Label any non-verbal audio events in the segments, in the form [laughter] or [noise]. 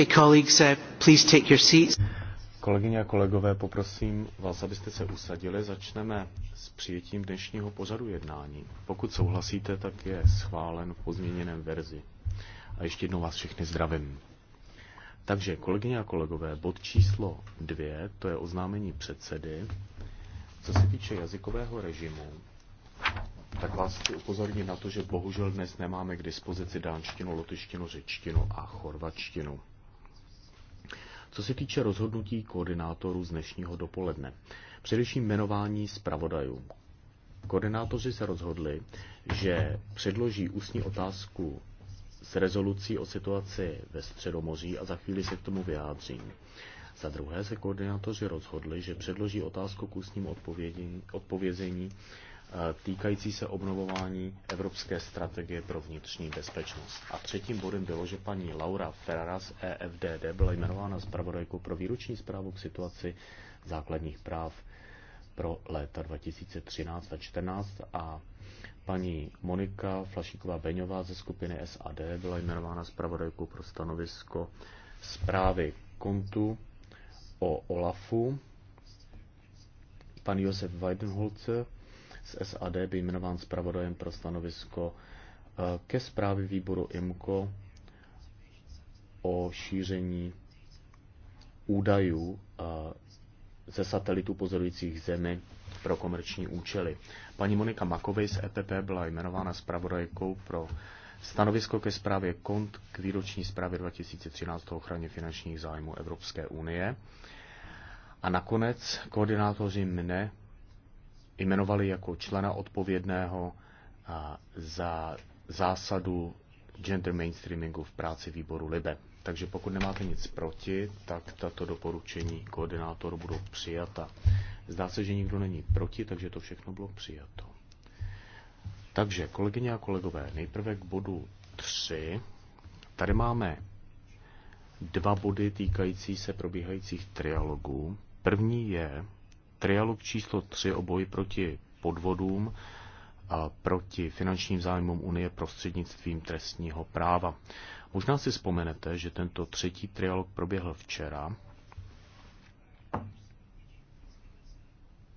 Okay, colleagues, uh, please take your seats. Kolegyně a kolegové, poprosím vás, abyste se usadili. Začneme s přijetím dnešního pořadu jednání. Pokud souhlasíte, tak je schválen v pozměněném verzi. A ještě jednou vás všechny zdravím. Takže, kolegyně a kolegové, bod číslo dvě, to je oznámení předsedy. Co se týče jazykového režimu, tak vás chci upozornit na to, že bohužel dnes nemáme k dispozici dánštinu, lotyštinu, řečtinu a chorvačtinu. Co se týče rozhodnutí koordinátorů z dnešního dopoledne, především jmenování zpravodajů. Koordinátoři se rozhodli, že předloží ústní otázku s rezolucí o situaci ve Středomoří a za chvíli se k tomu vyjádřím. Za druhé se koordinátoři rozhodli, že předloží otázku k ústním odpovězení Eh, týkající se obnovování Evropské strategie pro vnitřní bezpečnost. A třetím bodem bylo, že paní Laura Ferrara z EFDD byla jmenována zpravodajkou pro výroční zprávu k situaci základních práv pro léta 2013 a 2014 a paní Monika Flašíková-Beňová ze skupiny SAD byla jmenována zpravodajkou pro stanovisko zprávy kontu o OLAFu. Pan Josef Weidenholzer z SAD byl jmenován zpravodajem pro stanovisko eh, ke zprávě výboru IMCO o šíření údajů eh, ze satelitů pozorujících Zemi pro komerční účely. Paní Monika Makovej z EPP byla jmenována zpravodajkou pro stanovisko ke zprávě KONT k výroční zprávě 2013 o ochraně finančních zájmů Evropské unie. A nakonec koordinátoři mne jmenovali jako člena odpovědného za zásadu gender mainstreamingu v práci výboru LIBE. Takže pokud nemáte nic proti, tak tato doporučení koordinátoru budou přijata. Zdá se, že nikdo není proti, takže to všechno bylo přijato. Takže, kolegyně a kolegové, nejprve k bodu 3. Tady máme dva body týkající se probíhajících trialogů. První je Trialog číslo 3 o boji proti podvodům a proti finančním zájmům Unie prostřednictvím trestního práva. Možná si vzpomenete, že tento třetí trialog proběhl včera.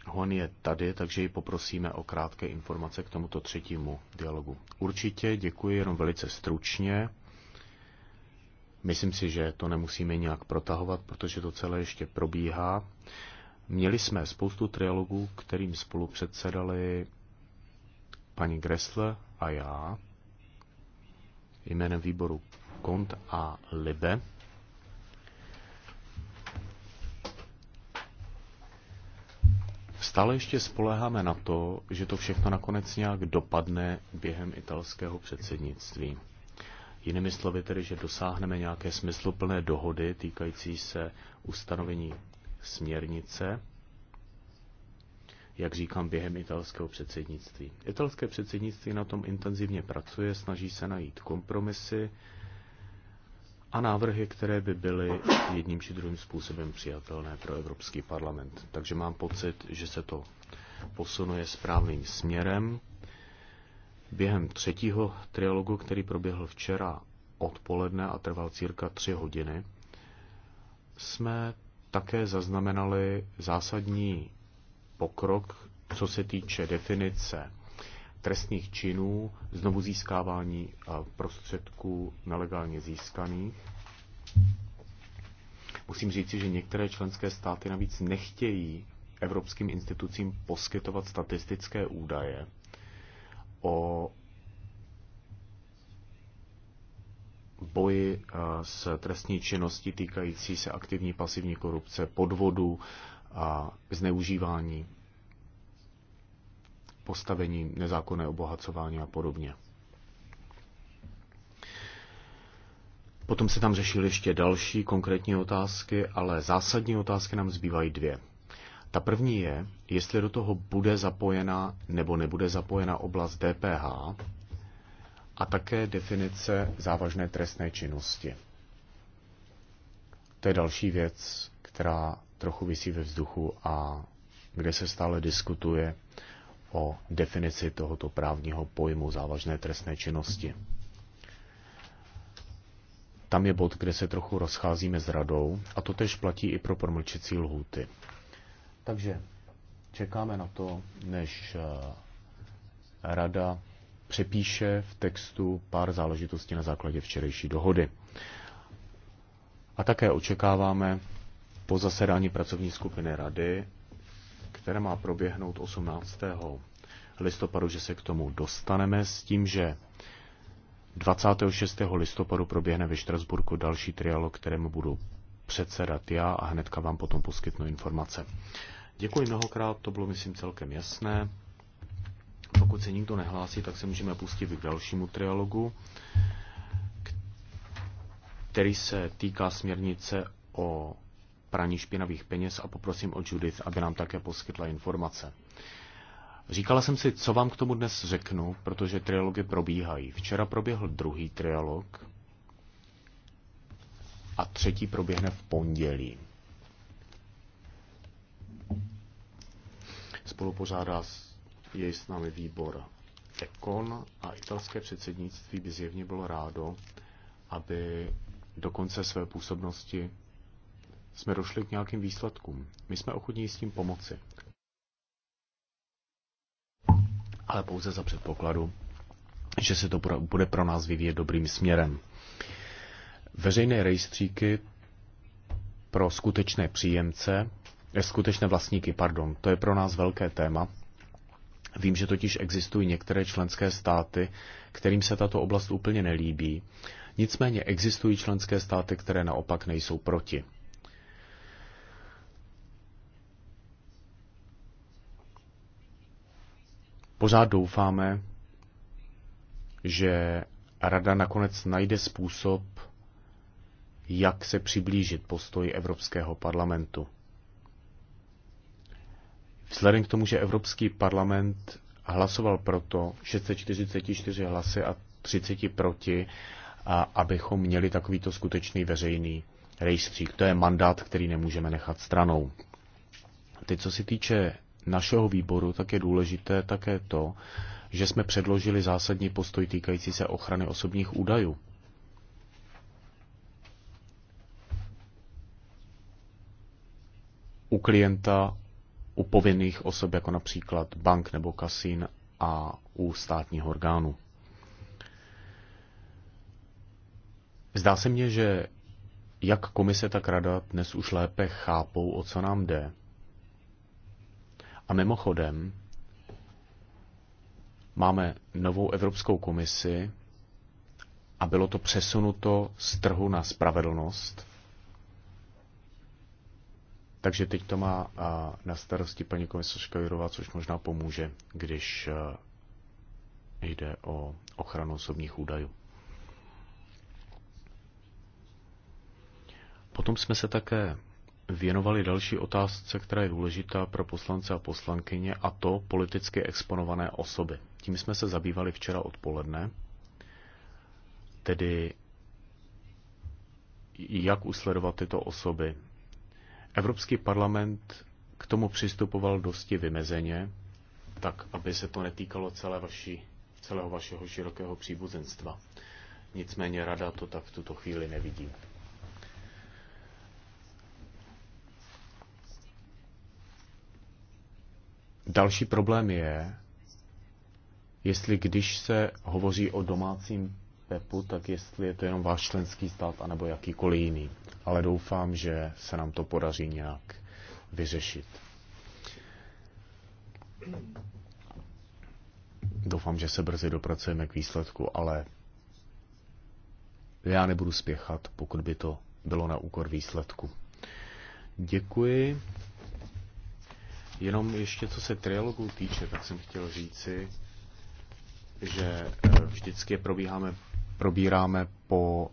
Hon je tady, takže ji poprosíme o krátké informace k tomuto třetímu dialogu. Určitě děkuji jenom velice stručně. Myslím si, že to nemusíme nějak protahovat, protože to celé ještě probíhá. Měli jsme spoustu trialogů, kterým spolu předsedali paní Gressle a já jménem výboru Kont a Libe. Stále ještě spoleháme na to, že to všechno nakonec nějak dopadne během italského předsednictví. Jinými slovy tedy, že dosáhneme nějaké smysluplné dohody týkající se ustanovení směrnice, jak říkám, během italského předsednictví. Italské předsednictví na tom intenzivně pracuje, snaží se najít kompromisy a návrhy, které by byly jedním či druhým způsobem přijatelné pro Evropský parlament. Takže mám pocit, že se to posunuje správným směrem. Během třetího trialogu, který proběhl včera odpoledne a trval cirka tři hodiny, jsme také zaznamenali zásadní pokrok, co se týče definice trestných činů, znovu získávání eh, prostředků nelegálně získaných. Musím říci, že některé členské státy navíc nechtějí evropským institucím poskytovat statistické údaje o boji eh, s trestní činností týkající se aktivní pasivní korupce, podvodu a zneužívání, postavení nezákonné obohacování a podobně. Potom se tam řešily ještě další konkrétní otázky, ale zásadní otázky nám zbývají dvě. Ta první je, jestli do toho bude zapojena nebo nebude zapojena oblast DPH, a také definice závažné trestné činnosti. To je další věc, která trochu vysí ve vzduchu a kde se stále diskutuje o definici tohoto právního pojmu závažné trestné činnosti. Tam je bod, kde se trochu rozcházíme s radou a to tež platí i pro promlčecí lhůty. Takže čekáme na to, než eh, rada přepíše v textu pár záležitostí na základě včerejší dohody. A také očekáváme po zasedání pracovní skupiny rady, které má proběhnout 18. listopadu, že se k tomu dostaneme s tím, že 26. listopadu proběhne ve Štrasburku další trialog, kterému budu předsedat já a hnedka vám potom poskytnu informace. Děkuji mnohokrát, to bylo myslím celkem jasné. Pokud se nikdo nehlásí, tak se můžeme pustit k dalšímu trialogu, který se týká směrnice o praní špinavých peněz a poprosím o Judith, aby nám také poskytla informace. Říkala jsem si, co vám k tomu dnes řeknu, protože trialogy probíhají. Včera proběhl druhý trialog a třetí proběhne v pondělí. Spolupořádá je s námi výbor Ekon a italské předsednictví by zjevně bylo rádo, aby do konce své působnosti jsme došli k nějakým výsledkům. My jsme ochotní s tím pomoci. Ale pouze za předpokladu, že se to bude pro nás vyvíjet dobrým směrem. Veřejné rejstříky pro skutečné příjemce, eh, skutečné vlastníky, pardon, to je pro nás velké téma, Vím, že totiž existují některé členské státy, kterým se tato oblast úplně nelíbí. Nicméně existují členské státy, které naopak nejsou proti. Pořád doufáme, že Rada nakonec najde způsob, jak se přiblížit postoji Evropského parlamentu. Vzhledem k tomu, že Evropský parlament hlasoval proto 644 hlasy a 30 proti, a abychom měli takovýto skutečný veřejný rejstřík. To je mandát, který nemůžeme nechat stranou. Teď, co se týče našeho výboru, tak je důležité také to, že jsme předložili zásadní postoj týkající se ochrany osobních údajů. U klienta u povinných osob, jako například bank nebo kasín a u státních orgánů. Zdá se mně, že jak komise, tak rada dnes už lépe chápou, o co nám jde. A mimochodem, máme novou Evropskou komisi a bylo to přesunuto z trhu na spravedlnost. Takže teď to má na starosti paní komisařka Jurová, což možná pomůže, když jde o ochranu osobních údajů. Potom jsme se také věnovali další otázce, která je důležitá pro poslance a poslankyně, a to politicky exponované osoby. Tím jsme se zabývali včera odpoledne, tedy jak usledovat tyto osoby, Evropský parlament k tomu přistupoval dosti vymezeně, tak aby se to netýkalo celé vaši, celého vašeho širokého příbuzenstva. Nicméně rada to tak v tuto chvíli nevidí. Další problém je, jestli když se hovoří o domácím PEPu, tak jestli je to jenom váš členský stát, anebo jakýkoliv jiný. Ale doufám, že se nám to podaří nějak vyřešit. Doufám, že se brzy dopracujeme k výsledku, ale já nebudu spěchat, pokud by to bylo na úkor výsledku. Děkuji. Jenom ještě co se trialogů týče, tak jsem chtěl říci, že eh, vždycky probíháme probíráme po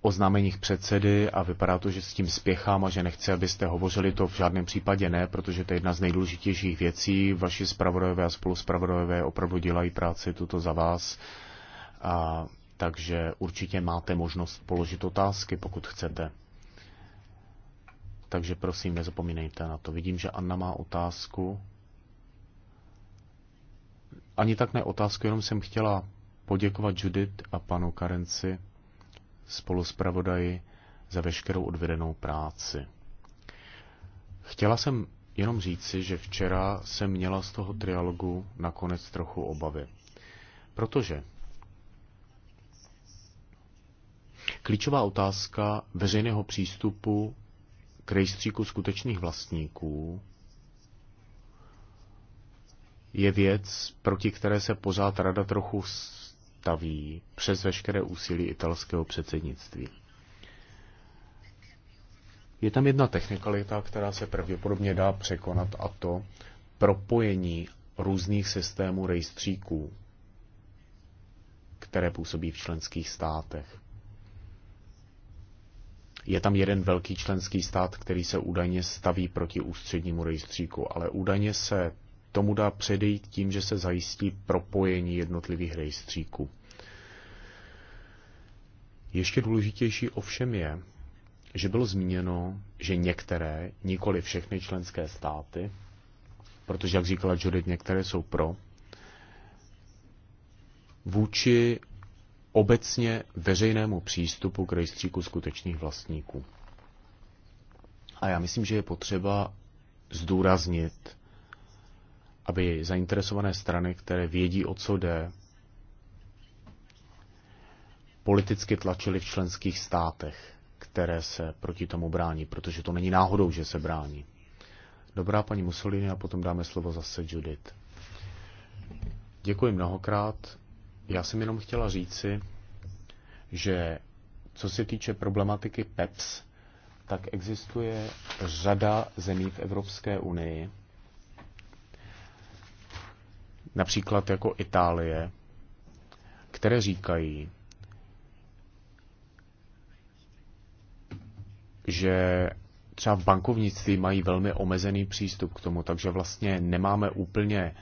oznámeních předsedy a vypadá to, že s tím spěchám a že nechci, abyste hovořili to v žádném případě ne, protože to je jedna z nejdůležitějších věcí. Vaši spravodajové a spoluspravodajové opravdu dělají práci tuto za vás. A, takže určitě máte možnost položit otázky, pokud chcete. Takže prosím, nezapomínejte na to. Vidím, že Anna má otázku. Ani tak ne otázku, jenom jsem chtěla poděkovat Judith a panu Karenci spolu s pravodaji za veškerou odvedenou práci. Chtěla jsem jenom říci, že včera jsem měla z toho trialogu nakonec trochu obavy. Protože klíčová otázka veřejného přístupu k rejstříku skutečných vlastníků je věc, proti které se pořád rada trochu staví přes veškeré úsilí italského předsednictví. Je tam jedna technikalita, která se pravděpodobně dá překonat, a to propojení různých systémů rejstříků, které působí v členských státech. Je tam jeden velký členský stát, který se údajně staví proti ústřednímu rejstříku, ale údajně se tomu dá předejít tím, že se zajistí propojení jednotlivých rejstříků. Ještě důležitější ovšem je, že bylo zmíněno, že některé, nikoli všechny členské státy, protože, jak říkala Judith, některé jsou pro, vůči obecně veřejnému přístupu k rejstříku skutečných vlastníků. A já myslím, že je potřeba zdůraznit aby zainteresované strany, které vědí, o co jde, politicky tlačily v členských státech, které se proti tomu brání, protože to není náhodou, že se brání. Dobrá paní Mussolini a potom dáme slovo zase Judith. Děkuji mnohokrát. Já jsem jenom chtěla říci, že co se týče problematiky PEPS, tak existuje řada zemí v Evropské unii, například jako Itálie, které říkají, že třeba v bankovnictví mají velmi omezený přístup k tomu, takže vlastně nemáme úplně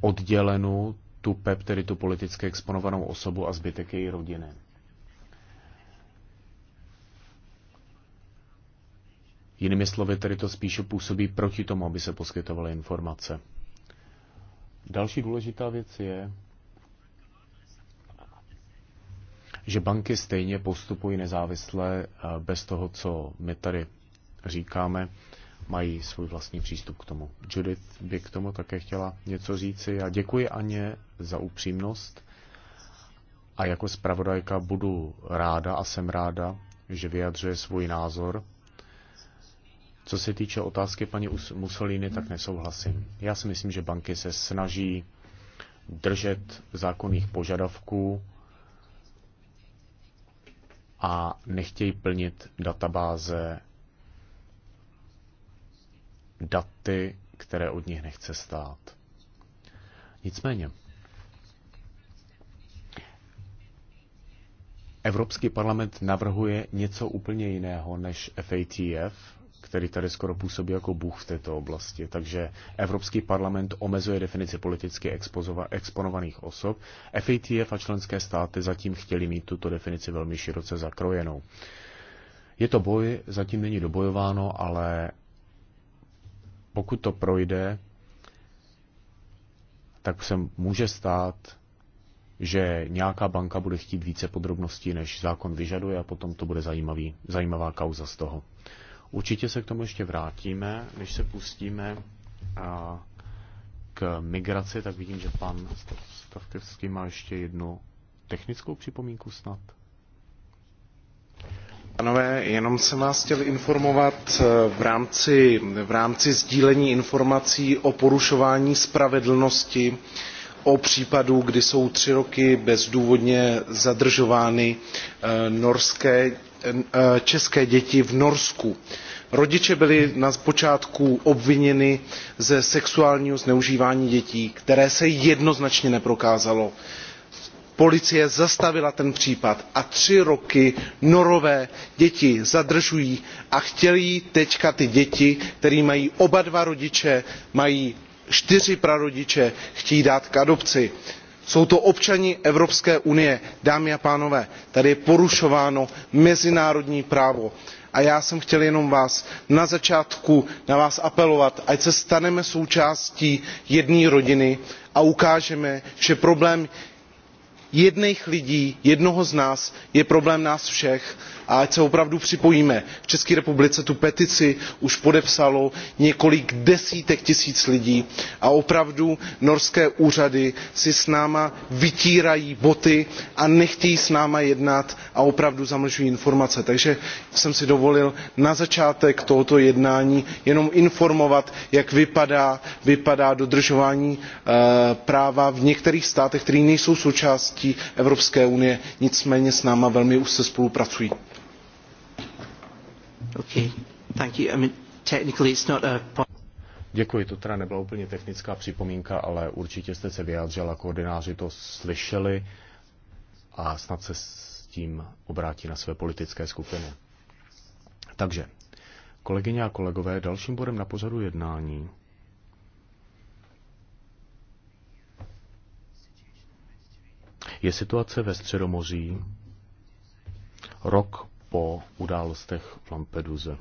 oddělenou tu PEP, e tedy tu politicky exponovanou osobu a zbytek její rodiny. Jinými slovy, tedy to spíše působí proti tomu, aby se poskytovaly informace. Další důležitá věc je, že banky stejně postupují nezávisle eh, bez toho, co my tady říkáme, mají svůj vlastní přístup k tomu. Judith by k tomu také chtěla něco říci. Já děkuji Aně za upřímnost a jako zpravodajka budu ráda a jsem ráda, že vyjadřuje svůj názor co se týče otázky paní Mussolini, tak nesouhlasím. Já si myslím, že banky se snaží držet zákonných požadavků a nechtějí plnit databáze daty, které od nich nechce stát. Nicméně, Evropský parlament navrhuje něco úplně jiného než FATF, který tady skoro působí jako Bůh v této oblasti. Takže Evropský parlament omezuje definici politicky exponovaných osob. FATF a členské státy zatím chtěli mít tuto definici velmi široce zakrojenou. Je to boj, zatím není dobojováno, ale pokud to projde, tak se může stát, že nějaká banka bude chtít více podrobností, než zákon vyžaduje a potom to bude zajímavý, zajímavá kauza z toho. Určitě se k tomu ještě vrátíme, než se pustíme a k migraci, tak vidím, že pan Stavkevský má ještě jednu technickou připomínku snad. Panové, jenom jsem vás chtěl informovat e, v rámci, v rámci sdílení informací o porušování spravedlnosti, o případu, kdy jsou tři roky bezdůvodně zadržovány e, norské, e, české děti v Norsku rodiče byli na počátku obviněni ze sexuálního zneužívání dětí které se jednoznačně neprokázalo policie zastavila ten případ a tři roky norové děti zadržují a chtějí teď ty děti které mají oba dva rodiče mají čtyři prarodiče chtějí dát k adopci. jsou to občané evropské unie. dámy a pánové tady je porušováno mezinárodní právo a já jsem chtěl jenom vás na začátku na vás apelovat ať se staneme součástí jedné rodiny a ukážeme že problém jedněch lidí jednoho z nás je problém nás všech a ať se opravdu připojíme v české republice tu petici už podepsalo několik desítek tisíc lidí a opravdu norské úřady si s námi vytírají boty a nechtějí s námi jednat a opravdu zamlžují informace. takže jsem si dovolil na začátek tohoto jednání jenom informovat jak vypadá, dodržování eh, práva v některých státech které nejsou součástí evropské unie nicméně s námi velmi úzce spolupracují. Děkuji, to teda nebyla úplně technická připomínka, ale určitě jste se vyjádřila, koordináři to slyšeli a snad se s tím obrátí na své politické skupiny. Takže, kolegyně a kolegové, dalším bodem na pořadu jednání je situace ve Středomoří, rok po událostech v Lampeduze.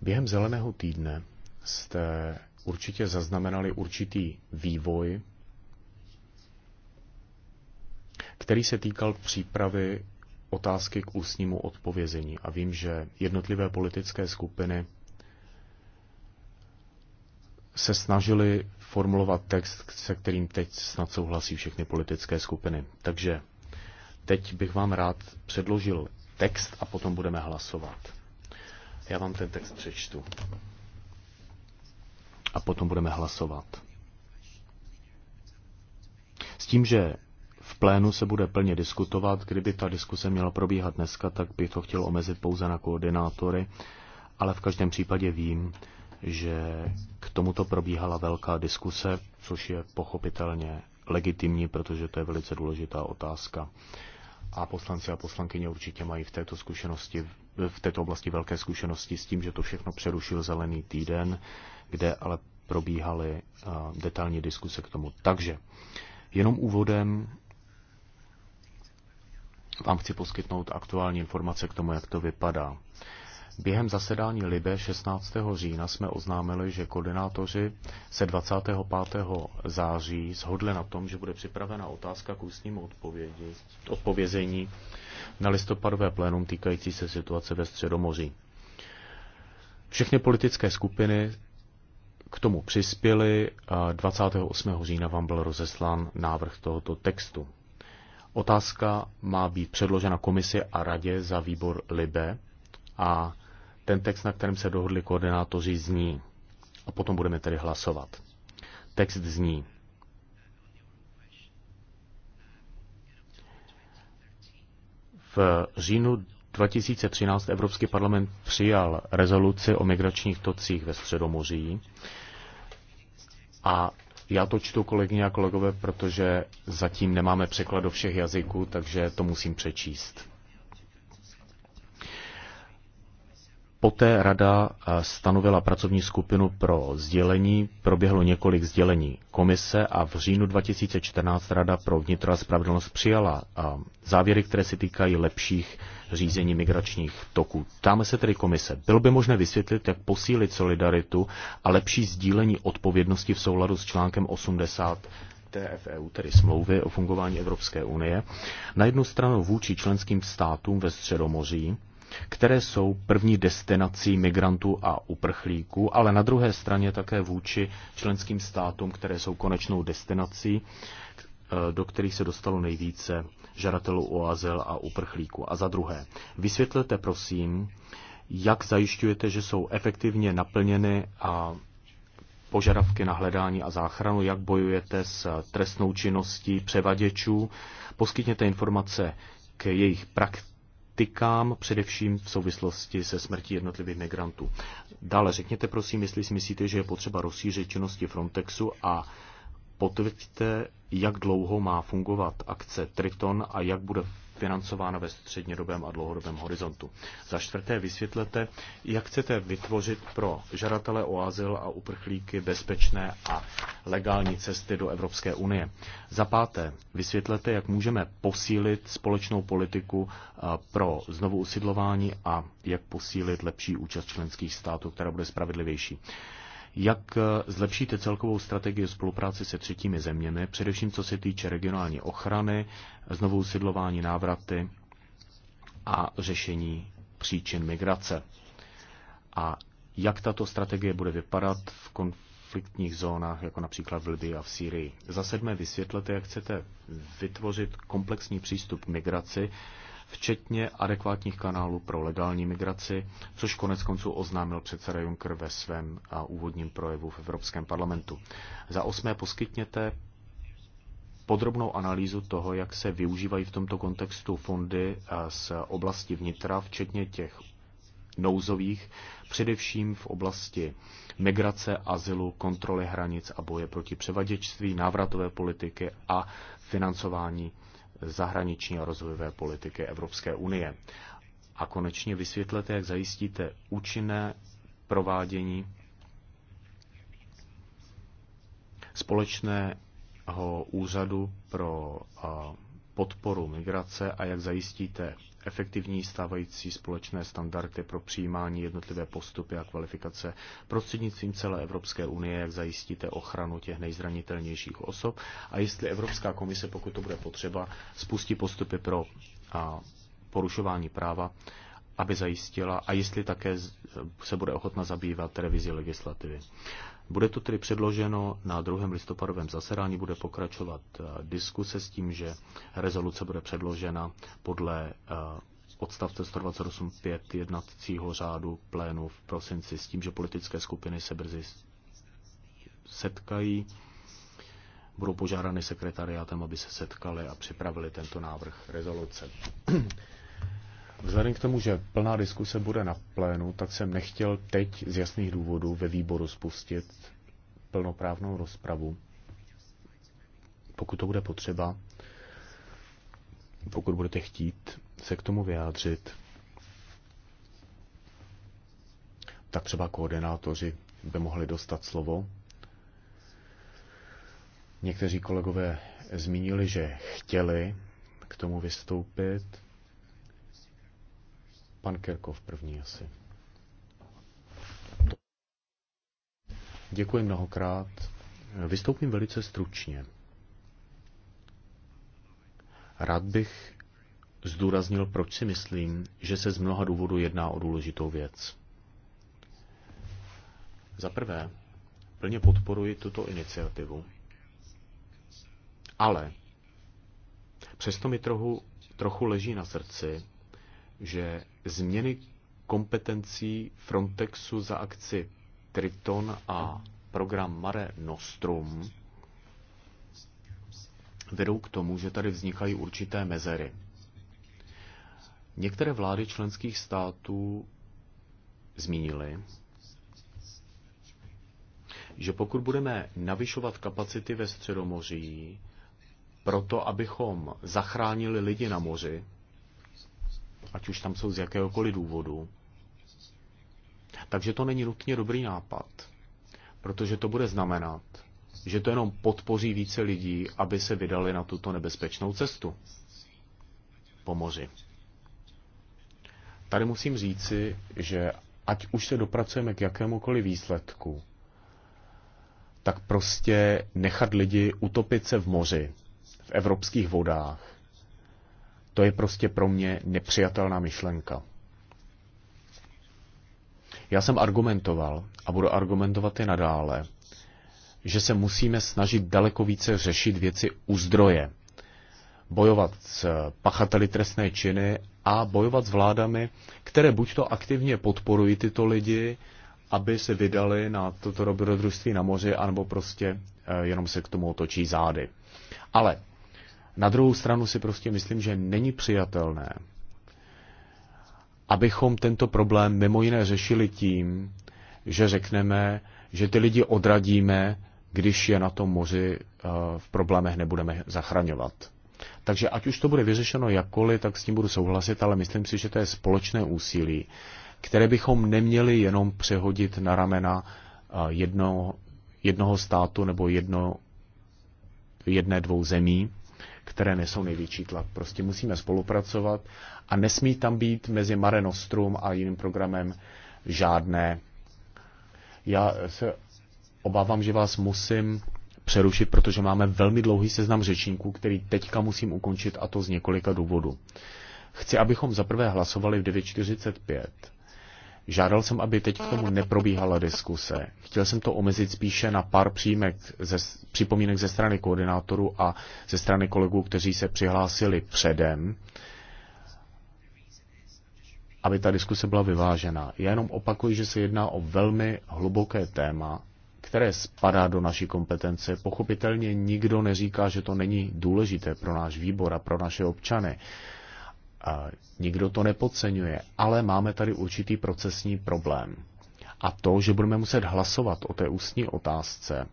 Během zeleného týdne jste určitě zaznamenali určitý vývoj, který se týkal přípravy otázky k ústnímu odpovězení. A vím, že jednotlivé politické skupiny se snažili formulovat text, se kterým teď snad souhlasí všechny politické skupiny. Takže Teď bych vám rád předložil text a potom budeme hlasovat. Já vám ten text přečtu. A potom budeme hlasovat. S tím, že v plénu se bude plně diskutovat, kdyby ta diskuse měla probíhat dneska, tak bych to chtěl omezit pouze na koordinátory, ale v každém případě vím, že k tomuto probíhala velká diskuse, což je pochopitelně legitimní, protože to je velice důležitá otázka. A poslanci a poslankyně určitě mají v této zkušenosti v této oblasti velké zkušenosti s tím, že to všechno přerušil zelený týden, kde ale probíhaly eh, detailní diskuse k tomu. Takže jenom úvodem vám chci poskytnout aktuální informace k tomu, jak to vypadá. Během zasedání Libe 16. října jsme oznámili, že koordinátoři se 25. září shodli na tom, že bude připravena otázka k ústnímu odpovědi, odpovězení na listopadové plénum týkající se situace ve Středomoří. Všechny politické skupiny k tomu přispěly. 28. října vám byl rozeslán návrh tohoto textu. Otázka má být předložena komisi a radě za výbor LIBE a ten text, na kterém se dohodli koordinátoři, zní, a potom budeme tedy hlasovat. Text zní, v říjnu 2013 Evropský parlament přijal rezoluci o migračních tocích ve Středomoří. A já to čtu, kolegyně a kolegové, protože zatím nemáme překlad do všech jazyků, takže to musím přečíst. Poté rada eh, stanovila pracovní skupinu pro sdělení, proběhlo několik sdělení komise a v říjnu 2014 Rada pro vnitro a spravedlnost přijala eh, závěry, které se týkají lepších řízení migračních toků. Ptáme se tedy komise, bylo by možné vysvětlit, jak posílit solidaritu a lepší sdílení odpovědnosti v souladu s článkem 80 TFEU, tedy smlouvy o fungování Evropské unie, na jednu stranu vůči členským státům ve Středomoří, které jsou první destinací migrantů a uprchlíků, ale na druhé straně také vůči členským státům, které jsou konečnou destinací, eh, do kterých se dostalo nejvíce žadatelů o azyl a uprchlíků. A za druhé, vysvětlete prosím, jak zajišťujete, že jsou efektivně naplněny a požadavky na hledání a záchranu, jak bojujete s trestnou činností převaděčů, poskytněte informace k jejich prak- politikám, především v souvislosti se smrtí jednotlivých migrantů. Dále řekněte prosím, jestli si myslíte, že je potřeba rozšířit činnosti Frontexu a potvrďte, jak dlouho má fungovat akce Triton a jak bude financována ve střednědobém a dlouhodobém horizontu. Za čtvrté vysvětlete, jak chcete vytvořit pro žadatele o azyl a uprchlíky bezpečné a legální cesty do Evropské unie. Za páté vysvětlete, jak můžeme posílit společnou politiku eh, pro znovu usidlování a jak posílit lepší účast členských států, která bude spravedlivější. Jak eh, zlepšíte celkovou strategii spolupráce se třetími zeměmi, především co se týče regionální ochrany, znovu usidlování návraty a řešení příčin migrace? A jak tato strategie bude vypadat v konfliktních zónách, jako například v Libii a v Sýrii? Za sedmé vysvětlete, jak chcete vytvořit komplexní přístup k migraci, včetně adekvátních kanálů pro legální migraci, což konec konců oznámil předseda Juncker ve svém úvodním projevu v Evropském parlamentu. Za osmé poskytněte podrobnou analýzu toho, jak se využívají v tomto kontextu fondy z oblasti vnitra, včetně těch nouzových, především v oblasti migrace, azylu, kontroly hranic a boje proti převaděčství, návratové politiky a financování zahraniční a rozvojové politiky Evropské unie. A konečně vysvětlete, jak zajistíte účinné provádění společného úřadu pro podporu migrace a jak zajistíte efektivní stávající společné standardy pro přijímání jednotlivé postupy a kvalifikace prostřednictvím celé Evropské unie, jak zajistíte ochranu těch nejzranitelnějších osob a jestli Evropská komise, pokud to bude potřeba, spustí postupy pro a, porušování práva, aby zajistila a jestli také se bude ochotna zabývat revizi legislativy. Bude to tedy předloženo na druhém listopadovém zasedání, bude pokračovat eh, diskuse s tím, že rezoluce bude předložena podle eh, odstavce 128.5 jednacího řádu plénu v prosinci s tím, že politické skupiny se brzy setkají. Budou požádány sekretariátem, aby se setkali a připravili tento návrh rezoluce. Vzhledem k tomu, že plná diskuse bude na plénu, tak jsem nechtěl teď z jasných důvodů ve výboru spustit plnoprávnou rozpravu. Pokud to bude potřeba, pokud budete chtít se k tomu vyjádřit, tak třeba koordinátoři by mohli dostat slovo. Někteří kolegové zmínili, že chtěli k tomu vystoupit. Pan Kerkov první asi. Děkuji mnohokrát. Vystoupím velice stručně. Rád bych zdůraznil, proč si myslím, že se z mnoha důvodů jedná o důležitou věc. Za prvé, plně podporuji tuto iniciativu, ale přesto mi trochu, trochu leží na srdci že změny kompetencí Frontexu za akci Triton a program Mare Nostrum vedou k tomu, že tady vznikají určité mezery. Některé vlády členských států zmínily, že pokud budeme navyšovat kapacity ve Středomoří, proto abychom zachránili lidi na moři, ať už tam jsou z jakéhokoliv důvodu. Takže to není nutně dobrý nápad, protože to bude znamenat, že to jenom podpoří více lidí, aby se vydali na tuto nebezpečnou cestu po moři. Tady musím říci, že ať už se dopracujeme k jakémukoliv výsledku, tak prostě nechat lidi utopit se v moři, v evropských vodách, to je prostě pro mě nepřijatelná myšlenka. Já jsem argumentoval a budu argumentovat i nadále, že se musíme snažit daleko více řešit věci u zdroje, bojovat s pachateli trestné činy a bojovat s vládami, které buď to aktivně podporují tyto lidi, aby se vydali na toto dobrodružství na moři, anebo prostě eh, jenom se k tomu otočí zády. Ale na druhou stranu si prostě myslím, že není přijatelné, abychom tento problém mimo jiné řešili tím, že řekneme, že ty lidi odradíme, když je na tom moři eh, v problémech nebudeme zachraňovat. Takže ať už to bude vyřešeno jakkoliv, tak s tím budu souhlasit, ale myslím si, že to je společné úsilí, které bychom neměli jenom přehodit na ramena eh, jedno, jednoho státu nebo jedno, jedné dvou zemí, které nesou největší tlak. Prostě musíme spolupracovat a nesmí tam být mezi Mare Nostrum a jiným programem žádné. Já se obávám, že vás musím přerušit, protože máme velmi dlouhý seznam řečníků, který teďka musím ukončit a to z několika důvodů. Chci, abychom zaprvé hlasovali v 9.45 Žádal jsem, aby teď k tomu neprobíhala diskuse. Chtěl jsem to omezit spíše na pár přímek ze, připomínek ze strany koordinátorů a ze strany kolegů, kteří se přihlásili předem, aby ta diskuse byla vyvážená. Já jenom opakuju, že se jedná o velmi hluboké téma, které spadá do naší kompetence. Pochopitelně nikdo neříká, že to není důležité pro náš výbor a pro naše občany. A nikdo to nepodceňuje, ale máme tady určitý procesní problém. A to, že budeme muset hlasovat o té ústní otázce,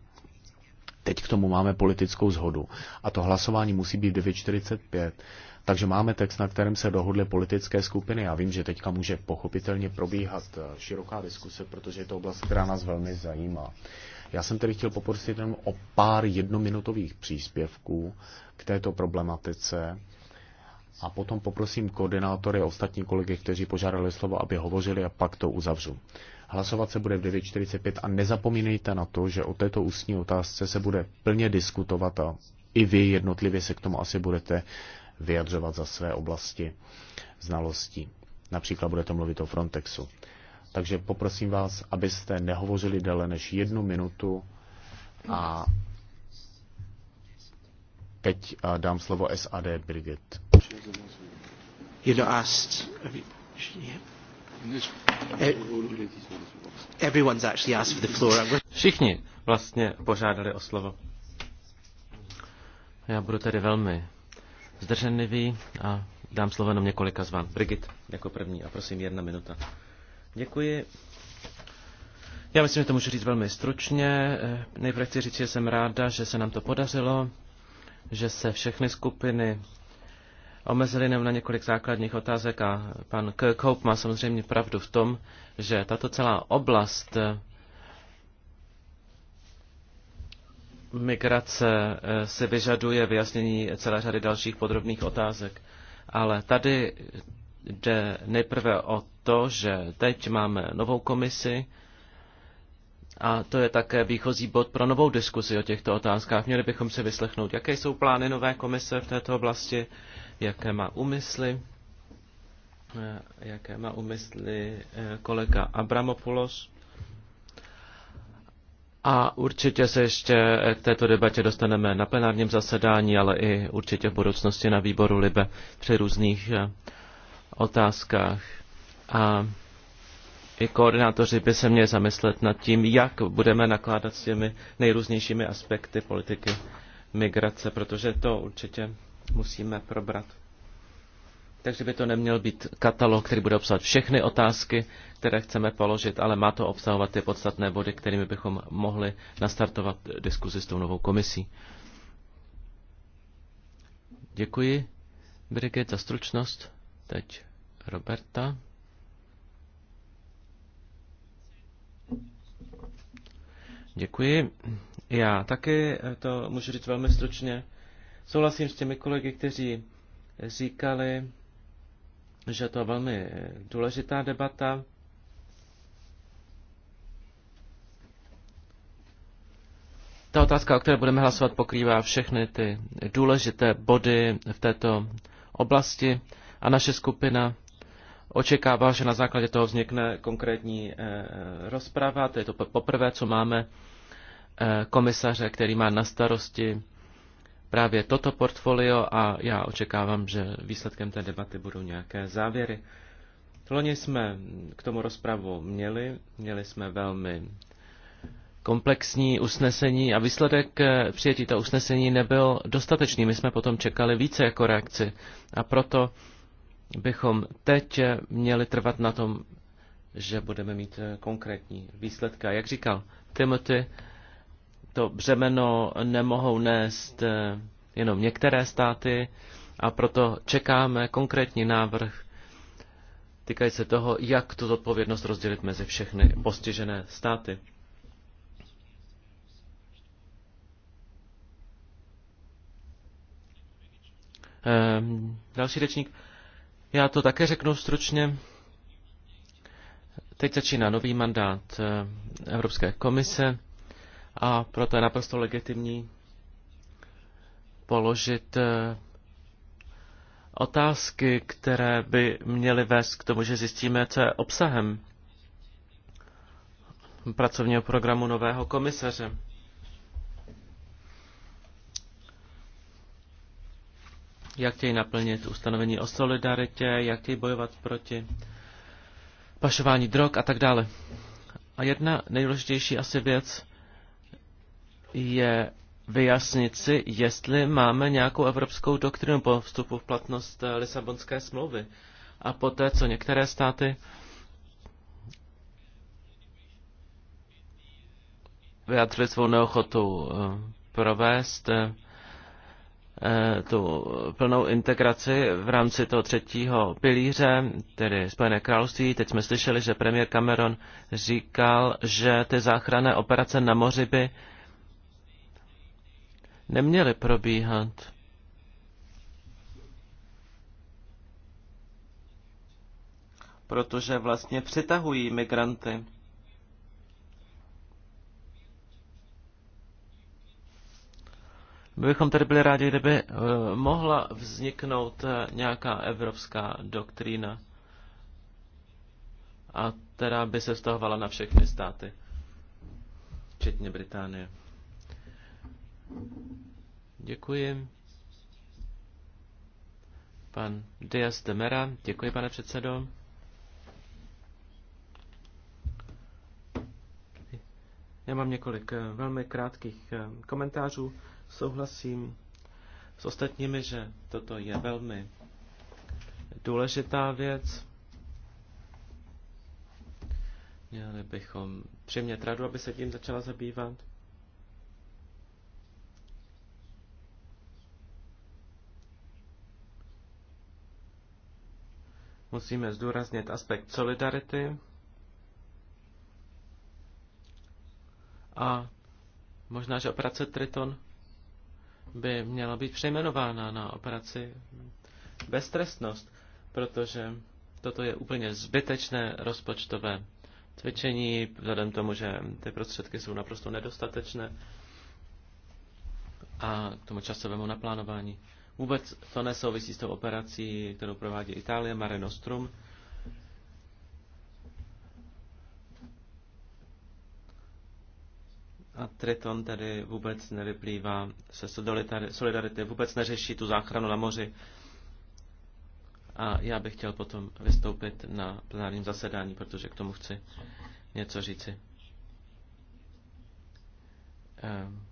teď k tomu máme politickou zhodu. A to hlasování musí být 9.45. Takže máme text, na kterém se dohodly politické skupiny. Já vím, že teďka může pochopitelně probíhat eh, široká diskuse, protože je to oblast, která nás velmi zajímá. Já jsem tedy chtěl poprosit jenom o pár jednominutových příspěvků k této problematice a potom poprosím koordinátory a ostatní kolegy, kteří požádali slovo, aby hovořili a pak to uzavřu. Hlasovat se bude v 9.45 a nezapomínejte na to, že o této ústní otázce se bude plně diskutovat a i vy jednotlivě se k tomu asi budete vyjadřovat za své oblasti znalostí. Například budete mluvit o Frontexu. Takže poprosím vás, abyste nehovořili déle než jednu minutu a teď dám slovo SAD Brigitte you're asked. E- everyone's actually asked for the floor. Všichni vlastně požádali o slovo. Já budu tady velmi zdrženlivý a dám slovo jenom několika z vám. Brigit jako první a prosím jedna minuta. Děkuji. Já myslím, že to můžu říct velmi stručně. E, nejprve chci říct, že jsem ráda, že se nám to podařilo, že se všechny skupiny omezili jenom na několik základních otázek a pan Kirkhope má samozřejmě pravdu v tom, že tato celá oblast eh, migrace eh, se vyžaduje vyjasnění celé řady dalších podrobných otázek. Ale tady jde nejprve o to, že teď máme novou komisi a to je také výchozí bod pro novou diskusi o těchto otázkách. Měli bychom si vyslechnout, jaké jsou plány nové komise v této oblasti, jaké má úmysly, eh, jaké má úmysly eh, kolega Abramopoulos. A určitě se ještě eh, k této debatě dostaneme na plenárním zasedání, ale i určitě v budoucnosti na výboru LIBE při různých otázkách. A i koordinátoři by se měli zamyslet nad tím, jak budeme nakládat s těmi nejrůznějšími aspekty politiky migrace, protože to určitě musíme probrat. Takže by to neměl být katalog, který bude obsahovat všechny otázky, které chceme položit, ale má to obsahovat ty podstatné body, kterými bychom mohli nastartovat diskuzi s tou novou komisí. Děkuji, Brigitte, za stručnost. Teď Roberta. Děkuji. Já taky to můžu říct velmi stručně. Souhlasím s těmi kolegy, kteří říkali, že to je velmi důležitá debata. Ta otázka, o které budeme hlasovat, pokrývá všechny ty důležité body v této oblasti a naše skupina očekává, že na základě toho vznikne konkrétní eh, rozprava. To je to poprvé, co máme eh, komisaře, který má na starosti právě toto portfolio a já očekávám, že výsledkem té debaty budou nějaké závěry. Loni jsme k tomu rozpravu měli, měli jsme velmi komplexní usnesení a výsledek přijetí toho usnesení nebyl dostatečný. My jsme potom čekali více jako reakci a proto bychom teď měli trvat na tom, že budeme mít konkrétní výsledky. Jak říkal Timothy, to břemeno nemohou nést eh, jenom některé státy a proto čekáme konkrétní návrh týkající se toho, jak tu zodpovědnost rozdělit mezi všechny postižené státy. Ehm, další řečník. Já to také řeknu stručně. Teď začíná nový mandát eh, Evropské komise a proto je naprosto legitimní položit eh, otázky, které by měly vést k tomu, že zjistíme, co je obsahem pracovního programu nového komisaře. Jak chtějí naplnit ustanovení o solidaritě, jak chtějí bojovat proti pašování drog a tak dále. A jedna nejdůležitější asi věc je vyjasnit si, jestli máme nějakou evropskou doktrinu po vstupu v platnost eh, Lisabonské smlouvy. A poté, co některé státy vyjádřili svou neochotu eh, provést eh, tu plnou integraci v rámci toho třetího pilíře, tedy Spojené království. Teď jsme slyšeli, že premiér Cameron říkal, že ty záchranné operace na moři by neměly probíhat. Protože vlastně přitahují migranty. My bychom tady byli rádi, kdyby eh, mohla vzniknout eh, nějaká evropská doktrína, a která by se vztahovala na všechny státy, včetně Británie. Děkuji. Pan Dias de Mera. Děkuji, pane předsedo. Já mám několik eh, velmi krátkých eh, komentářů. Souhlasím s ostatními, že toto je velmi důležitá věc. Měli bychom přimět radu, aby se tím začala zabývat. Musíme zdůraznit aspekt solidarity a možná, že operace Triton by měla být přejmenována na operaci beztrestnost, protože toto je úplně zbytečné rozpočtové cvičení, vzhledem tomu, že ty prostředky jsou naprosto nedostatečné a k tomu časovému naplánování. Vůbec to nesouvisí s tou operací, kterou provádí Itálie, Mare Nostrum. A Triton tedy vůbec nevyplývá se solidarity, vůbec neřeší tu záchranu na moři. A já bych chtěl potom vystoupit na plenárním zasedání, protože k tomu chci něco říci. Um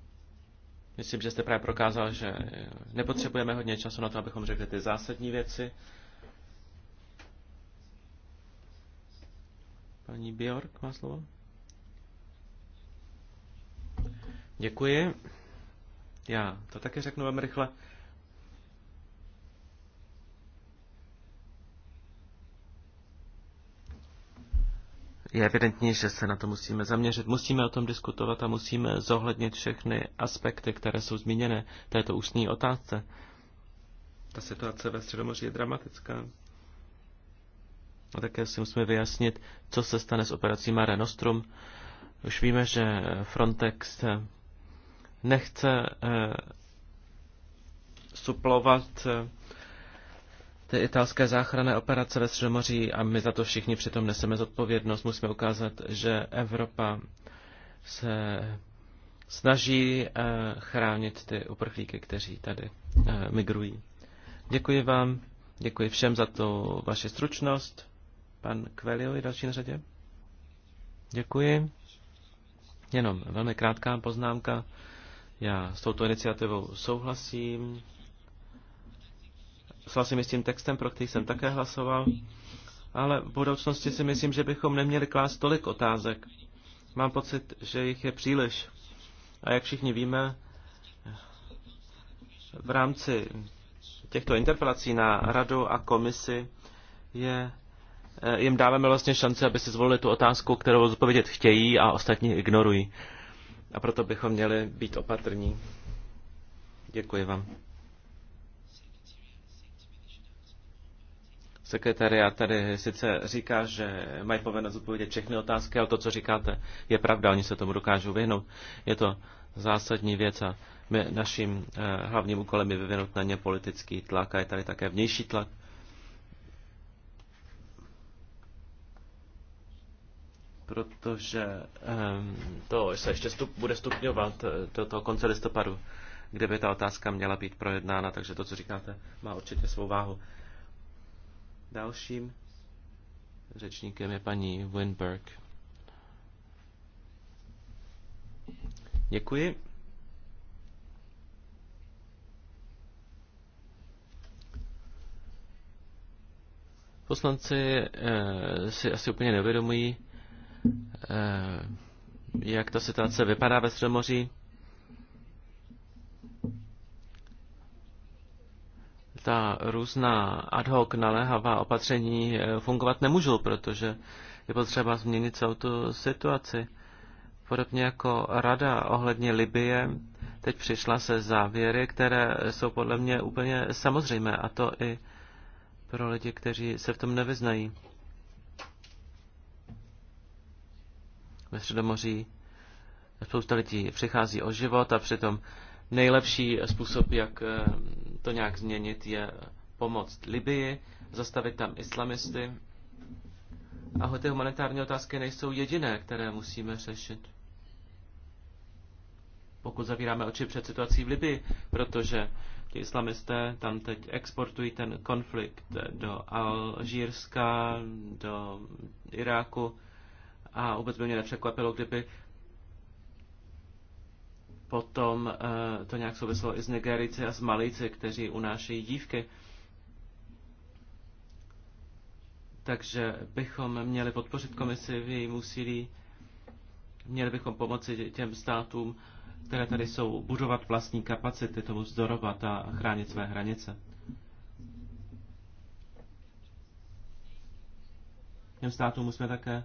Myslím, že jste právě prokázal, že nepotřebujeme hodně času na to, abychom řekli ty zásadní věci. Paní Bjork má slovo. Děkuji. Já to také řeknu vám rychle. je evidentní, že se na to musíme zaměřit. Musíme o tom diskutovat a musíme zohlednit všechny aspekty, které jsou zmíněny této ústní otázce. Ta situace ve Středomoří je dramatická. A také si musíme vyjasnit, co se stane s operací Mare Nostrum. Už víme, že Frontex eh, nechce eh, suplovat eh, té italské záchranné operace ve Středomoří a my za to všichni přitom neseme zodpovědnost. Musíme ukázat, že Evropa se snaží eh, chránit ty uprchlíky, kteří tady eh, migrují. Děkuji vám, děkuji všem za to vaši stručnost. Pan Kvelio je další na řadě. Děkuji. Jenom velmi krátká poznámka. Já s touto iniciativou souhlasím souhlasím s tím textem, pro který jsem také hlasoval, ale v budoucnosti si myslím, že bychom neměli klást tolik otázek. Mám pocit, že jich je příliš. A jak všichni víme, v rámci těchto interpelací na radu a komisi je, eh, jim dáváme vlastně šanci, aby si zvolili tu otázku, kterou zodpovědět chtějí a ostatní ignorují. A proto bychom měli být opatrní. Děkuji vám. sekretariat tady sice říká, že mají povinnost odpovědět všechny otázky, ale to, co říkáte, je pravda, oni se tomu dokážou vyhnout. Je to zásadní věc a my, naším eh, hlavním úkolem je vyvinout na ně politický tlak a je tady také vnější tlak. protože eh, to se ještě stup, bude stupňovat eh, do toho konce listopadu, kde by ta otázka měla být projednána, takže to, co říkáte, má určitě svou váhu. Dalším řečníkem je paní Winberg. Děkuji. Poslanci eh, si asi úplně neuvědomují, eh, jak ta situace vypadá ve Středomoří. ta různá ad hoc naléhavá opatření eh, fungovat nemůžou, protože je potřeba změnit celou tu situaci. Podobně jako rada ohledně Libie, teď přišla se závěry, které jsou podle mě úplně samozřejmé, a to i pro lidi, kteří se v tom nevyznají. Ve Středomoří spousta lidí přichází o život a přitom nejlepší způsob, jak eh, to nějak změnit, je pomoct Libii, zastavit tam islamisty. A ty humanitární otázky nejsou jediné, které musíme řešit. Pokud zavíráme oči před situací v Libii, protože ti islamisté tam teď exportují ten konflikt do Alžírska, do Iráku a vůbec by mě nepřekvapilo, kdyby Potom eh, to nějak souviselo i s Nigerici a s Malici, kteří unášejí dívky. Takže bychom měli podpořit komisi v jejím úsilí, měli bychom pomoci těm státům, které tady jsou, budovat vlastní kapacity, tomu zdorovat a chránit své hranice. Těm státům musíme také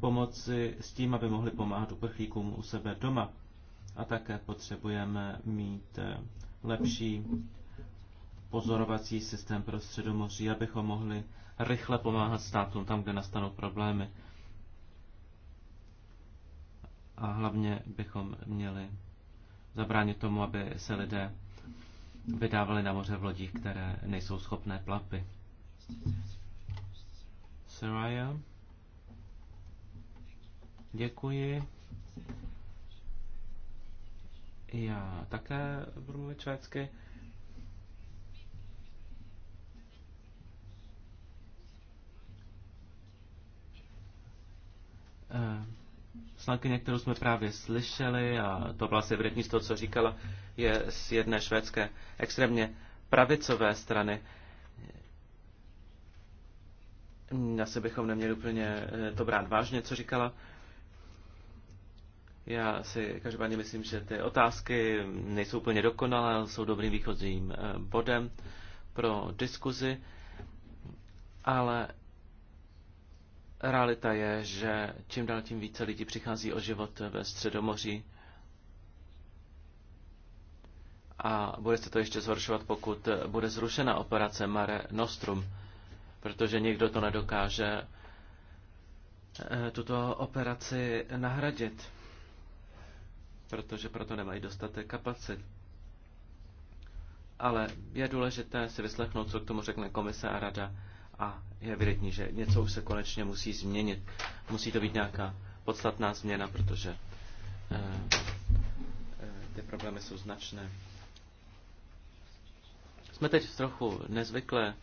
pomoci s tím, aby mohli pomáhat uprchlíkům u sebe doma a také potřebujeme mít eh, lepší pozorovací systém pro středomoří, abychom mohli rychle pomáhat státům tam, kde nastanou problémy. A hlavně bychom měli zabránit tomu, aby se lidé vydávali na moře v lodích, které nejsou schopné plavby. Saraya. Děkuji. Já také budu mluvit švédsky. Eh, Slankyně, kterou jsme právě slyšeli, a to vlastně vrední z toho, co říkala, je z jedné švédské extrémně pravicové strany. Asi bychom neměli úplně eh, to brát vážně, co říkala. Já si každopádně myslím, že ty otázky nejsou úplně dokonalé, jsou dobrým výchozím eh, bodem pro diskuzi, ale realita je, že čím dál tím více lidí přichází o život ve Středomoří a bude se to ještě zhoršovat, pokud bude zrušena operace Mare Nostrum, protože nikdo to nedokáže eh, tuto operaci nahradit protože proto nemají dostatek kapacit. Ale je důležité si vyslechnout, co k tomu řekne komise a rada a je vědětní, že něco už se konečně musí změnit. Musí to být nějaká podstatná změna, protože eh, eh, ty problémy jsou značné. Jsme teď v trochu nezvyklé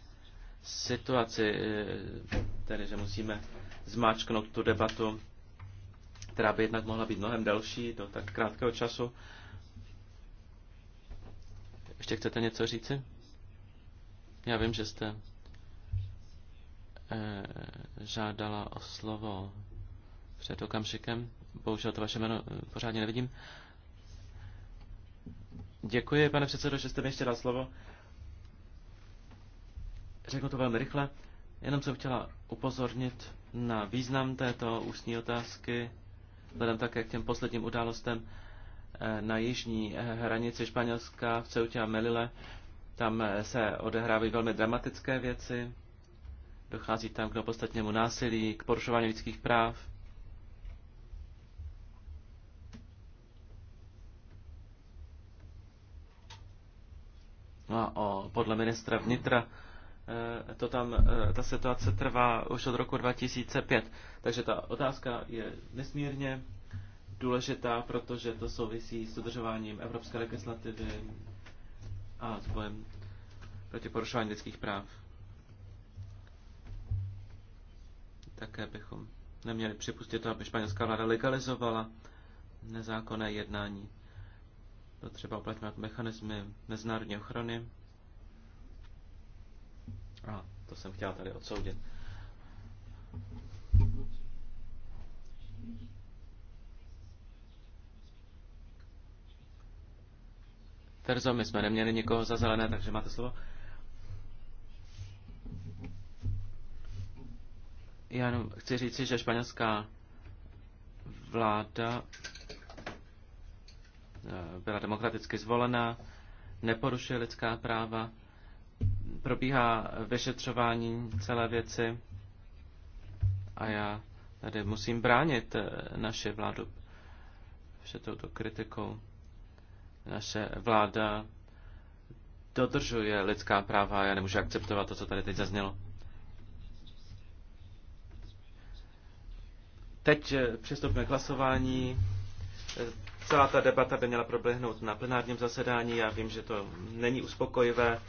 situaci, eh, tedy že musíme zmáčknout tu debatu která by jednak mohla být mnohem delší do tak krátkého času. Ještě chcete něco říci? Já vím, že jste eh, žádala o slovo před okamžikem. Bohužel to vaše jméno eh, pořádně nevidím. Děkuji, pane předsedo, že jste mi ještě dal slovo. Řeknu to velmi rychle. Jenom jsem chtěla upozornit na význam této ústní otázky vzhledem také k těm posledním událostem eh, na jižní eh, hranici Španělska v Ceutě a Melile. Tam eh, se odehrávají velmi dramatické věci. Dochází tam k dopostatnému násilí, k porušování lidských práv. No a o, podle ministra vnitra Eh, to tam, eh, ta situace trvá už od roku 2005. Takže ta otázka je nesmírně důležitá, protože to souvisí s dodržováním evropské legislativy a s bojem proti porušování lidských práv. Také bychom neměli připustit to, aby španělská vláda legalizovala nezákonné jednání. To třeba uplatňovat mechanismy mezinárodní ochrany, a to jsem chtěla tady odsoudit. Terzo, my jsme neměli nikoho za zelené, takže máte slovo. Já jenom chci říci, že španělská vláda eh, byla demokraticky zvolena, neporušuje lidská práva, probíhá vyšetřování celé věci a já tady musím bránit eh, naše vládu před touto kritikou. Naše vláda dodržuje lidská práva a já nemůžu akceptovat to, co tady teď zaznělo. Teď eh, přistupme k hlasování. Eh, celá ta debata by měla proběhnout na plenárním zasedání. Já vím, že to není uspokojivé.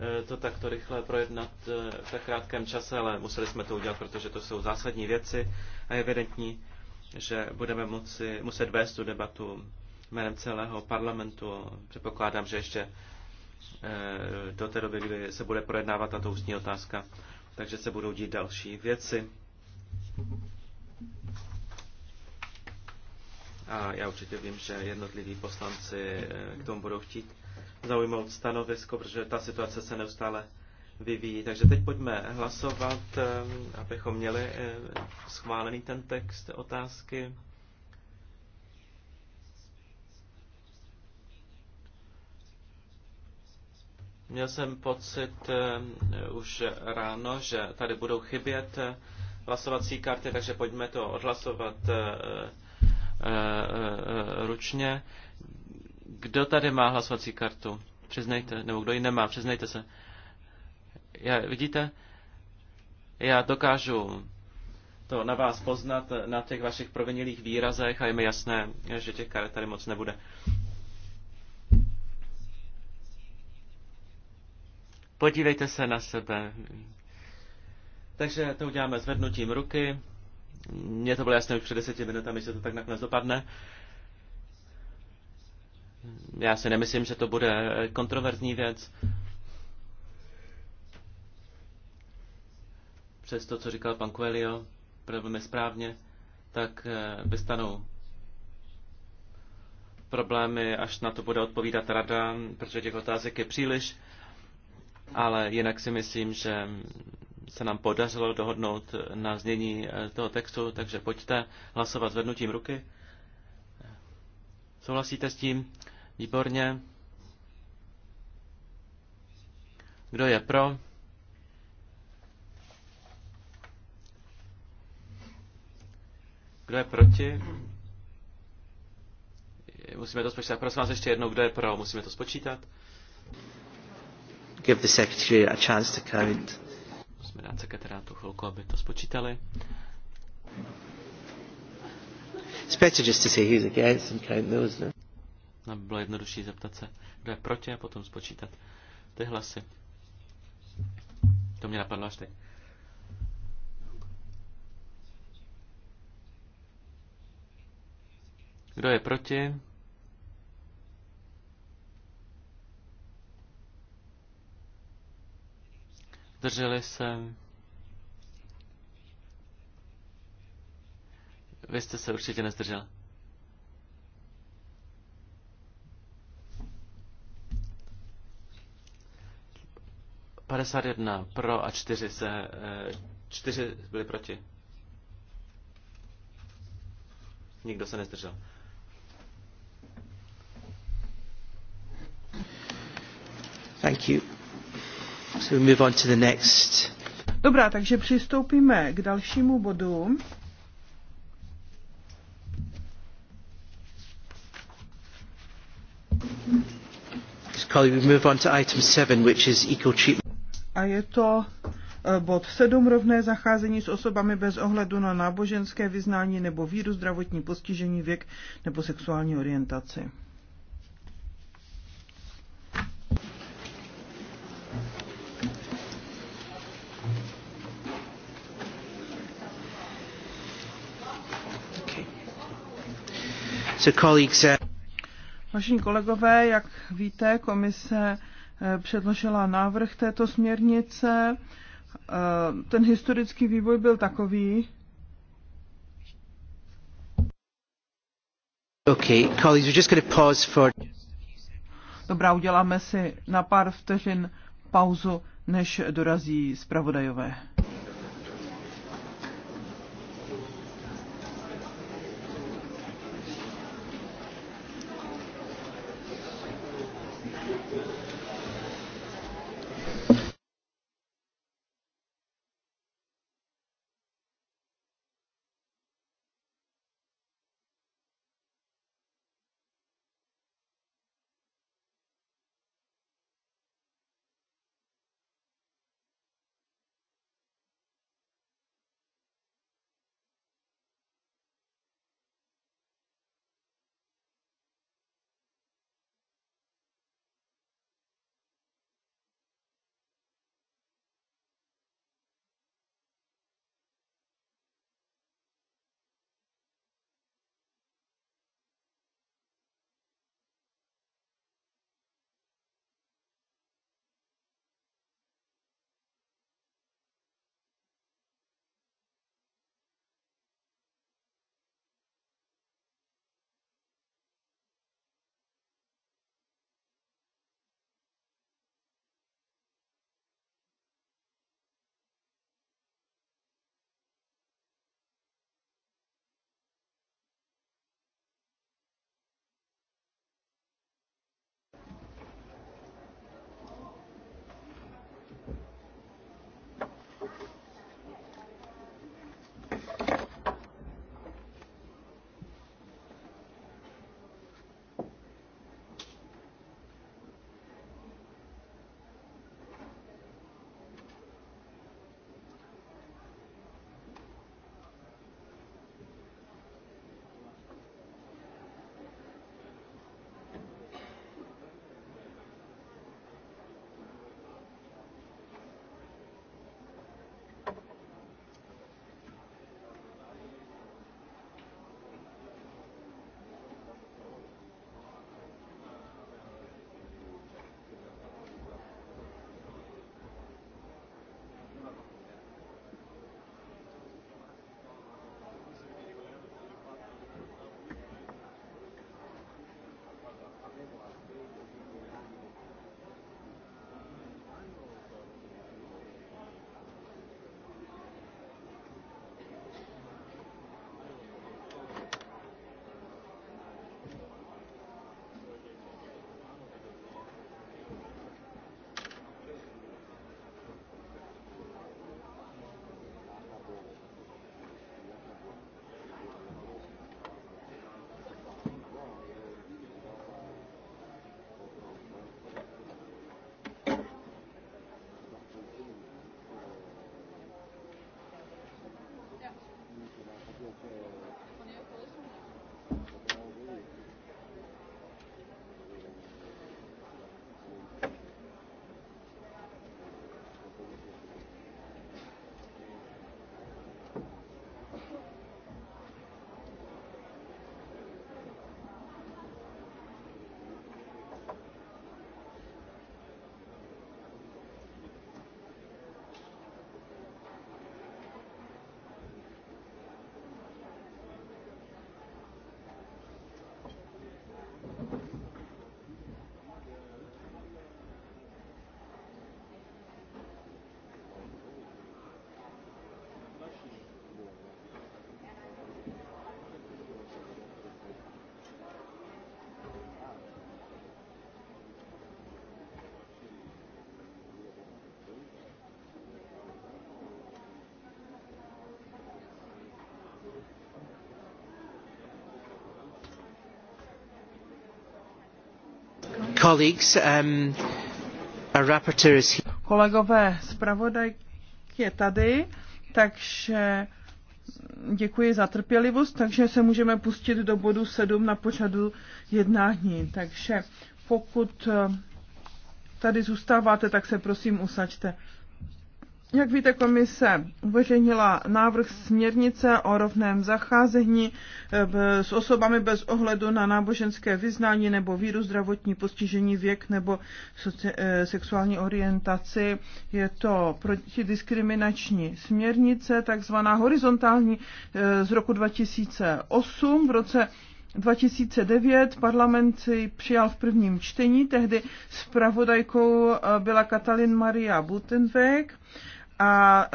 Eh, to takto rychle projednat eh, v tak krátkém čase, ale museli jsme to udělat, protože to jsou zásadní věci a je evidentní, že budeme moci, muset vést tu debatu jménem celého parlamentu. Předpokládám, že ještě eh, do té doby, kdy se bude projednávat tato ústní otázka, takže se budou dít další věci. A já určitě vím, že jednotliví poslanci k tomu budou chtít zaujmout stanovisko, protože ta situace se neustále vyvíjí. Takže teď pojďme hlasovat, abychom měli schválený ten text otázky. Měl jsem pocit už ráno, že tady budou chybět eh, hlasovací karty, takže pojďme to odhlasovat eh, eh, ručně. Kdo tady má hlasovací kartu? Přiznejte, nebo kdo ji nemá, přiznejte se. Já, vidíte? Já dokážu to na vás poznat na těch vašich provinilých výrazech a je mi jasné, že těch karet tady moc nebude. Podívejte se na sebe. Takže to uděláme zvednutím ruky. Mně to bylo jasné už před deseti minutami, že to tak nakonec dopadne. Já si nemyslím, že to bude kontroverzní věc. Přes to, co říkal pan Coelho, velmi správně, tak eh, vystanou problémy, až na to bude odpovídat rada, protože těch otázek je příliš. Ale jinak si myslím, že se nám podařilo dohodnout na znění eh, toho textu, takže pojďte hlasovat zvednutím ruky. Souhlasíte s tím? Výborně. Kdo je pro? Kdo je proti? Musíme to spočítat. Prosím vás ještě jednou, kdo je pro? Musíme to spočítat. Give the secretary a chance to count. Musíme dát sekretariátu chvilku, aby to spočítali. It's better just to say who's against and count those, no? Aby bylo jednodušší zeptat se, kdo je proti a potom spočítat ty hlasy. To mě napadlo až teď. Kdo je proti? Drželi se. Vy jste se určitě nezdrželi. 51 pro a 4 se, 4 eh, byli proti. Nikdo se nezdržel. Thank you. So we move on to the next. Dobrá, takže přistoupíme k dalšímu bodu. colleague, we move on to item seven, which is equal treatment a je to eh, bod 7 rovné zacházení s osobami bez ohledu na náboženské vyznání nebo víru, zdravotní postižení, věk nebo sexuální orientaci. So colleagues, uh, Vážení kolegové, jak víte, komise předložila návrh této směrnice. Eh, ten historický vývoj byl takový, Dobrá, uděláme si na pár vteřin pauzu, než dorazí zpravodajové. Um, Kolegové, zpravodaj je tady, takže děkuji za trpělivost, takže se můžeme pustit do bodu 7 na pořadu jednání. Takže pokud eh, tady zůstáváte, tak se prosím usaďte. Jak víte, komise uveřejnila návrh směrnice o rovném zacházení eh, s osobami bez ohledu na náboženské vyznání nebo víru, zdravotní postižení, věk nebo eh, sexuální orientaci. Je to protidiskriminační směrnice, takzvaná horizontální eh, z roku 2008. V roce 2009 parlament si přijal v prvním čtení, tehdy zpravodajkou byla Katalin Maria Butenweg a e,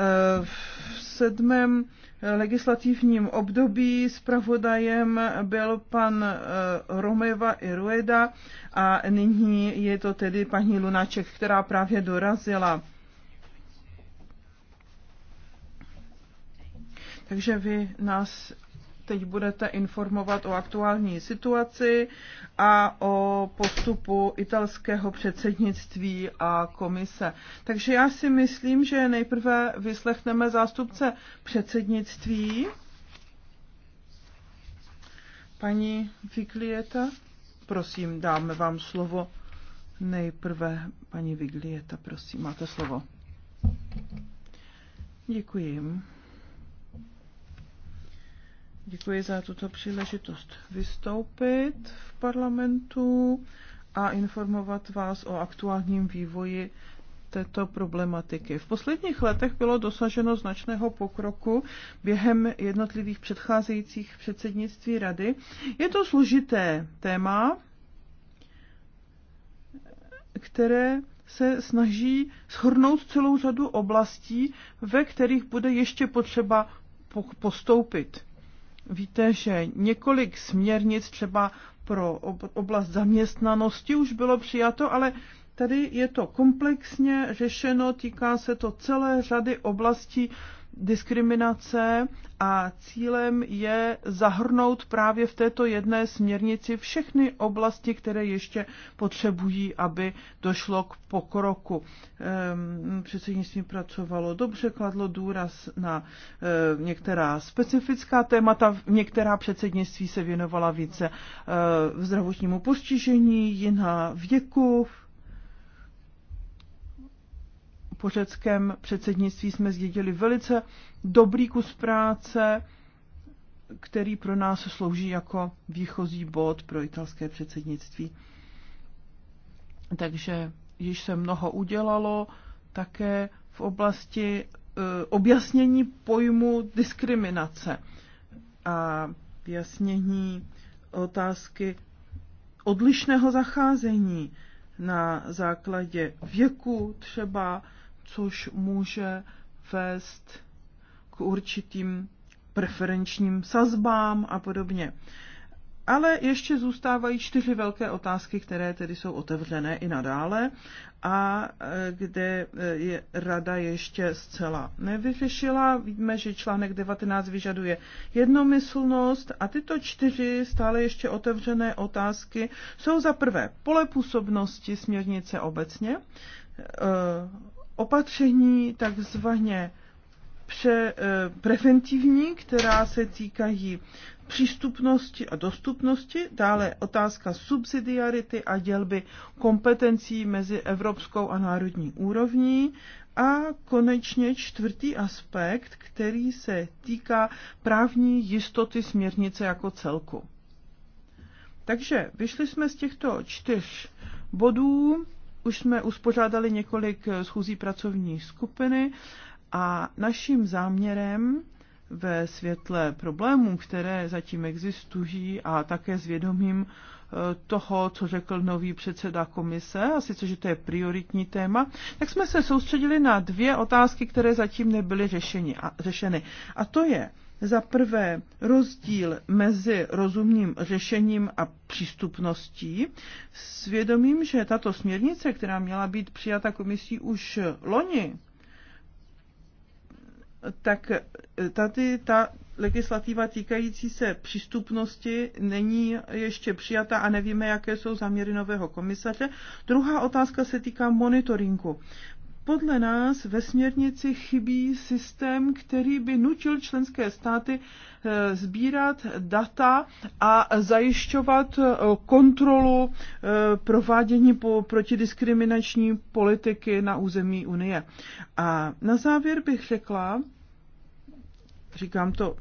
v sedmém legislativním období zpravodajem byl pan e, Romeva i Rueda a nyní je to tedy paní Lunaček, která právě dorazila. Takže vy nás Teď budete informovat o aktuální situaci a o postupu italského předsednictví a komise. Takže já si myslím, že nejprve vyslechneme zástupce předsednictví. Paní Viglieta, prosím, dáme vám slovo. Nejprve paní Viglieta, prosím, máte slovo. Děkuji. Děkuji za tuto příležitost vystoupit v parlamentu a informovat vás o aktuálním vývoji této problematiky. V posledních letech bylo dosaženo značného pokroku během jednotlivých předcházejících předsednictví rady. Je to složité téma, které se snaží shrnout celou řadu oblastí, ve kterých bude ještě potřeba postoupit. Víte, že několik směrnic třeba pro oblast zaměstnanosti už bylo přijato, ale tady je to komplexně řešeno, týká se to celé řady oblastí diskriminace a cílem je zahrnout právě v této jedné směrnici všechny oblasti, které ještě potřebují, aby došlo k pokroku. Ehm, předsednictví pracovalo dobře, kladlo důraz na eh, některá specifická témata, některá předsednictví se věnovala více eh, zdravotnímu postižení, jiná věku, po řeckém předsednictví jsme zdědili velice dobrý kus práce, který pro nás slouží jako výchozí bod pro italské předsednictví. Takže již se mnoho udělalo, také v oblasti eh, objasnění pojmu diskriminace a vyjasnění otázky odlišného zacházení na základě věku třeba což může vést k určitým preferenčním sazbám a podobně. Ale ještě zůstávají čtyři velké otázky, které tedy jsou otevřené i nadále a e, kde e, je rada ještě zcela nevyřešila. Víme, že článek 19 vyžaduje jednomyslnost a tyto čtyři stále ještě otevřené otázky jsou za prvé pole působnosti směrnice obecně, e, opatření takzvaně pře, eh, preventivní, která se týkají přístupnosti a dostupnosti, dále otázka subsidiarity a dělby kompetencí mezi evropskou a národní úrovní a konečně čtvrtý aspekt, který se týká právní jistoty směrnice jako celku. Takže vyšli jsme z těchto čtyř bodů už jsme uspořádali několik eh, schůzí pracovní skupiny a naším záměrem ve světle problémů, které zatím existují a také s vědomím eh, toho, co řekl nový předseda komise, a sice, že to je prioritní téma, tak jsme se soustředili na dvě otázky, které zatím nebyly řešeni, a, řešeny. A to je za prvé rozdíl mezi rozumným řešením a přístupností. Svědomím, že tato směrnice, která měla být přijata komisí už loni, tak tady ta legislativa týkající se přístupnosti není ještě přijata a nevíme, jaké jsou záměry nového komisaře. Druhá otázka se týká monitoringu. Podle nás ve směrnici chybí systém, který by nutil členské státy eh, sbírat data a zajišťovat eh, kontrolu eh, provádění po protidiskriminační politiky na území Unie. A na závěr bych řekla, říkám to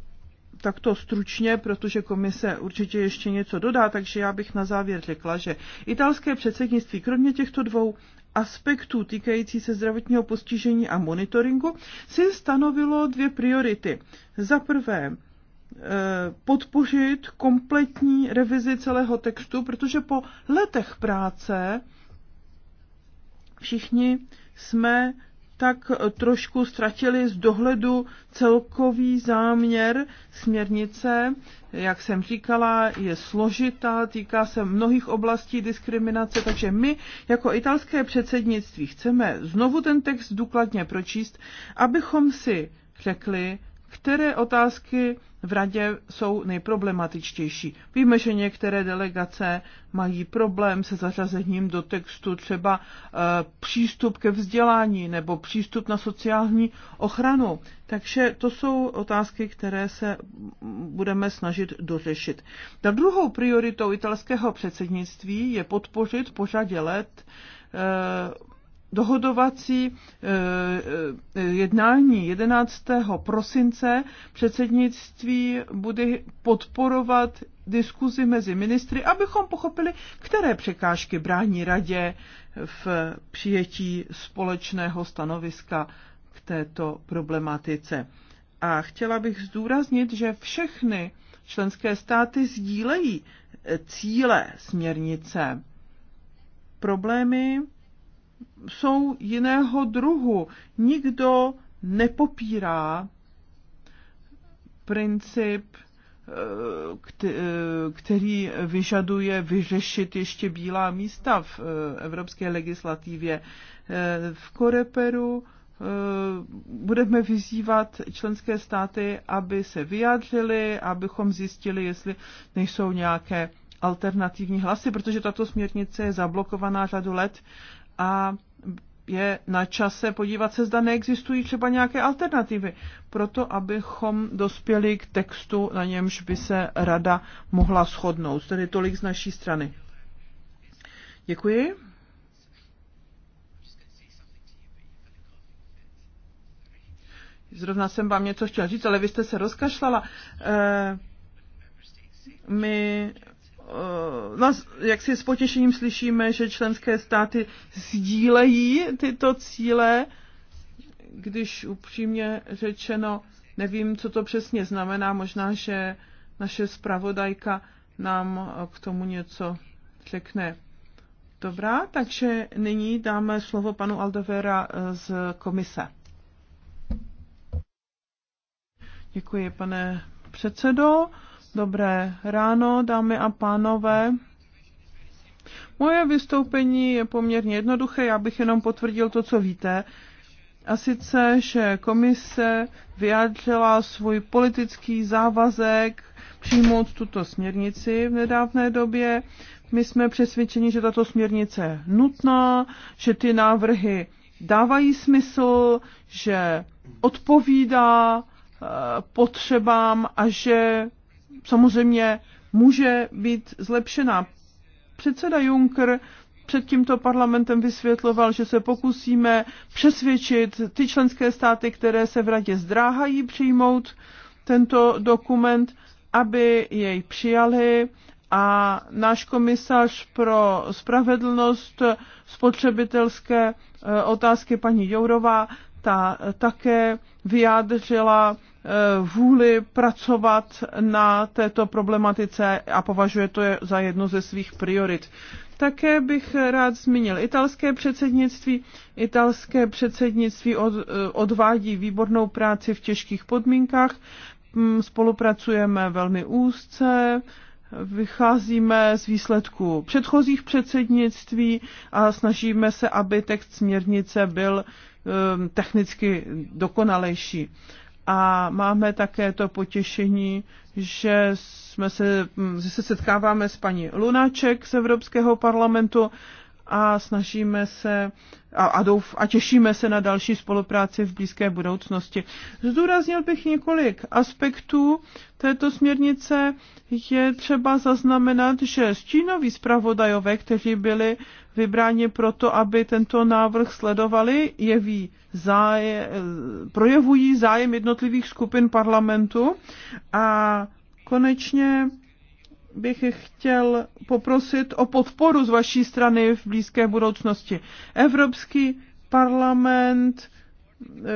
takto stručně, protože komise určitě ještě něco dodá, takže já bych na závěr řekla, že italské předsednictví kromě těchto dvou aspektů týkající se zdravotního postižení a monitoringu si stanovilo dvě priority. Za prvé, eh, podpořit kompletní revizi celého textu, protože po letech práce všichni jsme tak eh, trošku ztratili z dohledu celkový záměr směrnice. Jak jsem říkala, je složitá, týká se mnohých oblastí diskriminace, takže my jako italské předsednictví chceme znovu ten text důkladně pročíst, abychom si řekli, které otázky v radě jsou nejproblematičtější. Víme, že některé delegace mají problém se zařazením do textu třeba eh, přístup ke vzdělání nebo přístup na sociální ochranu. Takže to jsou otázky, které se budeme snažit dořešit. Ta druhou prioritou italského předsednictví je podpořit pořadě let eh, dohodovací eh, eh, jednání 11. prosince předsednictví bude podporovat diskuzi mezi ministry, abychom pochopili, které překážky brání radě v přijetí společného stanoviska k této problematice. A chtěla bych zdůraznit, že všechny členské státy sdílejí eh, cíle směrnice. Problémy jsou jiného druhu. Nikdo nepopírá princip, eh, eh, který vyžaduje vyřešit ještě bílá místa v eh, evropské legislativě. V Koreperu budeme vyzývat členské státy, aby se vyjádřili, abychom zjistili, jestli nejsou nějaké alternativní hlasy, protože tato směrnice je zablokovaná řadu let a je na čase podívat se, zda neexistují třeba nějaké alternativy, proto abychom dospěli k textu, na němž by se rada mohla shodnout. Tedy tolik z naší strany. Děkuji. Zrovna jsem vám něco chtěla říct, ale vy jste se rozkašlala. Eh, my Eh, jak si s potěšením slyšíme, že členské státy sdílejí tyto cíle, když upřímně řečeno nevím, co to přesně znamená, možná, že naše zpravodajka nám eh, k tomu něco řekne. Dobrá, takže nyní dáme slovo panu Aldovera eh, z komise. Děkuji, pane předsedo. Dobré ráno, dámy a pánové. Moje vystoupení je poměrně jednoduché, já bych jenom potvrdil to, co víte. A sice, že komise vyjádřila svůj politický závazek přijmout tuto směrnici v nedávné době. My jsme přesvědčeni, že tato směrnice je nutná, že ty návrhy dávají smysl, že odpovídá eh, potřebám a že samozřejmě může být zlepšena. Předseda Juncker před tímto parlamentem vysvětloval, že se pokusíme přesvědčit ty členské státy, které se v radě zdráhají přijmout tento dokument, aby jej přijali a náš komisař pro spravedlnost spotřebitelské eh, otázky paní Jourová ta také vyjádřila Eh, vůli pracovat na této problematice a považuje to za jednu ze svých priorit. Také bych rád zmínil italské předsednictví. Italské předsednictví od, eh, odvádí výbornou práci v těžkých podmínkách. Mm, spolupracujeme velmi úzce, vycházíme z výsledků předchozích předsednictví a snažíme se, aby text směrnice byl eh, technicky dokonalejší a máme také to potěšení, že, jsme se, že se setkáváme s paní Lunáček z Evropského parlamentu a snažíme se a, a, douf, a těšíme se na další spolupráci v blízké budoucnosti. Zdůraznil bych několik aspektů této směrnice. Je třeba zaznamenat, že stínoví zpravodajové, kteří byli vybráni proto, aby tento návrh sledovali, jeví záje, projevují zájem jednotlivých skupin parlamentu a konečně bych chtěl poprosit o podporu z vaší strany v blízké budoucnosti. Evropský parlament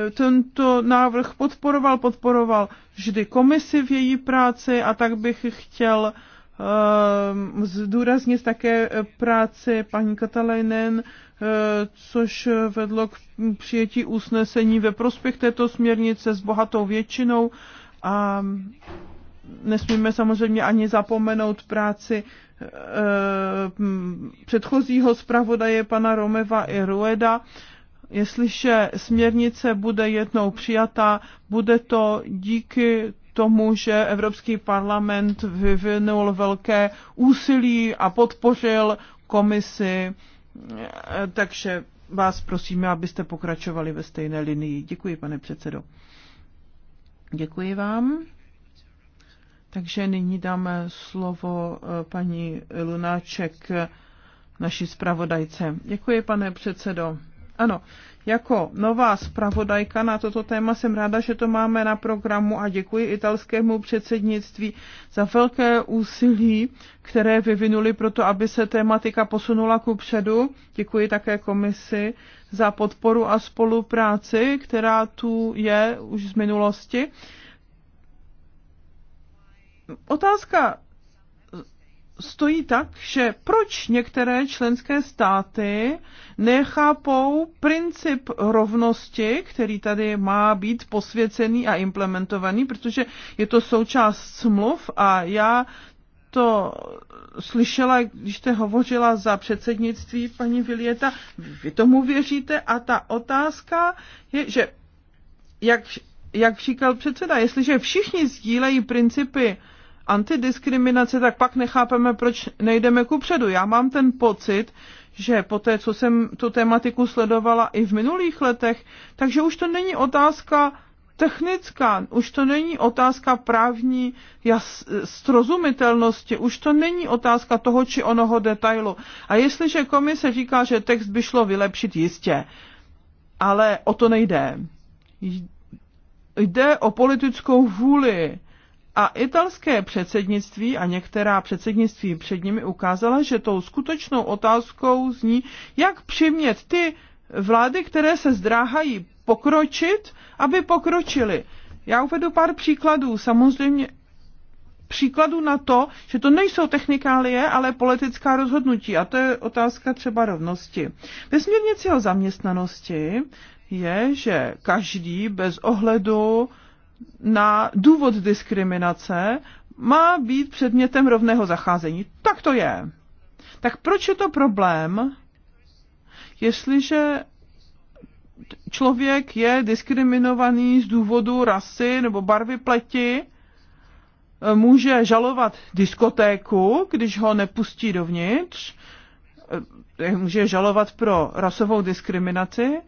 eh, tento návrh podporoval, podporoval vždy komisi v její práci a tak bych chtěl eh, zdůraznit také práci paní Katalinen, eh, což vedlo k přijetí usnesení ve prospěch této směrnice s bohatou většinou a nesmíme samozřejmě ani zapomenout práci eh, mm, předchozího zpravodaje pana Romeva i Rueda. Jestliže směrnice bude jednou přijatá, bude to díky tomu, že Evropský parlament vyvinul velké úsilí a podpořil komisi. Eh, takže vás prosíme, abyste pokračovali ve stejné linii. Děkuji, pane předsedo. Děkuji vám. Takže nyní dáme slovo eh, paní Lunáček, naší zpravodajce. Děkuji, pane předsedo. Ano, jako nová zpravodajka na toto téma jsem ráda, že to máme na programu a děkuji italskému předsednictví za velké úsilí, které vyvinuli pro to, aby se tématika posunula ku předu. Děkuji také komisi za podporu a spolupráci, která tu je už z minulosti otázka stojí tak, že proč některé členské státy nechápou princip rovnosti, který tady má být posvěcený a implementovaný, protože je to součást smluv a já to slyšela, když jste hovořila za předsednictví paní Vilieta, vy tomu věříte a ta otázka je, že jak, jak říkal předseda, jestliže všichni sdílejí principy antidiskriminace, tak pak nechápeme, proč nejdeme kupředu. Já mám ten pocit, že po té, co jsem tu tematiku sledovala i v minulých letech, takže už to není otázka technická, už to není otázka právní jas, srozumitelnosti, už to není otázka toho či onoho detailu. A jestliže komise říká, že text by šlo vylepšit, jistě, ale o to nejde. Jde o politickou vůli a italské předsednictví a některá předsednictví před nimi ukázala, že tou skutečnou otázkou zní, jak přimět ty vlády, které se zdráhají pokročit, aby pokročili. Já uvedu pár příkladů. Samozřejmě příkladů na to, že to nejsou technikálie, ale politická rozhodnutí. A to je otázka třeba rovnosti. Ve směrnici o zaměstnanosti je, že každý bez ohledu na důvod diskriminace má být předmětem rovného zacházení. Tak to je. Tak proč je to problém, jestliže člověk je diskriminovaný z důvodu rasy nebo barvy pleti, může žalovat diskotéku, když ho nepustí dovnitř, eh, může žalovat pro rasovou diskriminaci,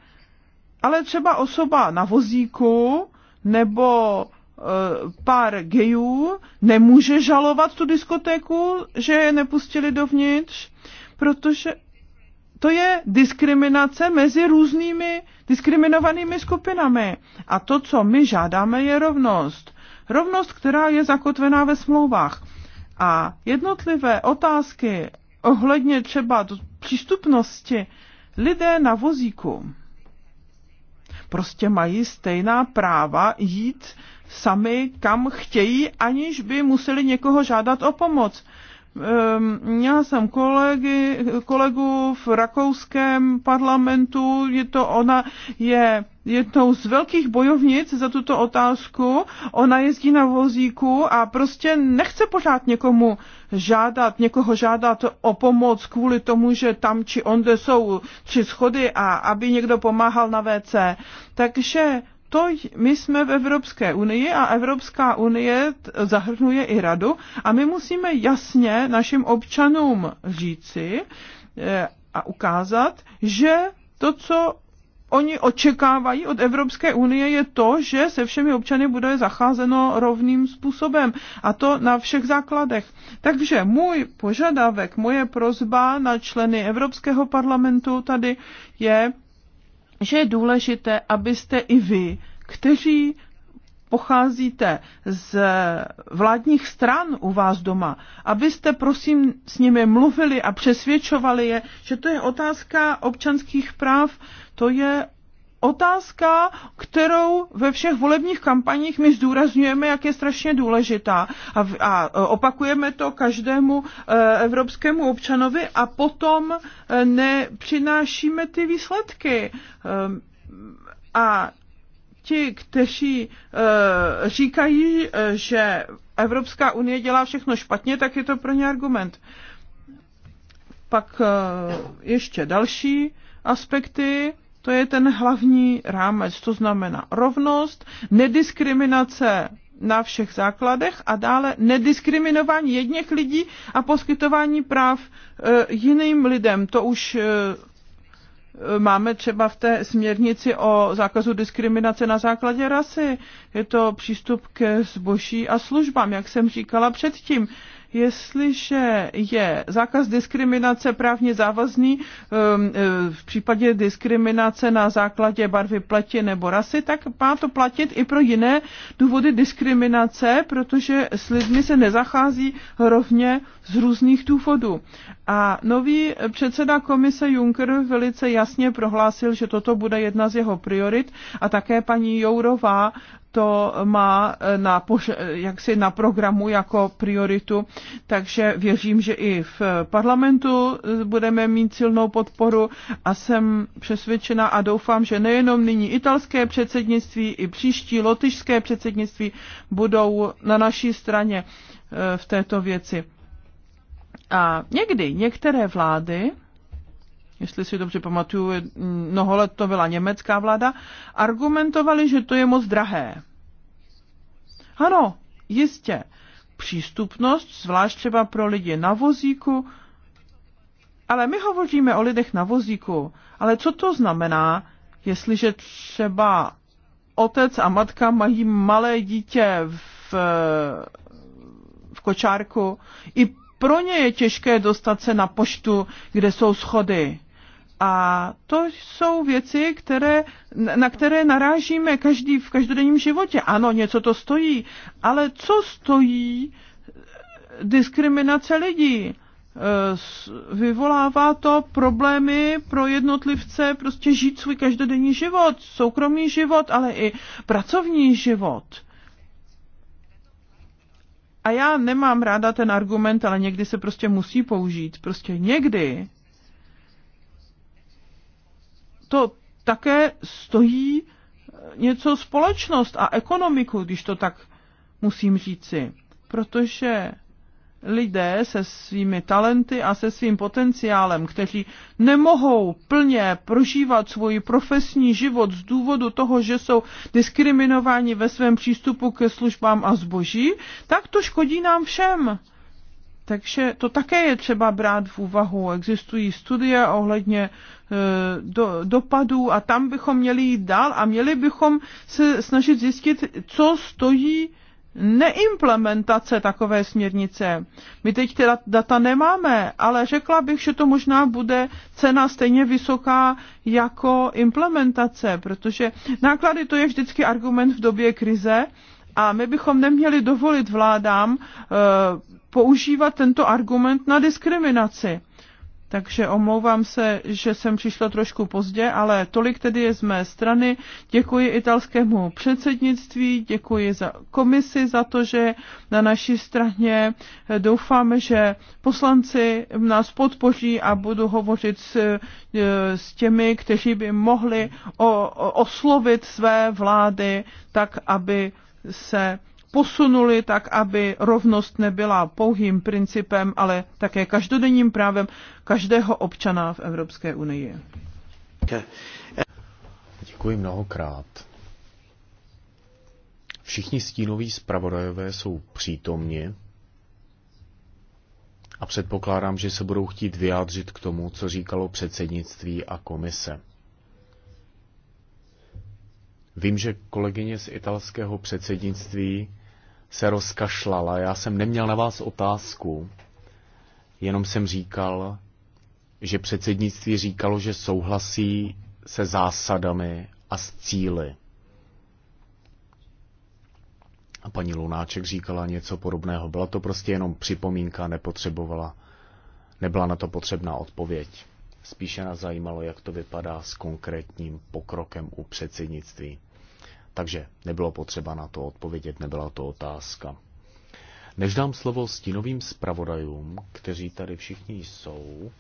ale třeba osoba na vozíku nebo eh, pár gejů nemůže žalovat tu diskotéku, že je nepustili dovnitř, protože to je diskriminace mezi různými diskriminovanými skupinami. A to, co my žádáme, je rovnost. Rovnost, která je zakotvená ve smlouvách. A jednotlivé otázky ohledně třeba přístupnosti lidé na vozíku prostě mají stejná práva jít sami kam chtějí, aniž by museli někoho žádat o pomoc. Měla ehm, jsem kolegy, kolegu v rakouském parlamentu, je to ona, je jednou z velkých bojovnic za tuto otázku. Ona jezdí na vozíku a prostě nechce pořád někomu žádat, někoho žádat o pomoc kvůli tomu, že tam či onde jsou tři schody a aby někdo pomáhal na WC. Takže to my jsme v Evropské unii a Evropská unie zahrnuje i radu a my musíme jasně našim občanům říci eh, a ukázat, že to, co oni očekávají od Evropské unie je to, že se všemi občany bude zacházeno rovným způsobem a to na všech základech. Takže můj požadavek, moje prozba na členy Evropského parlamentu tady je, že je důležité, abyste i vy, kteří pocházíte z vládních stran u vás doma, abyste prosím s nimi mluvili a přesvědčovali je, že to je otázka občanských práv, to je otázka, kterou ve všech volebních kampaních my zdůrazňujeme, jak je strašně důležitá a, a opakujeme to každému eh, evropskému občanovi a potom eh, nepřinášíme ty výsledky. Ehm, a ti, kteří e, říkají, eh, že Evropská unie dělá všechno špatně, tak je to pro ně argument. Pak e, ještě další aspekty, to je ten hlavní rámec, to znamená rovnost, nediskriminace na všech základech a dále nediskriminování jedněch lidí a poskytování práv e, jiným lidem. To už e, máme třeba v té směrnici o zákazu diskriminace na základě rasy. Je to přístup ke zboží a službám, jak jsem říkala předtím jestliže je zákaz diskriminace právně závazný um, eh, v případě diskriminace na základě barvy pleti nebo rasy, tak má to platit i pro jiné důvody diskriminace, protože s lidmi se nezachází rovně z různých důvodů. A nový předseda komise Juncker velice jasně prohlásil, že toto bude jedna z jeho priorit a také paní Jourová to má eh, na, jaksi na programu jako prioritu, takže věřím, že i v parlamentu eh, budeme mít silnou podporu a jsem přesvědčena a doufám, že nejenom nyní italské předsednictví, i příští lotyšské předsednictví budou na naší straně eh, v této věci. A někdy některé vlády jestli si dobře pamatuju, mnoho let to byla německá vláda, argumentovali, že to je moc drahé. Ano, jistě. Přístupnost, zvlášť třeba pro lidi na vozíku, ale my hovoříme o lidech na vozíku. Ale co to znamená, jestliže třeba otec a matka mají malé dítě v, v kočárku, i pro ně je těžké dostat se na poštu, kde jsou schody. A to jsou věci, které, na které narážíme každý v každodenním životě. Ano, něco to stojí, ale co stojí eh, diskriminace lidí? Eh, vyvolává to problémy pro jednotlivce prostě žít svůj každodenní život, soukromý život, ale i pracovní život. A já nemám ráda ten argument, ale někdy se prostě musí použít. Prostě někdy to také stojí něco společnost a ekonomiku, když to tak musím říci. Protože lidé se svými talenty a se svým potenciálem, kteří nemohou plně prožívat svůj profesní život z důvodu toho, že jsou diskriminováni ve svém přístupu ke službám a zboží, tak to škodí nám všem. Takže to také je třeba brát v úvahu. Existují studie ohledně e, do, dopadů a tam bychom měli jít dál a měli bychom se snažit zjistit, co stojí neimplementace takové směrnice. My teď ty data nemáme, ale řekla bych, že to možná bude cena stejně vysoká jako implementace, protože náklady to je vždycky argument v době krize a my bychom neměli dovolit vládám eh, používat tento argument na diskriminaci. Takže omlouvám se, že jsem přišla trošku pozdě, ale tolik tedy je z mé strany. Děkuji italskému předsednictví, děkuji za komisi za to, že na naší straně doufáme, že poslanci nás podpoří a budu hovořit s, s těmi, kteří by mohli o, o, oslovit své vlády tak, aby se posunuli tak, aby rovnost nebyla pouhým principem, ale také každodenním právem každého občana v Evropské unii. Děkuji mnohokrát. Všichni stínoví zpravodajové jsou přítomni a předpokládám, že se budou chtít vyjádřit k tomu, co říkalo předsednictví a komise. Vím, že kolegyně z italského předsednictví se rozkašlala. Já jsem neměl na vás otázku, jenom jsem říkal, že předsednictví říkalo, že souhlasí se zásadami a s cíly. A paní Lunáček říkala něco podobného. Byla to prostě jenom připomínka, nepotřebovala, nebyla na to potřebná odpověď. Spíše nás zajímalo, jak to vypadá s konkrétním pokrokem u předsednictví. Takže nebylo potřeba na to odpovědět, nebyla to otázka. Než dám slovo stínovým zpravodajům, kteří tady všichni jsou,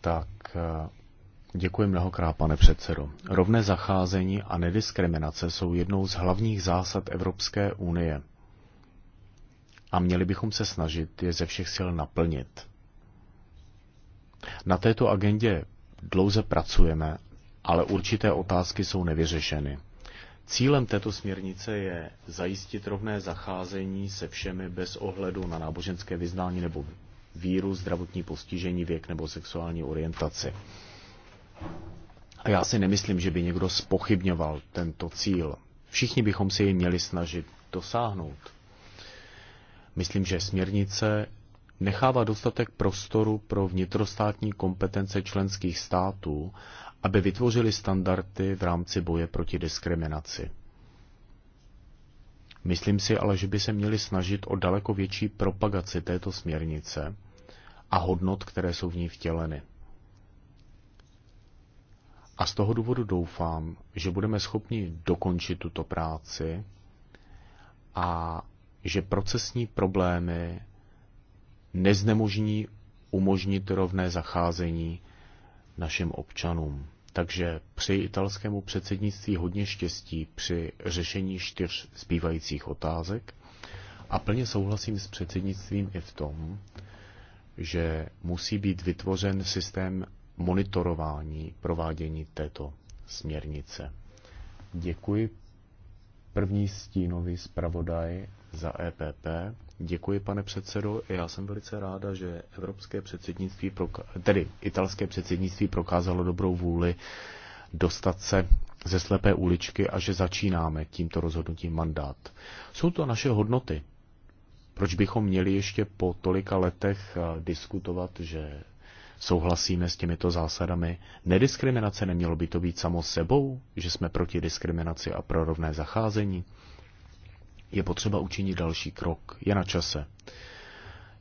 tak eh, děkuji mnohokrát, pane předsedo. Rovné zacházení a nediskriminace jsou jednou z hlavních zásad Evropské unie a měli bychom se snažit je ze všech sil naplnit. Na této agendě dlouze pracujeme, ale určité otázky jsou nevyřešeny. Cílem této směrnice je zajistit rovné zacházení se všemi bez ohledu na náboženské vyznání nebo víru, zdravotní postižení, věk nebo sexuální orientaci. A já si nemyslím, že by někdo spochybňoval tento cíl. Všichni bychom si jej měli snažit dosáhnout. Myslím, že směrnice nechává dostatek prostoru pro vnitrostátní kompetence členských států, aby vytvořili standardy v rámci boje proti diskriminaci. Myslím si ale, že by se měli snažit o daleko větší propagaci této směrnice a hodnot, které jsou v ní vtěleny. A z toho důvodu doufám, že budeme schopni dokončit tuto práci a že procesní problémy neznemožní umožnit rovné zacházení našim občanům. Takže při italskému předsednictví hodně štěstí při řešení čtyř zbývajících otázek a plně souhlasím s předsednictvím i v tom, že musí být vytvořen systém monitorování provádění této směrnice. Děkuji. První stínový zpravodaj za EPP. Děkuji, pane předsedo. Já jsem velice ráda, že evropské předsednictví, tedy italské předsednictví prokázalo dobrou vůli dostat se ze slepé uličky a že začínáme tímto rozhodnutím mandát. Jsou to naše hodnoty. Proč bychom měli ještě po tolika letech eh, diskutovat, že souhlasíme s těmito zásadami? Nediskriminace nemělo by to být samo sebou, že jsme proti diskriminaci a pro rovné zacházení? je potřeba učinit další krok. Je na čase.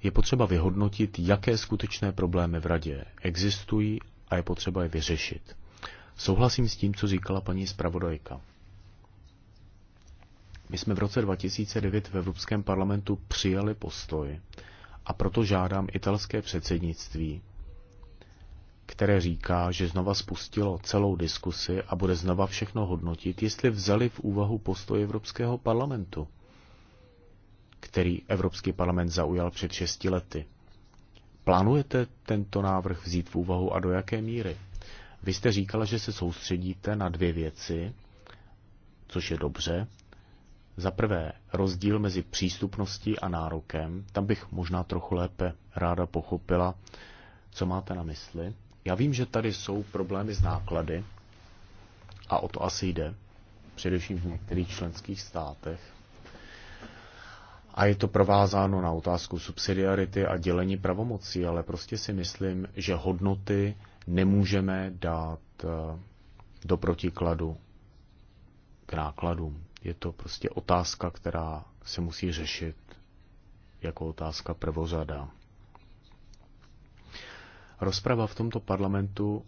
Je potřeba vyhodnotit, jaké skutečné problémy v radě existují a je potřeba je vyřešit. Souhlasím s tím, co říkala paní zpravodajka. My jsme v roce 2009 v Evropském parlamentu přijali postoj a proto žádám italské předsednictví, které říká, že znova spustilo celou diskusi a bude znova všechno hodnotit, jestli vzali v úvahu postoj Evropského parlamentu který Evropský parlament zaujal před šesti lety. Plánujete tento návrh vzít v úvahu a do jaké míry? Vy jste říkala, že se soustředíte na dvě věci, což je dobře. Za prvé, rozdíl mezi přístupností a nárokem. Tam bych možná trochu lépe ráda pochopila, co máte na mysli. Já vím, že tady jsou problémy s náklady a o to asi jde, především v některých členských státech. A je to provázáno na otázku subsidiarity a dělení pravomocí, ale prostě si myslím, že hodnoty nemůžeme dát eh, do protikladu k nákladům. Je to prostě otázka, která se musí řešit jako otázka prvořada. Rozprava v tomto parlamentu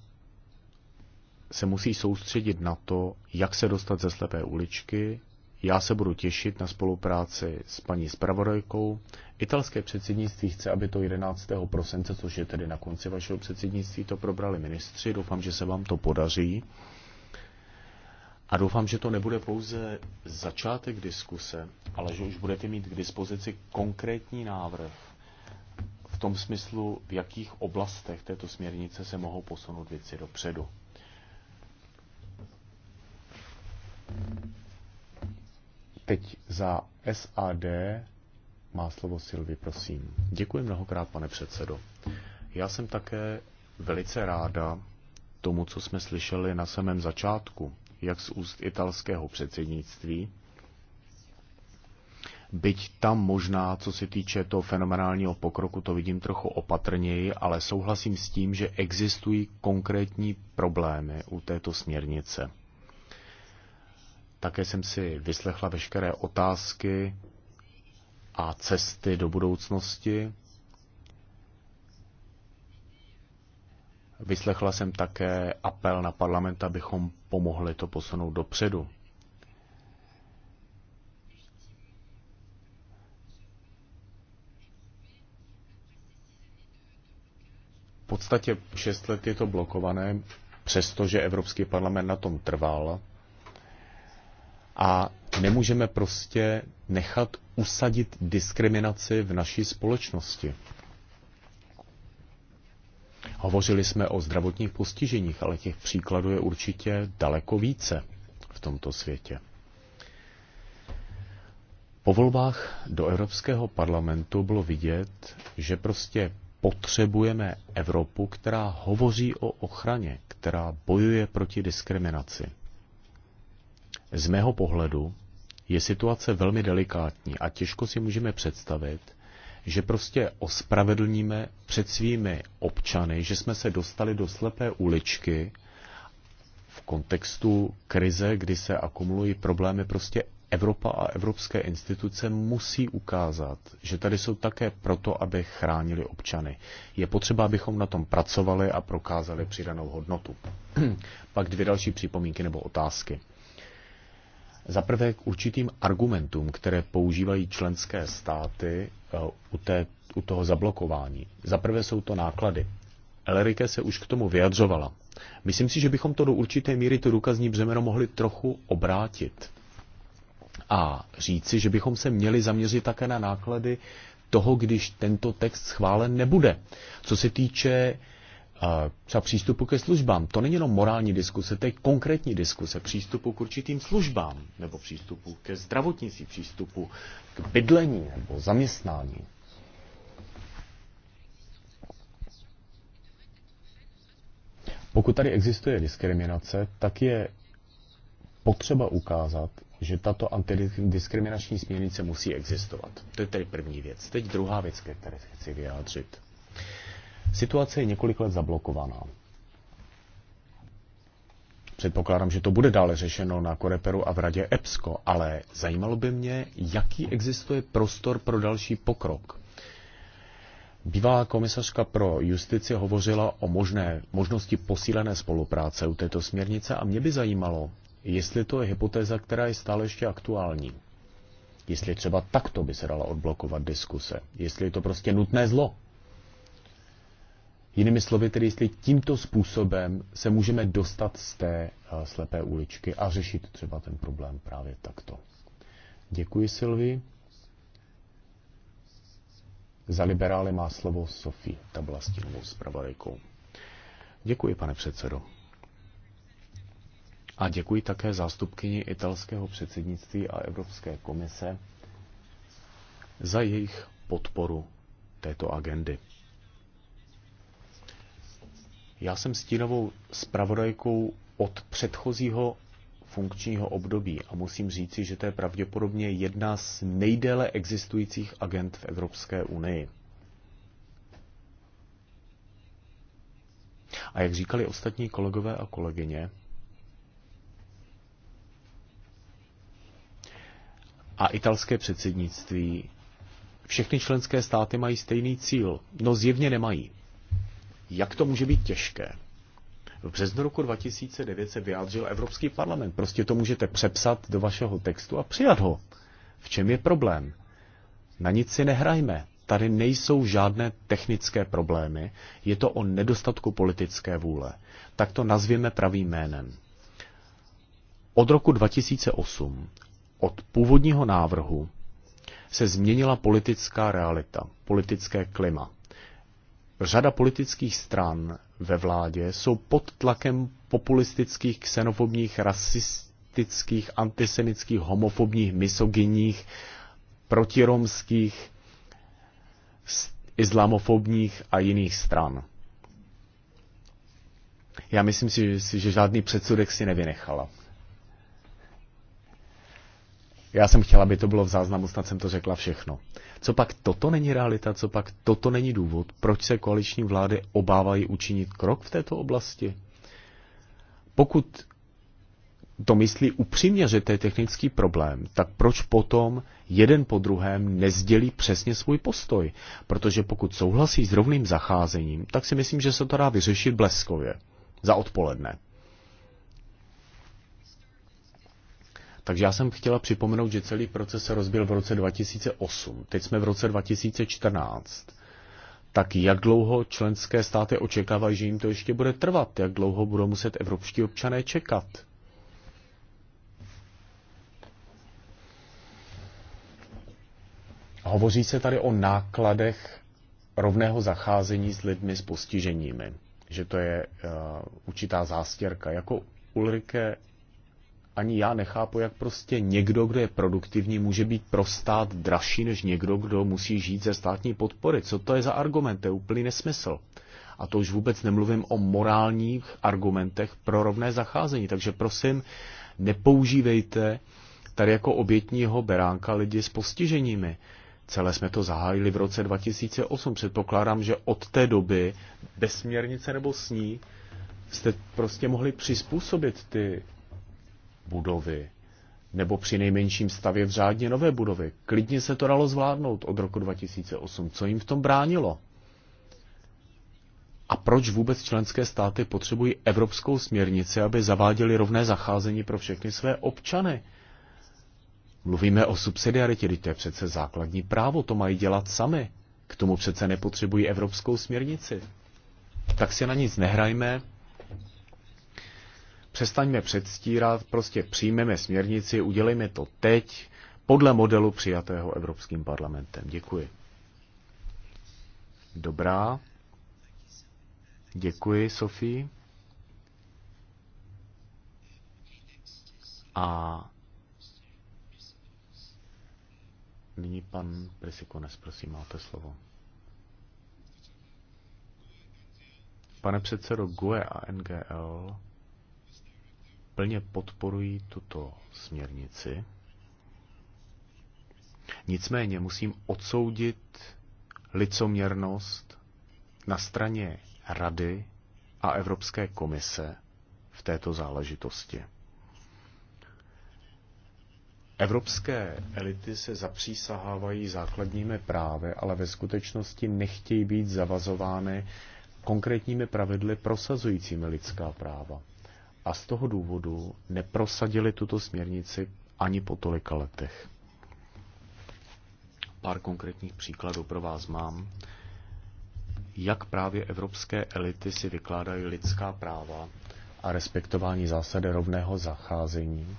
se musí soustředit na to, jak se dostat ze slepé uličky, já se budu těšit na spolupráci s paní zpravodajkou. Italské předsednictví chce, aby to 11. prosince, což je tedy na konci vašeho předsednictví, to probrali ministři. Doufám, že se vám to podaří. A doufám, že to nebude pouze začátek diskuse, ale že už budete mít k dispozici konkrétní návrh v tom smyslu, v jakých oblastech této směrnice se mohou posunout věci dopředu. Teď za SAD má slovo Silvi, prosím. Děkuji mnohokrát, pane předsedo. Já jsem také velice ráda tomu, co jsme slyšeli na samém začátku, jak z úst italského předsednictví, Byť tam možná, co se týče toho fenomenálního pokroku, to vidím trochu opatrněji, ale souhlasím s tím, že existují konkrétní problémy u této směrnice. Také jsem si vyslechla veškeré otázky a cesty do budoucnosti. Vyslechla jsem také apel na parlament, abychom pomohli to posunout dopředu. V podstatě 6 let je to blokované, přestože Evropský parlament na tom trval a nemůžeme prostě nechat usadit diskriminaci v naší společnosti. Hovořili jsme o zdravotních postiženích, ale těch příkladů je určitě daleko více v tomto světě. Po volbách do Evropského parlamentu bylo vidět, že prostě potřebujeme Evropu, která hovoří o ochraně, která bojuje proti diskriminaci. Z mého pohledu je situace velmi delikátní a těžko si můžeme představit, že prostě ospravedlníme před svými občany, že jsme se dostali do slepé uličky v kontextu krize, kdy se akumulují problémy, prostě Evropa a evropské instituce musí ukázat, že tady jsou také proto, aby chránili občany. Je potřeba, abychom na tom pracovali a prokázali přidanou hodnotu. [clears throat] Pak dvě další připomínky nebo otázky. Za prvé k určitým argumentům, které používají členské státy eh, u, té, u toho zablokování. Za prvé jsou to náklady. Elerike se už k tomu vyjadřovala. Myslím si, že bychom to do určité míry to důkazní břemeno mohli trochu obrátit a říci, že bychom se měli zaměřit také na náklady toho, když tento text schválen nebude. Co se týče třeba přístupu ke službám. To není jenom morální diskuse, to je konkrétní diskuse přístupu k určitým službám, nebo přístupu ke zdravotnictví, přístupu k bydlení nebo zaměstnání. Pokud tady existuje diskriminace, tak je potřeba ukázat, že tato antidiskriminační směrnice musí existovat. To je tedy první věc. Teď druhá věc, které chci vyjádřit. Situace je několik let zablokovaná. Předpokládám, že to bude dále řešeno na Koreperu a v radě EPSCO, ale zajímalo by mě, jaký existuje prostor pro další pokrok. Bývalá komisařka pro justici hovořila o možné, možnosti posílené spolupráce u této směrnice a mě by zajímalo, jestli to je hypotéza, která je stále ještě aktuální. Jestli třeba takto by se dala odblokovat diskuse. Jestli je to prostě nutné zlo. Jinými slovy, tedy jestli tímto způsobem se můžeme dostat z té eh, slepé uličky a řešit třeba ten problém právě takto. Děkuji, Silvi. Za liberály má slovo Sofie, ta byla stínovou zpravodajkou. Děkuji, pane předsedo. A děkuji také zástupkyni italského předsednictví a Evropské komise za jejich podporu této agendy. Já jsem stínovou spravodajkou od předchozího funkčního období a musím říci, že to je pravděpodobně jedna z nejdéle existujících agent v Evropské unii. A jak říkali ostatní kolegové a kolegyně, a italské předsednictví, všechny členské státy mají stejný cíl. No zjevně nemají jak to může být těžké. V březnu roku 2009 se vyjádřil Evropský parlament. Prostě to můžete přepsat do vašeho textu a přijat ho. V čem je problém? Na nic si nehrajme. Tady nejsou žádné technické problémy, je to o nedostatku politické vůle. Tak to nazvěme pravým jménem. Od roku 2008, od původního návrhu, se změnila politická realita, politické klima řada politických stran ve vládě jsou pod tlakem populistických, xenofobních, rasistických, antisemických, homofobních, misogyních, protiromských, islamofobních a jiných stran. Já myslím si, že žádný předsudek si nevynechala. Já jsem chtěla, aby to bylo v záznamu, snad jsem to řekla všechno. Co pak toto není realita, co pak toto není důvod, proč se koaliční vlády obávají učinit krok v této oblasti? Pokud to myslí upřímně, že to je technický problém, tak proč potom jeden po druhém nezdělí přesně svůj postoj? Protože pokud souhlasí s rovným zacházením, tak si myslím, že se to dá vyřešit bleskově za odpoledne. Takže já jsem chtěla připomenout, že celý proces se rozbil v roce 2008. Teď jsme v roce 2014. Tak jak dlouho členské státy očekávají, že jim to ještě bude trvat? Jak dlouho budou muset evropští občané čekat? Hovoří se tady o nákladech rovného zacházení s lidmi s postiženími, že to je uh, určitá zástěrka. Jako Ulrike ani já nechápu, jak prostě někdo, kdo je produktivní, může být pro stát dražší než někdo, kdo musí žít ze státní podpory. Co to je za argument? To je úplný nesmysl. A to už vůbec nemluvím o morálních argumentech pro rovné zacházení. Takže prosím, nepoužívejte tady jako obětního beránka lidi s postiženími. Celé jsme to zahájili v roce 2008. Předpokládám, že od té doby bez směrnice nebo s ní jste prostě mohli přizpůsobit ty budovy, nebo při nejmenším stavě v řádně nové budovy. Klidně se to dalo zvládnout od roku 2008. Co jim v tom bránilo? A proč vůbec členské státy potřebují evropskou směrnici, aby zaváděli rovné zacházení pro všechny své občany? Mluvíme o subsidiaritě, to je přece základní právo, to mají dělat sami. K tomu přece nepotřebují evropskou směrnici. Tak si na nic nehrajme, přestaňme předstírat, prostě přijmeme směrnici, udělejme to teď podle modelu přijatého Evropským parlamentem. Děkuji. Dobrá. Děkuji, Sofie. A nyní pan Prisikones, prosím, máte slovo. Pane předsedo GUE a NGL plně podporují tuto směrnici. Nicméně musím odsoudit licoměrnost na straně Rady a Evropské komise v této záležitosti. Evropské elity se zapřísahávají základními právy, ale ve skutečnosti nechtějí být zavazovány konkrétními pravidly prosazujícími lidská práva a z toho důvodu neprosadili tuto směrnici ani po tolika letech. Pár konkrétních příkladů pro vás mám. Jak právě evropské elity si vykládají lidská práva a respektování zásady rovného zacházení.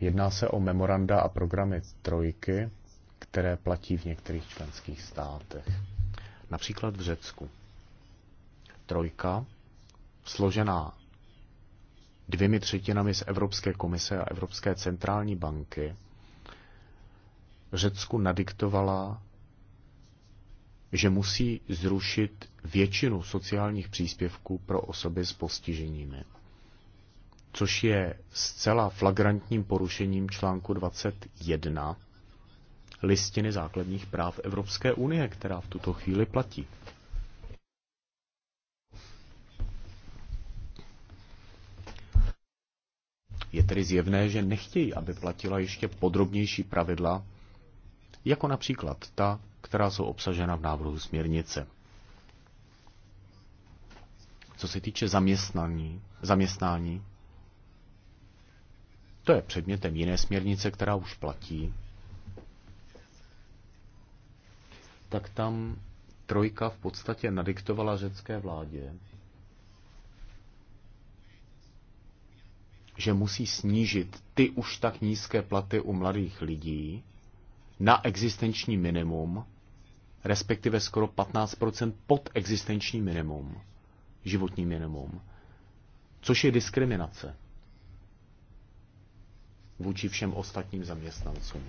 Jedná se o memoranda a programy trojky, které platí v některých členských státech. Například v Řecku. Trojka, složená dvěmi třetinami z Evropské komise a Evropské centrální banky, Řecku nadiktovala, že musí zrušit většinu sociálních příspěvků pro osoby s postiženími, což je zcela flagrantním porušením článku 21 listiny základních práv Evropské unie, která v tuto chvíli platí. Je tedy zjevné, že nechtějí, aby platila ještě podrobnější pravidla, jako například ta, která jsou obsažena v návrhu směrnice. Co se týče zaměstnání, zaměstnání, to je předmětem jiné směrnice, která už platí, tak tam trojka v podstatě nadiktovala řecké vládě, že musí snížit ty už tak nízké platy u mladých lidí na existenční minimum, respektive skoro 15% pod existenční minimum, životní minimum, což je diskriminace vůči všem ostatním zaměstnancům.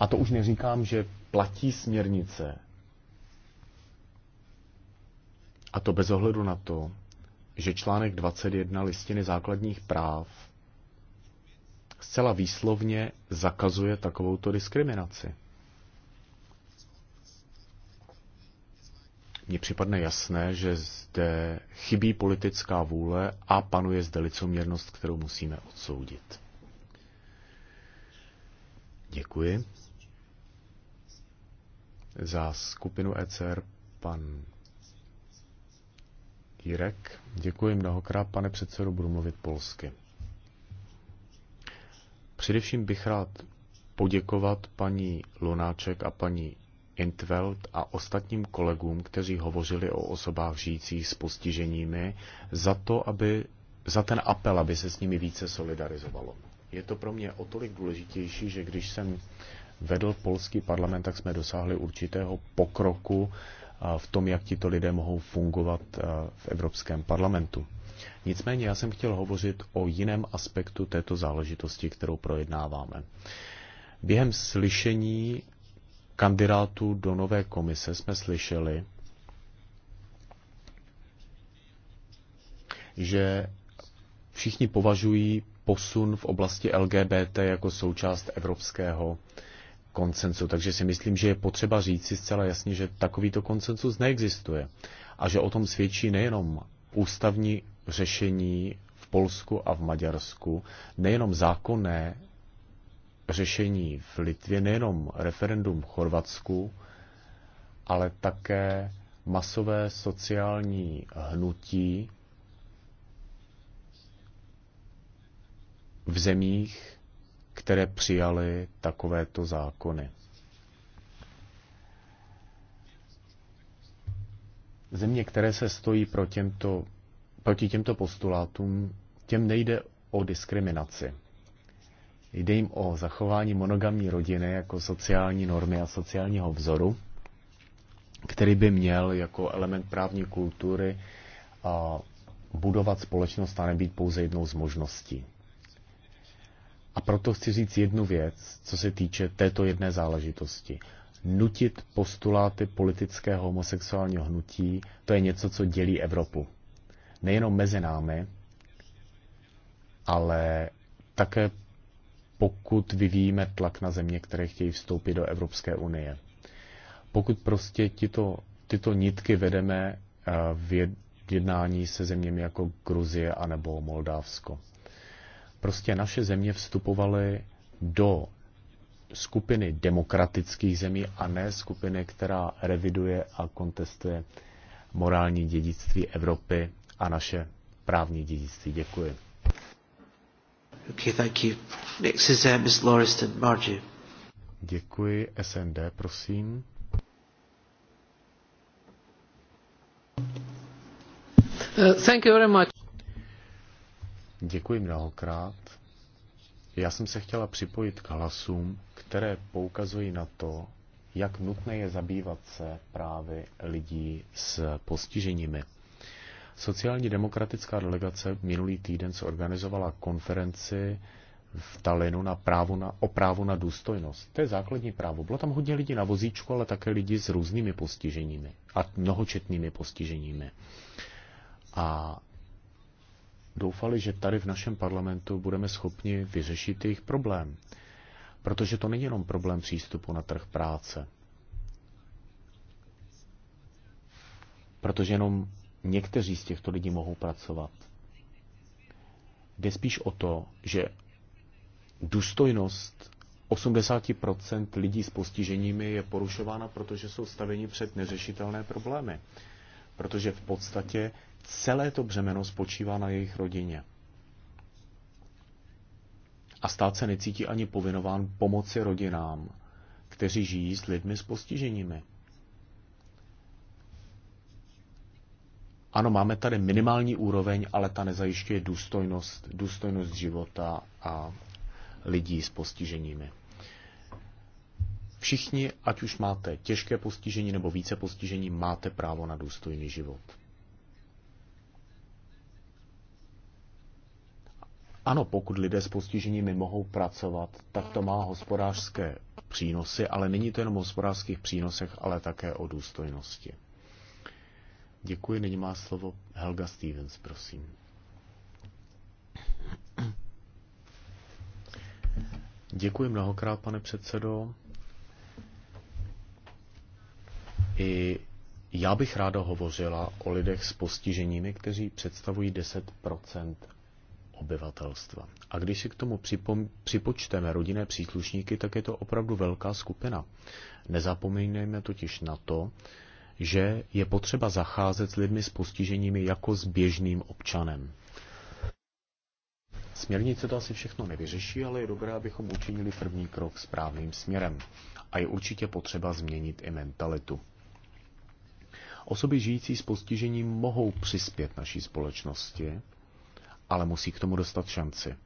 A to už neříkám, že platí směrnice. A to bez ohledu na to, že článek 21 listiny základních práv zcela výslovně zakazuje takovouto diskriminaci. Mně připadne jasné, že zde chybí politická vůle a panuje zde licoměrnost, kterou musíme odsoudit. Děkuji. Za skupinu ECR pan Jirek. Děkuji mnohokrát, pane předsedo, budu mluvit polsky. Především bych rád poděkovat paní Lunáček a paní Intveld a ostatním kolegům, kteří hovořili o osobách žijících s postiženími, za, to, aby, za ten apel, aby se s nimi více solidarizovalo. Je to pro mě o tolik důležitější, že když jsem vedl polský parlament, tak jsme dosáhli určitého pokroku v tom, jak tito lidé mohou fungovat eh, v Evropském parlamentu. Nicméně já jsem chtěl hovořit o jiném aspektu této záležitosti, kterou projednáváme. Během slyšení kandidátů do nové komise jsme slyšeli, že všichni považují posun v oblasti LGBT jako součást evropského koncensu. Takže si myslím, že je potřeba říct si zcela jasně, že takovýto koncensus neexistuje. A že o tom svědčí nejenom ústavní řešení v Polsku a v Maďarsku, nejenom zákonné řešení v Litvě, nejenom referendum v Chorvatsku, ale také masové sociální hnutí v zemích, které přijaly takovéto zákony. Země, které se stojí pro těmto, proti těmto postulátům, těm nejde o diskriminaci. Jde jim o zachování monogamní rodiny jako sociální normy a sociálního vzoru, který by měl jako element právní kultury a budovat společnost a nebýt pouze jednou z možností. A proto chci říct jednu věc, co se týče této jedné záležitosti. Nutit postuláty politického homosexuálního hnutí, to je něco, co dělí Evropu. Nejenom mezi námi, ale také pokud vyvíjíme tlak na země, které chtějí vstoupit do Evropské unie. Pokud prostě tyto, tyto nitky vedeme eh, v jednání se zeměmi jako Gruzie anebo Moldávsko. Prostě naše země vstupovaly do skupiny demokratických zemí a ne skupiny, která reviduje a kontestuje morální dědictví Evropy a naše právní dědictví. Děkuji. Okay, thank you. Next is, uh, Lauriston, Margie. Děkuji. SND, prosím. Uh, thank you very much. Děkuji mnohokrát. Já jsem se chtěla připojit k hlasům, které poukazují na to, jak nutné je zabývat se právě lidí s postiženími. Sociální demokratická delegace minulý týden se organizovala konferenci v Talinu na právu na, o právu na důstojnost. To je základní právo. Bylo tam hodně lidí na vozíčku, ale také lidi s různými postiženími a mnohočetnými postiženími. A doufali, že tady v našem parlamentu budeme schopni vyřešit jejich problém. Protože to není jenom problém přístupu na trh práce. Protože jenom někteří z těchto lidí mohou pracovat. Jde spíš o to, že důstojnost 80% lidí s postiženími je porušována, protože jsou staveni před neřešitelné problémy. Protože v podstatě celé to břemeno spočívá na jejich rodině. A stát se necítí ani povinován pomoci rodinám, kteří žijí s lidmi s postiženími. Ano, máme tady minimální úroveň, ale ta nezajišťuje důstojnost, důstojnost života a lidí s postiženími. Všichni, ať už máte těžké postižení nebo více postižení, máte právo na důstojný život. Ano, pokud lidé s postiženími mohou pracovat, tak to má hospodářské přínosy, ale není to jenom o hospodářských přínosech, ale také o důstojnosti. Děkuji, nyní má slovo Helga Stevens, prosím. Děkuji mnohokrát, pane předsedo. I já bych ráda hovořila o lidech s postiženími, kteří představují 10 obyvatelstva. A když si k tomu připočteme rodinné příslušníky, tak je to opravdu velká skupina. Nezapomeňme totiž na to, že je potřeba zacházet s lidmi s postiženími jako s běžným občanem. Směrnice to asi všechno nevyřeší, ale je dobré, abychom učinili první krok správným směrem. A je určitě potřeba změnit i mentalitu. Osoby žijící s postižením mohou přispět naší společnosti ale musí k tomu dostat šanci.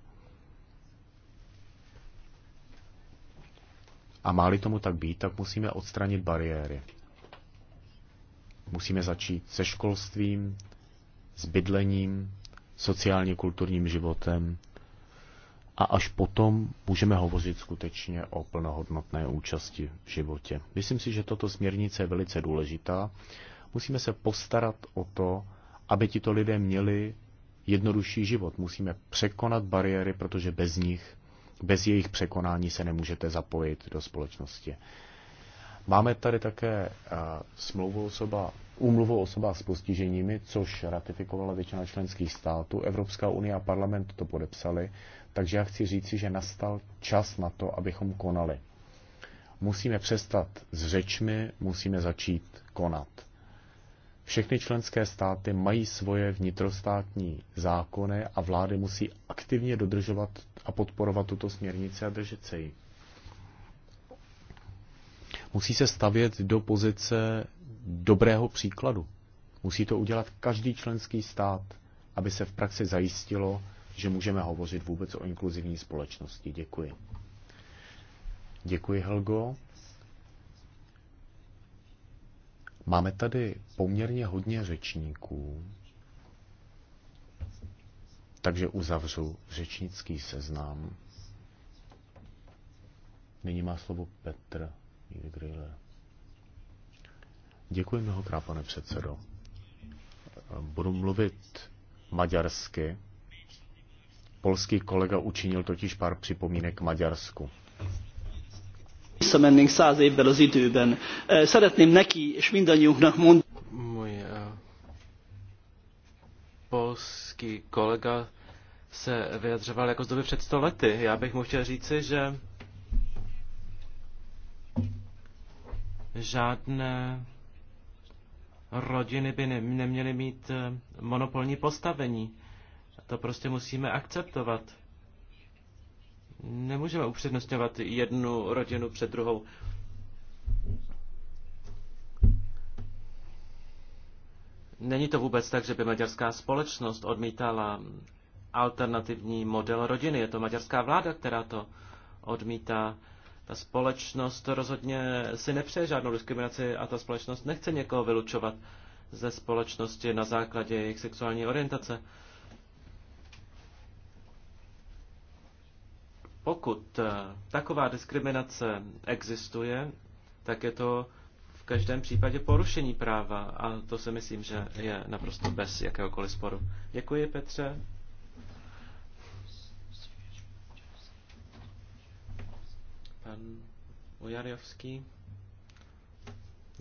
A máli tomu tak být, tak musíme odstranit bariéry. Musíme začít se školstvím, s bydlením, sociálně kulturním životem a až potom můžeme hovořit skutečně o plnohodnotné účasti v životě. Myslím si, že toto směrnice je velice důležitá. Musíme se postarat o to, aby tito lidé měli jednodušší život. Musíme překonat bariéry, protože bez nich, bez jejich překonání se nemůžete zapojit do společnosti. Máme tady také eh, smlouvu osoba, úmluvu osoba s postiženími, což ratifikovala většina členských států. Evropská unie a parlament to podepsali, takže já chci říci, že nastal čas na to, abychom konali. Musíme přestat s řečmi, musíme začít konat. Všechny členské státy mají svoje vnitrostátní zákony a vlády musí aktivně dodržovat a podporovat tuto směrnici a držet se ji. Musí se stavět do pozice dobrého příkladu. Musí to udělat každý členský stát, aby se v praxi zajistilo, že můžeme hovořit vůbec o inkluzivní společnosti. Děkuji. Děkuji, Helgo. Máme tady poměrně hodně řečníků, takže uzavřu řečnický seznam. Nyní má slovo Petr Jirgrille. Děkuji mnohokrát, pane předsedo. Budu mluvit maďarsky. Polský kolega učinil totiž pár připomínek Maďarsku. Visszamennénk száz évvel az időben. Szeretném neki és mindannyiunknak mondani. Můj uh, polský kolega se vyjadřoval jako z doby před 100 lety. Já bych mu chtěl říci, že žádné rodiny by ne, neměly mít monopolní postavení. To prostě musíme akceptovat. Nemůžeme upřednostňovat jednu rodinu před druhou. Není to vůbec tak, že by maďarská společnost odmítala alternativní model rodiny. Je to maďarská vláda, která to odmítá. Ta společnost rozhodně si nepřeje žádnou diskriminaci a ta společnost nechce někoho vylučovat ze společnosti na základě jejich sexuální orientace. Pokud eh, taková diskriminace existuje, tak je to v každém případě porušení práva a to si myslím, že je naprosto bez jakéhokoliv sporu. Děkuji, Petře. Pan Ujarjovský.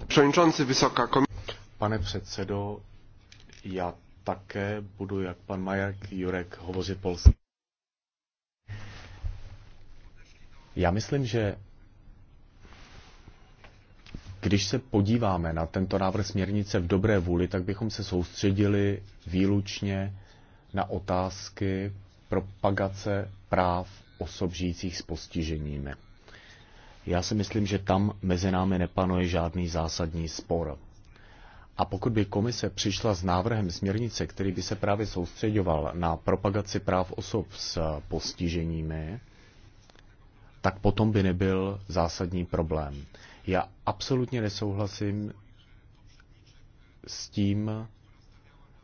Předničanci Vysoká komise. Pane předsedo, já také budu, jak pan Majak Jurek, hovořit polsky. Já myslím, že když se podíváme na tento návrh směrnice v dobré vůli, tak bychom se soustředili výlučně na otázky propagace práv osob žijících s postiženími. Já si myslím, že tam mezi námi nepanuje žádný zásadní spor. A pokud by komise přišla s návrhem směrnice, který by se právě soustředoval na propagaci práv osob s postiženími, tak potom by nebyl zásadní problém. Já absolutně nesouhlasím s tím,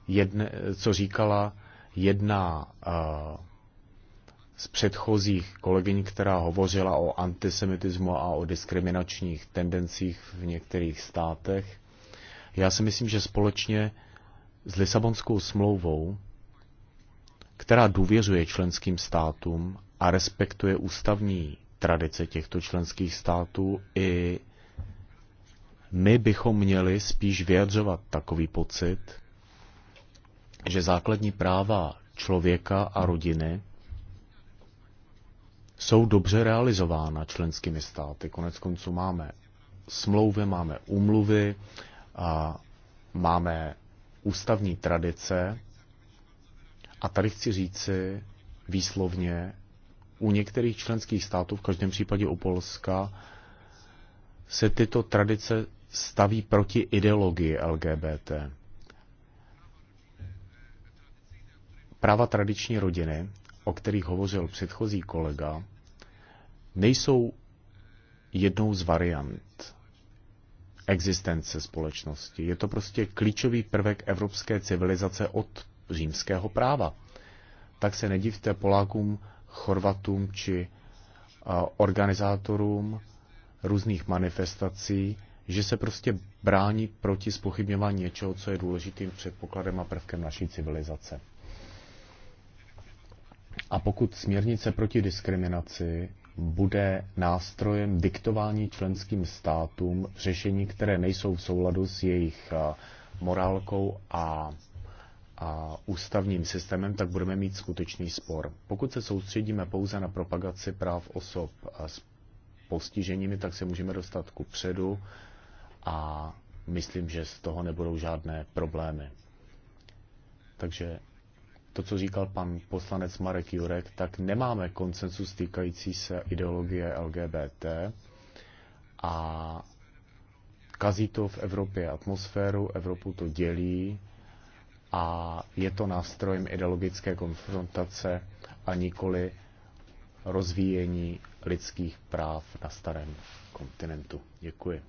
jedne, co říkala jedna uh, z předchozích kolegyň, která hovořila o antisemitismu a o diskriminačních tendencích v některých státech. Já si myslím, že společně s Lisabonskou smlouvou, která důvěřuje členským státům a respektuje ústavní tradice těchto členských států, i my bychom měli spíš vyjadřovat takový pocit, že základní práva člověka a rodiny jsou dobře realizována členskými státy. Konec konců máme smlouvy, máme úmluvy, a máme ústavní tradice. A tady chci říci výslovně, u některých členských států, v každém případě u Polska, se tyto tradice staví proti ideologii LGBT. Práva tradiční rodiny, o kterých hovořil předchozí kolega, nejsou jednou z variant existence společnosti. Je to prostě klíčový prvek evropské civilizace od římského práva. Tak se nedivte Polákům, Chorvatům či eh, organizátorům různých manifestací, že se prostě brání proti spochybňování něčeho, co je důležitým předpokladem a prvkem naší civilizace. A pokud směrnice proti diskriminaci bude nástrojem diktování členským státům řešení, které nejsou v souladu s jejich eh, morálkou a a ústavním systémem, tak budeme mít skutečný spor. Pokud se soustředíme pouze na propagaci práv osob s postiženími, tak se můžeme dostat ku předu a myslím, že z toho nebudou žádné problémy. Takže to, co říkal pan poslanec Marek Jurek, tak nemáme koncensus týkající se ideologie LGBT a kazí to v Evropě atmosféru, Evropu to dělí a je to nástrojem ideologické konfrontace a nikoli rozvíjení lidských práv na starém kontinentu. Děkuji.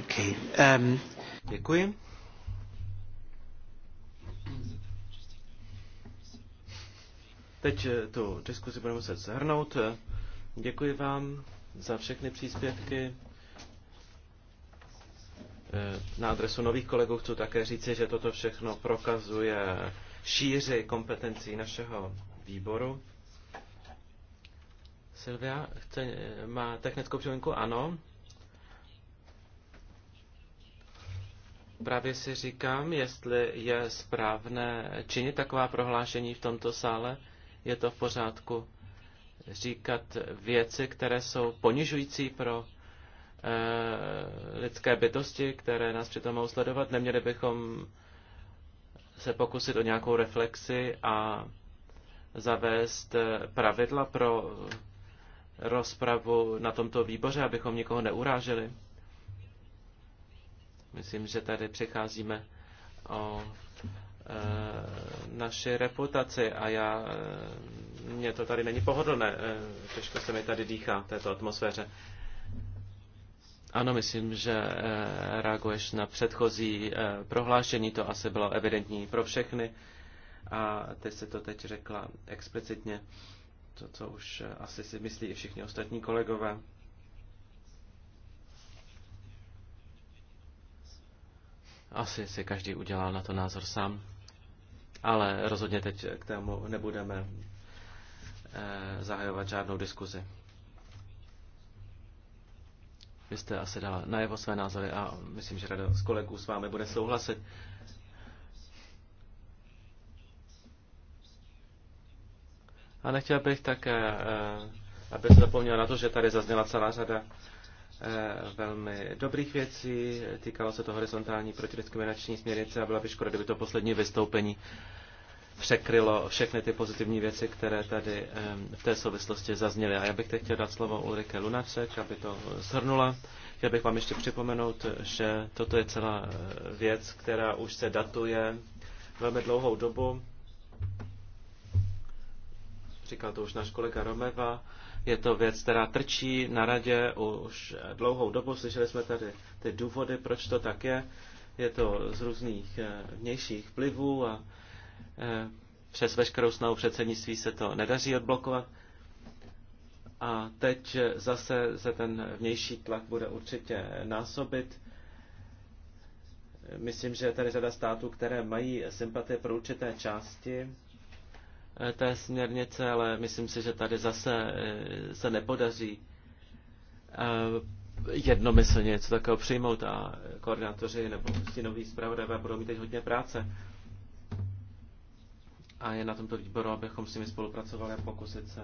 Okay. Um, děkuji. Teď eh, tu diskuzi budeme muset zhrnout. Eh, děkuji vám za všechny příspěvky. Eh, na adresu nových kolegů chci také říci, že toto všechno prokazuje šíři kompetencí našeho výboru. Silvia chce, eh, má technickou připomínku? Ano. Právě si říkám, jestli je správné činit taková prohlášení v tomto sále. Je to v pořádku říkat věci, které jsou ponižující pro Eh, lidské bytosti, které nás přitom mohou sledovat. Neměli bychom se pokusit o nějakou reflexi a zavést eh, pravidla pro rozpravu na tomto výboře, abychom nikoho neuráželi. Myslím, že tady přicházíme o eh, naši reputaci a já, mě to tady není pohodlné, těžko se mi tady dýchá této atmosféře. Ano, myslím, že eh, reaguješ na předchozí eh, prohlášení, to asi bylo evidentní pro všechny. A ty jsi to teď řekla explicitně, to, co už eh, asi si myslí i všichni ostatní kolegové. Asi si každý udělal na to názor sám. Ale rozhodně teď k tomu nebudeme zahajovat žádnou diskuzi. Vy jste asi dala najevo své názory a myslím, že rada s kolegů s vámi bude souhlasit. A nechtěl bych také, eh, eh, aby se zapomněl na to, že tady zazněla celá řada eh, velmi dobrých věcí. Týkalo se to horizontální protidiskriminační směrnice a byla by škoda, kdyby to poslední vystoupení překrylo všechny ty pozitivní věci, které tady v té souvislosti zazněly. A já bych teď chtěl dát slovo Ulrike Lunaček, aby to shrnula. Chtěl bych vám ještě připomenout, že toto je celá eh, věc, která už se datuje velmi dlouhou dobu. Říkal to už náš kolega Romeva. Je to věc, která trčí na radě už dlouhou dobu. Slyšeli jsme tady ty důvody, proč to tak je. Je to z různých eh, vnějších vlivů a Eh, přes veškerou snahu předsednictví se to nedaří odblokovat. A teď zase se ten vnější tlak bude určitě násobit. Myslím, že je tady řada států, které mají sympatie pro určité části eh, té směrnice, ale myslím si, že tady zase eh, se nepodaří jednomyslně něco takového přijmout a koordinátoři nebo stínoví zpravodajové budou mít teď hodně práce a je na tomto výboru, abychom s nimi spolupracovali a pokusit se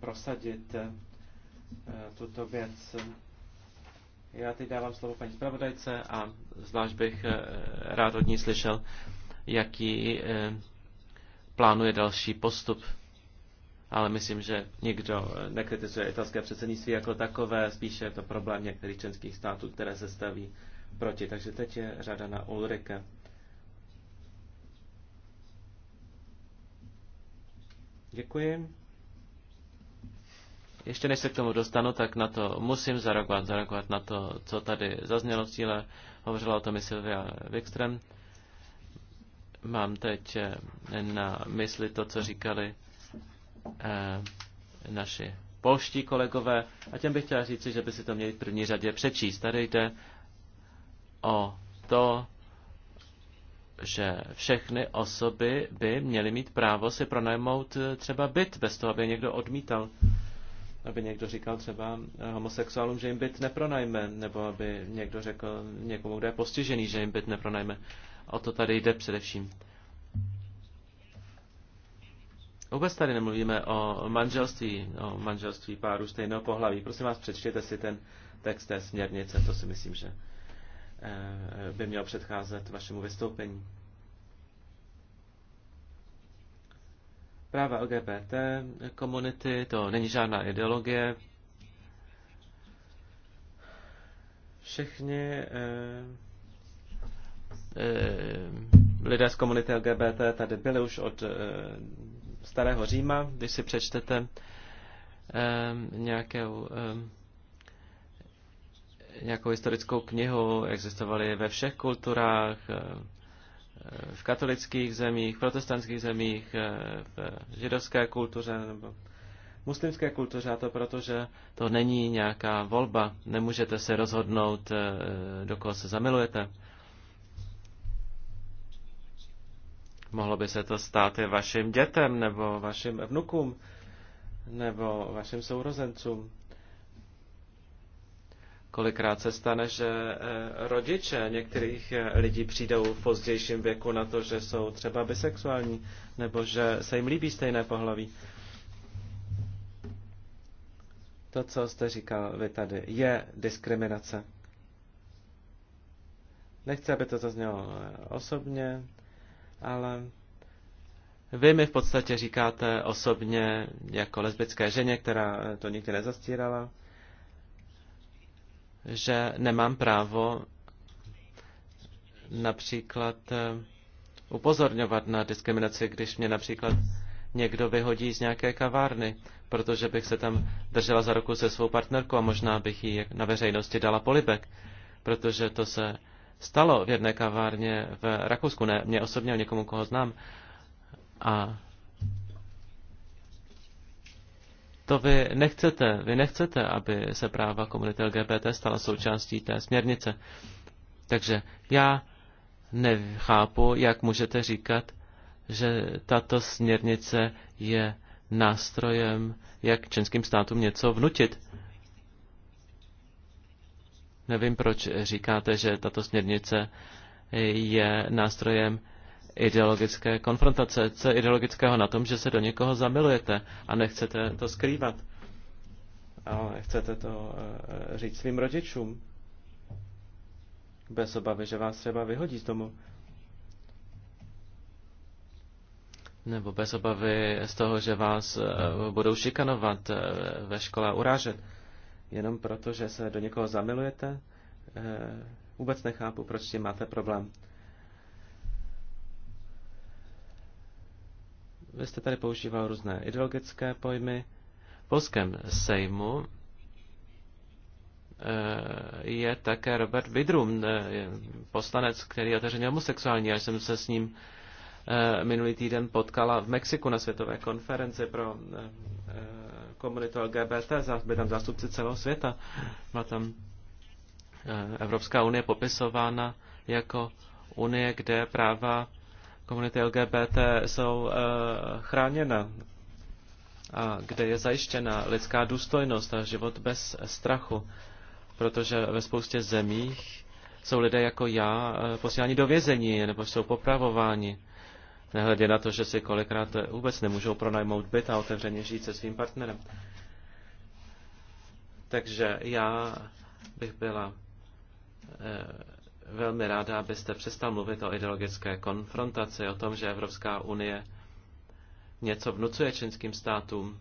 prosadit eh, tuto věc. Já teď dávám slovo paní zpravodajce a zvlášť bych eh, rád od ní slyšel, jaký eh, plánuje další postup. Ale myslím, že nikdo nekritizuje italské předsednictví jako takové, spíše je to problém některých členských států, které se staví proti. Takže teď je řada na Ulrike. Děkuji. Ještě než se k tomu dostanu, tak na to musím zareagovat, zareagovat na to, co tady zaznělo v cíle. Hovořila o tom i Silvia Wikström. Mám teď eh, na mysli to, co říkali eh, naši polští kolegové. A těm bych chtěla říci, že by si to měli v první řadě přečíst. Tady jde o to, že všechny osoby by měly mít právo si pronajmout eh, třeba byt, bez toho, aby někdo odmítal. Aby někdo říkal třeba eh, homosexuálům, že jim byt nepronajme, nebo aby někdo řekl někomu, kdo je postižený, že jim byt nepronajme. O to tady jde především. Vůbec tady nemluvíme o manželství, o manželství párů stejného pohlaví. Prosím vás, přečtěte si ten text té směrnice, to si myslím, že Eh, by měl předcházet vašemu vystoupení. Práva LGBT komunity, to není žádná ideologie. Všichni eh, eh lidé z komunity LGBT tady byli už od eh, starého Říma, když si přečtete nějakou nějakou historickou knihu, existovaly ve všech kulturách, eh, eh, v katolických zemích, v protestantských zemích, eh, v židovské kultuře nebo muslimské kultuře, a to proto, že to není nějaká volba. Nemůžete se rozhodnout, do koho se zamilujete. Mohlo by se to stát i vašim dětem, nebo vašim vnukům, nebo vašim sourozencům. Kolikrát se stane, že eh, rodiče některých eh, lidí přijdou v pozdějším věku na to, že jsou třeba bisexuální, nebo že se jim líbí stejné pohlaví. To, co jste říkal vy tady, je diskriminace. Nechci, aby to zaznělo eh, osobně, ale vy mi v podstatě říkáte osobně jako lesbické ženě, která to nikdy nezastírala, že nemám právo například eh, upozorňovat na diskriminaci, když mě například někdo vyhodí z nějaké kavárny, protože bych se tam držela za ruku se svou partnerkou a možná bych jí na veřejnosti dala polibek, protože to se stalo v jedné kavárně v Rakousku, ne mě osobně, ale někomu, koho znám. A To vy nechcete, vy nechcete, aby se práva komunity LGBT stala součástí té směrnice. Takže já nechápu, jak můžete říkat, že tato směrnice je nástrojem, jak českým státům něco vnutit. Nevím, proč říkáte, že tato směrnice je nástrojem, ideologické konfrontace. Co je ideologického na tom, že se do někoho zamilujete a nechcete to skrývat? Ale chcete to eh, říct svým rodičům? Bez obavy, že vás třeba vyhodí z domu. Nebo bez obavy z toho, že vás eh, budou šikanovat eh, ve škole a urážet. Jenom proto, že se do někoho zamilujete? Vůbec nechápu, proč s tím máte problém. Vy jste tady používal různé ideologické pojmy. V polském sejmu eh, je také Robert Vidrum, eh, poslanec, který je otevřeně homosexuální. Já jsem se s ním eh, minulý týden potkala v Mexiku na světové konferenci pro komunitu LGBT, byli tam zástupci celého světa. Byla tam Evropská unie popisována jako unie, kde práva komunity LGBT jsou eh, chráněna a kde je zajištěna lidská důstojnost a život bez strachu, protože ve spoustě zemích jsou lidé jako já eh, posíláni do vězení nebo jsou popravováni. Nehledě na to, že si kolikrát eh, vůbec nemůžou pronajmout byt a otevřeně žít se svým partnerem. Takže já bych byla velmi ráda, abyste přestal mluvit o ideologické konfrontaci, o tom, že Evropská unie něco vnucuje čínským státům.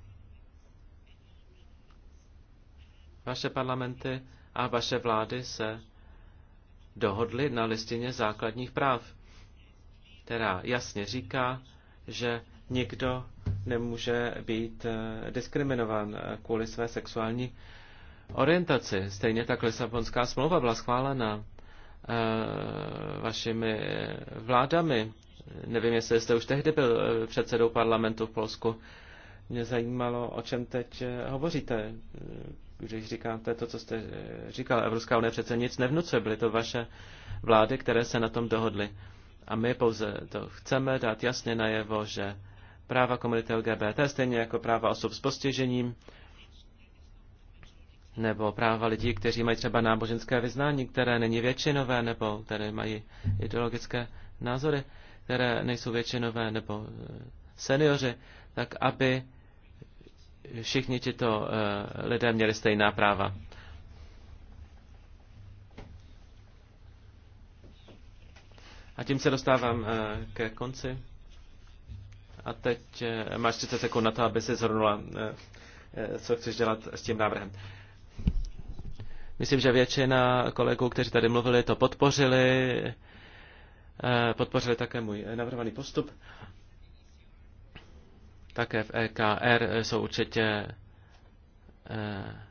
Vaše parlamenty a vaše vlády se dohodly na listině základních práv, která jasně říká, že nikdo nemůže být eh, diskriminován eh, kvůli své sexuální orientaci. Stejně tak Lisabonská smlouva byla schválena Eh, vašimi eh, vládami. Nevím, jestli jste už tehdy byl eh, předsedou parlamentu v Polsku. Mě zajímalo, o čem teď hovoříte, když říkáte to, co jste říkal. Evropská unie přece nic nevnucuje, byly to vaše vlády, které se na tom dohodly. A my pouze to chceme dát jasně najevo, že práva komunity LGBT, stejně jako práva osob s postižením, nebo práva lidí, kteří mají třeba náboženské vyznání, které není většinové, nebo které mají ideologické názory, které nejsou většinové, nebo eh, seniori, tak aby všichni tito eh, lidé měli stejná práva. A tím se dostávám eh, ke konci. A teď máš 30 sekund na to, aby si zhrnula, co chceš dělat s tím návrhem. Myslím, že většina kolegů, kteří tady mluvili, to podpořili. Eh, podpořili také můj navrhovaný postup. Také v EKR jsou určitě eh,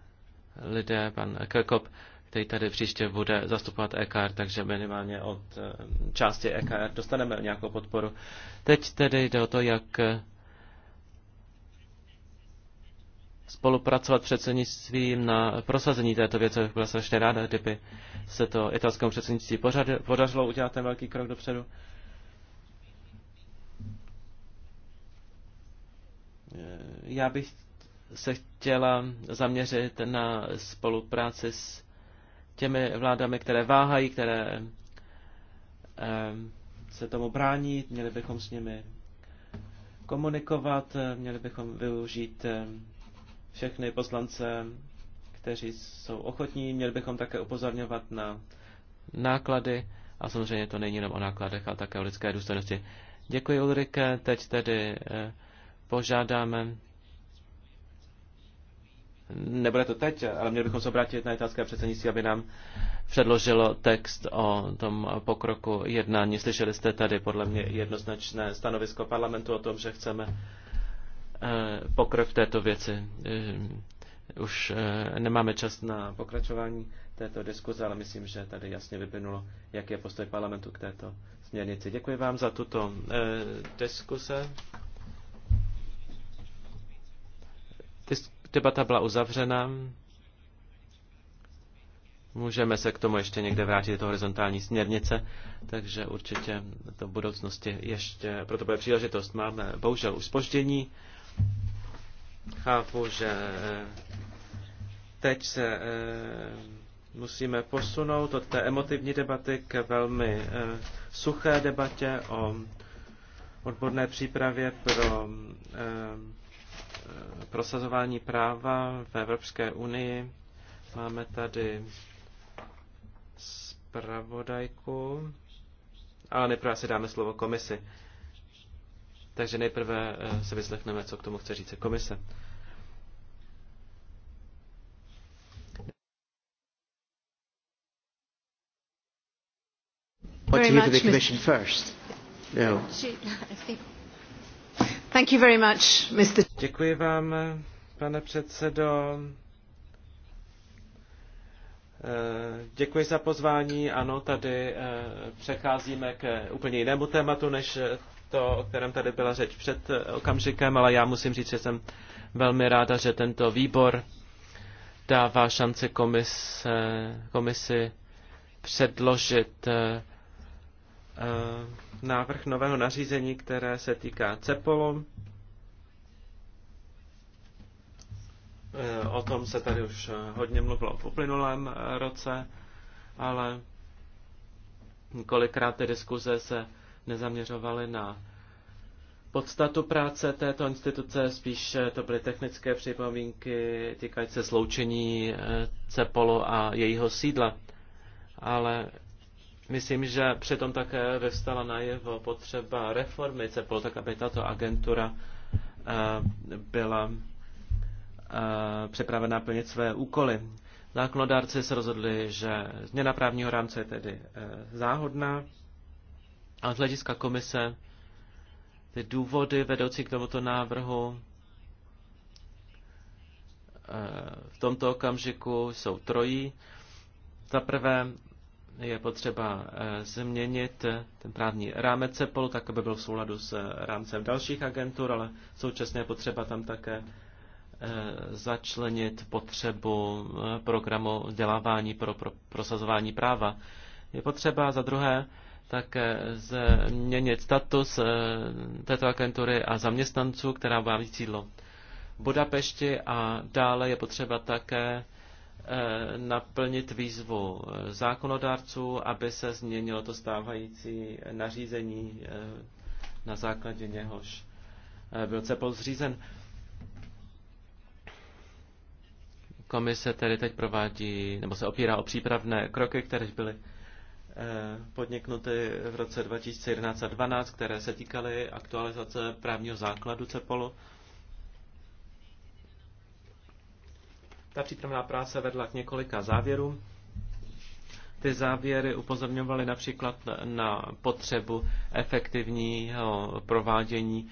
lidé, pan Kirkop, který tady příště bude zastupovat EKR, takže minimálně od eh, části EKR dostaneme nějakou podporu. Teď tedy jde o to, jak spolupracovat předsednictvím na prosazení této věci. Byla jsem ještě ráda, kdyby se to italskému předsednictví podařilo udělat ten velký krok dopředu. Já bych se chtěla zaměřit na spolupráci s těmi vládami, které váhají, které eh, se tomu brání. Měli bychom s nimi komunikovat, měli bychom využít eh, všechny poslance, kteří jsou ochotní. Měli bychom také upozorňovat na náklady a samozřejmě to není jenom o nákladech, ale také o lidské důstojnosti. Děkuji Ulrike, teď tedy eh, požádáme nebude to teď, ale měli bychom se obrátit na italské předsednictví, aby nám předložilo text o tom pokroku jednání. Slyšeli jste tady podle mě jednoznačné stanovisko parlamentu o tom, že chceme Eh, pokrok v této věci. Eh, už eh, nemáme čas na pokračování této diskuze, ale myslím, že tady jasně vyplynulo, jak je postoj parlamentu k této směrnici. Děkuji vám za tuto diskuze. Debata byla uzavřena. Můžeme se k tomu ještě někde vrátit, do horizontální směrnice, takže určitě to v budoucnosti ještě, proto bude příležitost, máme bohužel už spoždění. Chápu, že eh, teď se eh, musíme posunout od té emotivní debaty k velmi eh, suché debatě o odborné přípravě pro prosazování práva v Evropské unii. Máme tady zpravodajku, ale nejprve si dáme slovo komisi. Takže nejprve eh, se vyslechneme, co k tomu chce říct komise. What do you the Commission first? Thank you very much, Mr. Děkuji vám, pane předsedo. Eh, děkuji za pozvání. Ano, tady eh, přecházíme k úplně jinému tématu, než to, o kterém tady byla řeč před eh, okamžikem, ale já musím říct, že jsem velmi ráda, že tento výbor dává šance komise, komisi předložit eh, eh, návrh nového nařízení, které se týká CEPOLu. O tom se tady už hodně mluvilo v uplynulém roce, ale kolikrát ty diskuze se nezaměřovali na podstatu práce této instituce, spíš to byly technické připomínky týkající se sloučení eh, Cepolu a jejího sídla. Ale myslím, že přitom také vyvstala najevo potřeba reformy Cepolu, tak aby tato agentura eh, byla eh, připravena plnit své úkoly. Zákonodárci se rozhodli, že změna právního rámce je tedy záhodná a z hlediska komise ty důvody vedoucí k tomuto návrhu eh, v tomto okamžiku jsou trojí. Za prvé je potřeba eh, změnit ten právní rámec CEPOL, tak aby byl v souladu s eh, rámcem dalších agentur, ale současně je potřeba tam také začlenit potřebu programu vzdělávání pro, pro prosazování práva. Je potřeba za druhé také změnit status eh, této agentury a zaměstnanců, která má sídlo v Budapešti a dále je potřeba také eh, naplnit výzvu eh, zákonodárců, aby se změnilo to stávající nařízení, na základě něhož byl CEPOL zřízen. Komise tedy teď provádí, nebo se opírá o přípravné kroky, které byly Eh, podniknuty v roce 2011 a 2012, které se týkaly aktualizace právního základu CEPOLu. Ta přípravná práce vedla k několika závěrům. Ty závěry upozorňovaly například na potřebu efektivního provádění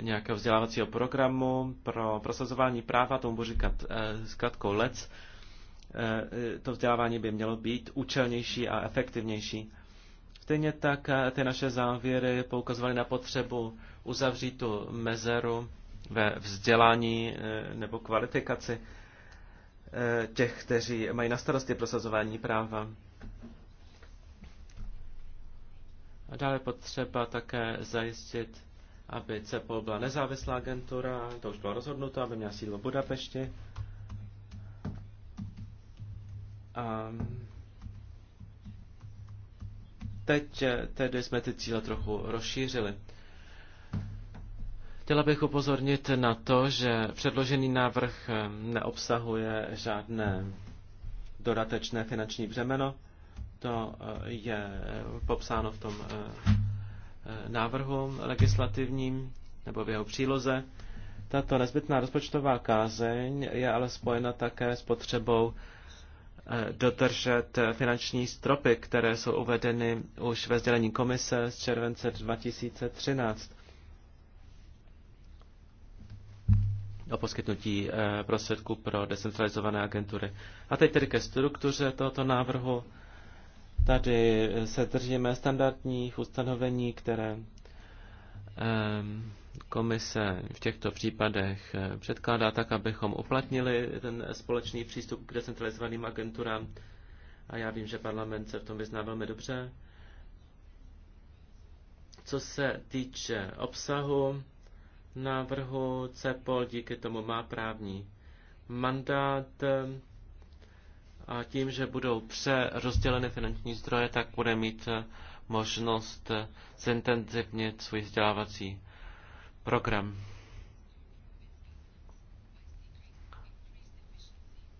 nějakého vzdělávacího programu pro prosazování práva, tomu budu říkat eh, zkratkou LEC, Eh, eh, to vzdělávání by mělo být účelnější a efektivnější. Stejně tak eh, ty naše závěry poukazovaly na potřebu uzavřít tu mezeru ve vzdělání nebo kvalifikaci těch, kteří mají na starosti prosazování práva. A dále potřeba také zajistit, aby CEPOL byla nezávislá agentura, to už bylo rozhodnuto, aby měla sídlo v Budapešti a ehm, teď eh, tedy jsme ty cíle trochu rozšířili. Chtěla bych upozornit na to, že předložený návrh ehm, neobsahuje žádné dodatečné finanční břemeno. To eh, je popsáno v tom eh, návrhu legislativním nebo v jeho příloze. Tato nezbytná rozpočtová kázeň je ale spojena také s potřebou dodržet finanční stropy, které jsou uvedeny už ve sdělení komise z července 2013 o poskytnutí eh, prostředků pro decentralizované agentury. A teď tedy ke struktuře tohoto návrhu. Tady se držíme standardních ustanovení, které um, komise v těchto případech eh, předkládá tak, abychom uplatnili ten společný přístup k decentralizovaným agenturám. A já vím, že parlament se v tom vyzná velmi dobře. Co se týče obsahu návrhu CEPOL, díky tomu má právní mandát eh, a tím, že budou přerozděleny finanční zdroje, tak bude mít eh, možnost zintenzivnit svůj vzdělávací program.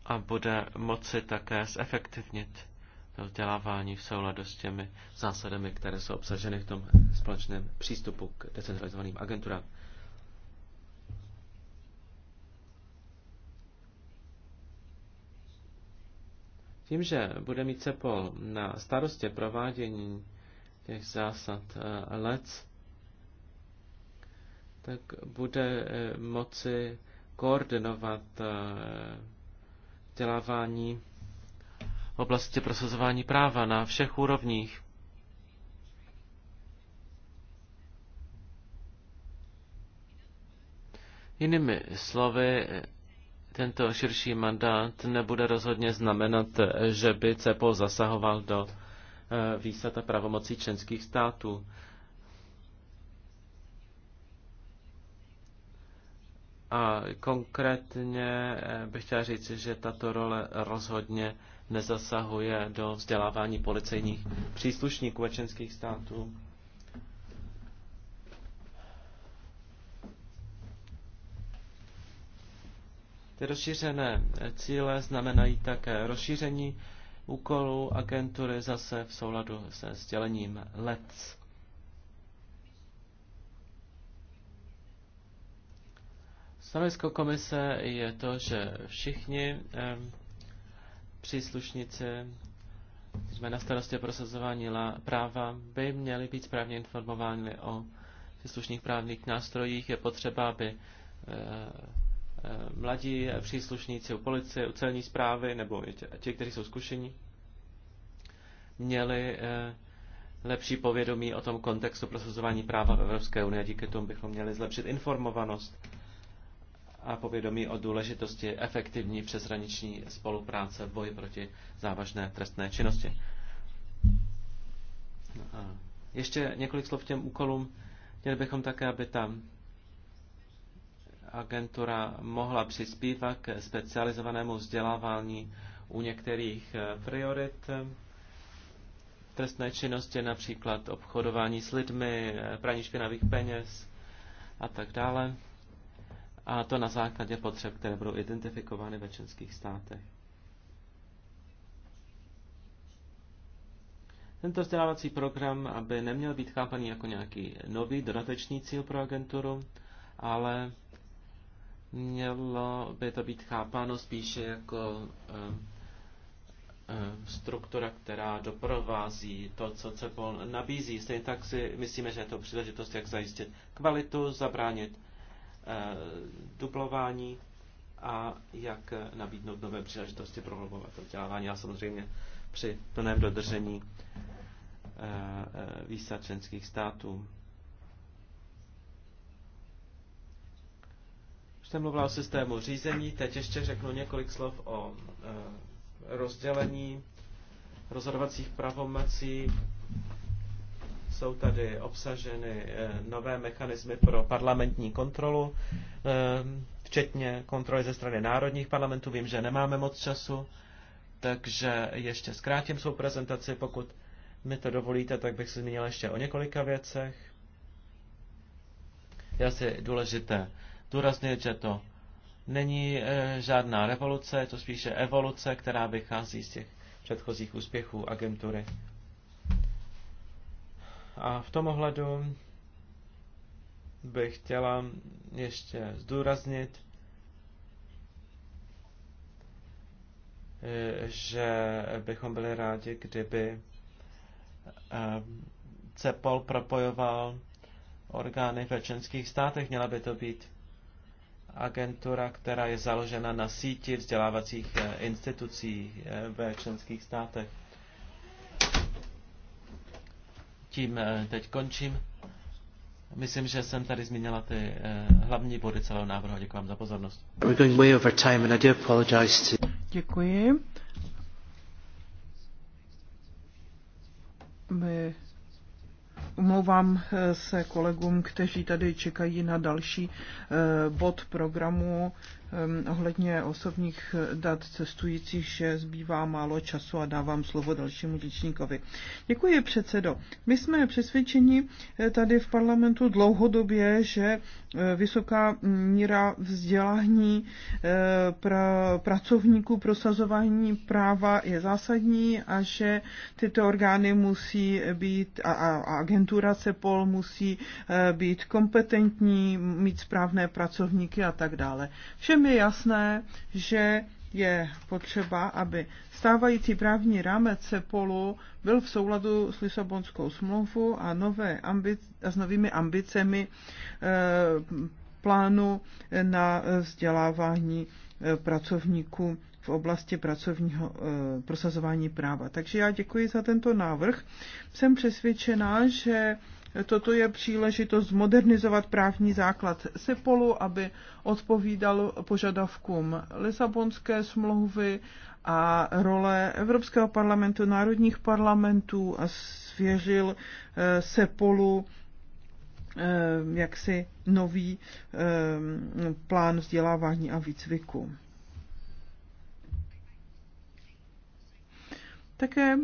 A bude moci také zefektivnit to vzdělávání v souladu s těmi zásadami, které jsou obsaženy v tom společném přístupu k decentralizovaným agenturám. Tím, že bude mít CEPOL na starostě provádění těch zásad eh, LEDS, tak bude eh, moci koordinovat eh, vzdělávání v oblasti prosazování práva na všech úrovních. Jinými slovy, tento širší mandát nebude rozhodně znamenat, eh, že by CEPO zasahoval do výsad a pravomocí členských států. A konkrétně eh, bych chtěl říct, že tato role rozhodně nezasahuje do vzdělávání policejních příslušníků členských států. Ty rozšířené cíle znamenají také rozšíření úkolů agentury zase v souladu se sdělením LEDS. Stanovisko komise je to, že všichni um, příslušníci jsme na starosti prosazování práva by měli být správně informováni o příslušných právních nástrojích. Je potřeba, aby uh, mladí příslušníci u policie, u celní zprávy nebo ti, kteří jsou zkušení, měli eh, lepší povědomí o tom kontextu prosazování práva v Evropské unii a díky tomu bychom měli zlepšit informovanost a povědomí o důležitosti efektivní přeshraniční spolupráce v boji proti závažné trestné činnosti. A ještě několik slov k těm úkolům. Měli bychom také, aby ta agentura mohla přispívat k specializovanému vzdělávání u některých eh, priorit eh, trestné činnosti, například obchodování s lidmi, eh, praní špinavých peněz a tak dále a to na základě potřeb, které budou identifikovány ve členských státech. Tento vzdělávací program aby neměl být chápaný jako nějaký nový dodatečný cíl pro agenturu, ale mělo by to být chápáno spíše jako eh, eh, struktura, která doprovází to, co CEPOL nabízí. Stejně tak si myslíme, že je to příležitost, jak zajistit kvalitu, zabránit Eh, duplování a jak nabídnout nové příležitosti pro hlubové vzdělávání a samozřejmě při plném dodržení eh, eh, výsad členských států. Už jsem mluvila o systému řízení, teď ještě řeknu několik slov o rozdělení rozhodovacích pravomocí jsou tady obsaženy eh, nové mechanismy pro parlamentní kontrolu, eh, včetně kontroly ze strany národních parlamentů. Vím, že nemáme moc času, takže ještě zkrátím svou prezentaci. Pokud mi to dovolíte, tak bych se zmínil ještě o několika věcech. Je asi důležité důraznit, že to není eh, žádná revoluce, je to spíše evoluce, která vychází z těch předchozích úspěchů agentury a v tom ohledu bych chtěla ještě zdůraznit, že bychom byli rádi, kdyby ehm, CEPOL propojoval orgány ve členských státech. Měla by to být agentura, která je založena na síti vzdělávacích eh, institucí eh, ve členských státech tím eh, teď končím. Myslím, že jsem tady zmínila ty eh, hlavní body celého návrhu. Děkuji vám za pozornost. Děkuji. My Umlouvám eh, se kolegům, kteří tady čekají na další bod programu. Ehm, ohledně osobních dat cestujících, že zbývá málo času a dávám slovo dalšímu řečníkovi. Děkuji, předsedo. My jsme přesvědčeni eh, tady v parlamentu dlouhodobě, že eh, vysoká míra vzdělání eh, pra, pracovníků prosazování práva je zásadní a že tyto orgány musí být a, a agentura CEPOL musí být kompetentní, mít správné pracovníky a tak dále. Všem je jasné, že je potřeba, aby stávající právní rámec CEPOLu byl v souladu s Lisabonskou smlouvou a, nové ambic, a s novými ambicemi e, plánu na vzdělávání eh, pracovníků v oblasti pracovního e, prosazování práva. Takže já děkuji za tento návrh. Jsem přesvědčená, že Toto je příležitost zmodernizovat právní základ SEPOLu, aby odpovídal požadavkům Lisabonské smlouvy a role Evropského parlamentu, národních parlamentů a svěřil eh, SEPOLu eh, jaksi nový eh, plán vzdělávání a výcviku. Také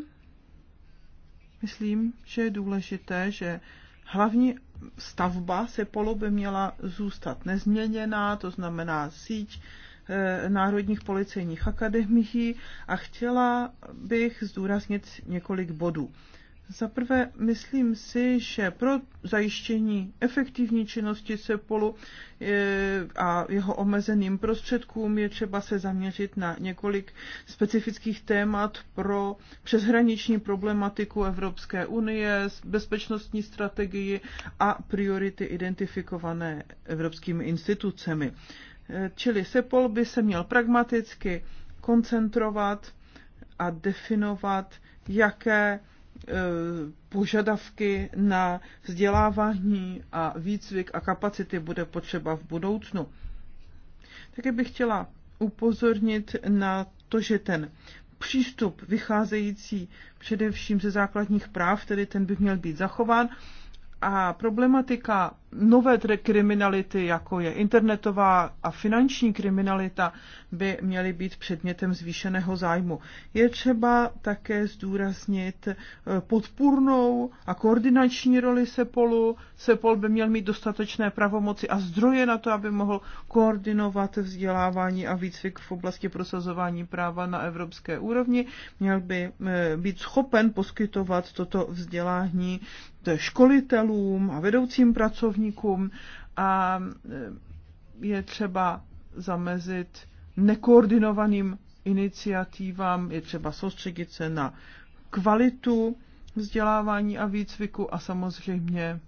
Myslím, že je důležité, že hlavní stavba polo by měla zůstat nezměněná, to znamená síť eh, národních policejních akademií a chtěla bych zdůraznit několik bodů. Za prvé, myslím si, že pro zajištění efektivní činnosti CEPOLu eh, a jeho omezeným prostředkům je třeba se zaměřit na několik specifických témat pro přeshraniční problematiku Evropské unie, bezpečnostní strategii a priority identifikované evropskými institucemi. Eh, čili CEPOL by se měl pragmaticky koncentrovat a definovat, jaké Eh, požadavky na vzdělávání a výcvik a kapacity bude potřeba v budoucnu. Také bych chtěla upozornit na to, že ten přístup vycházející především ze základních práv, tedy ten by měl být zachován, a problematika nové kriminality, jako je internetová a finanční kriminalita, by měly být předmětem zvýšeného zájmu. Je třeba také zdůraznit eh, podpůrnou a koordinační roli Sepolu. Sepol by měl mít dostatečné pravomoci a zdroje na to, aby mohl koordinovat vzdělávání a výcvik v oblasti prosazování práva na evropské úrovni. Měl by eh, být schopen poskytovat toto vzdělání eh, školitelům a vedoucím pracovníkům pracovníkům a e, je třeba zamezit nekoordinovaným iniciativám, je třeba soustředit se na kvalitu vzdělávání a výcviku a samozřejmě e,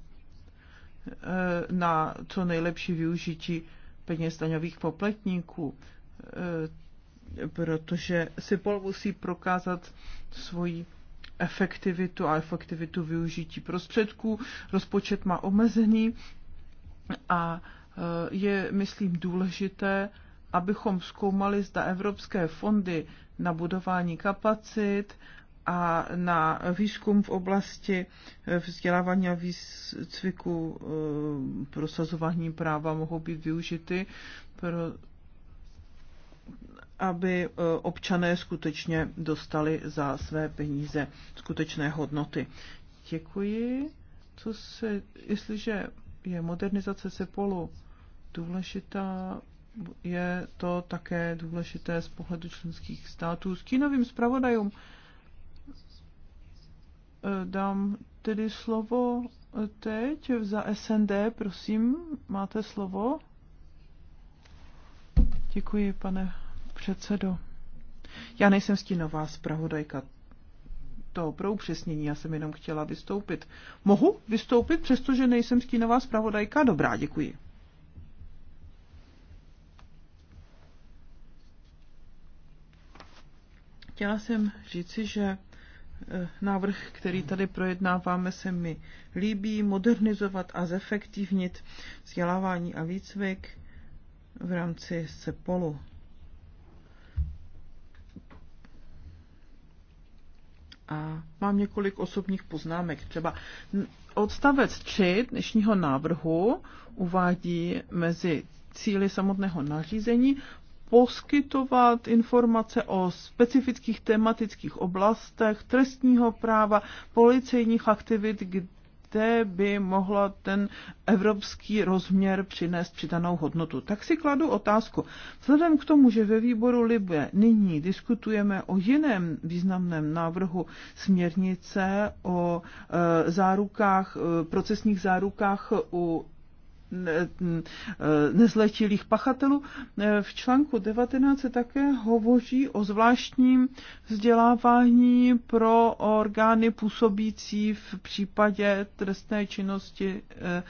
na co nejlepší využití peněz daňových poplatníků, e, protože SIPOL musí prokázat svoji efektivitu a efektivitu využití prostředků. Rozpočet má omezený a eh, je, myslím, důležité, abychom zkoumali, zda evropské fondy na budování kapacit a na výzkum v oblasti eh, vzdělávání a výcviku eh, prosazování práva mohou být využity, pro aby e, občané skutečně dostali za své peníze skutečné hodnoty. Děkuji. Co se, jestliže je modernizace Sepolu důležitá, je to také důležité z pohledu členských států. S kínovým zpravodajům e, dám tedy slovo e, teď za SND, prosím, máte slovo. Děkuji, pane předsedo. Já nejsem stínová zpravodajka. To pro upřesnění, já jsem jenom chtěla vystoupit. Mohu vystoupit, přestože nejsem stínová zpravodajka? Dobrá, děkuji. Chtěla jsem říci, že eh, návrh, který tady projednáváme, se mi líbí modernizovat a zefektivnit vzdělávání a výcvik v rámci SEPOLu. A mám několik osobních poznámek. Třeba odstavec 3 dnešního návrhu uvádí mezi cíly samotného nařízení poskytovat informace o specifických tematických oblastech trestního práva, policejních aktivit, kde by mohlo ten evropský rozměr přinést přidanou hodnotu. Tak si kladu otázku. Vzhledem k tomu, že ve výboru Libe nyní diskutujeme o jiném významném návrhu směrnice o e, zárukách, e, procesních zárukách u nezletilých pachatelů. E, v článku 19 se také hovoří o zvláštním vzdělávání pro orgány působící v případě trestné činnosti e, e,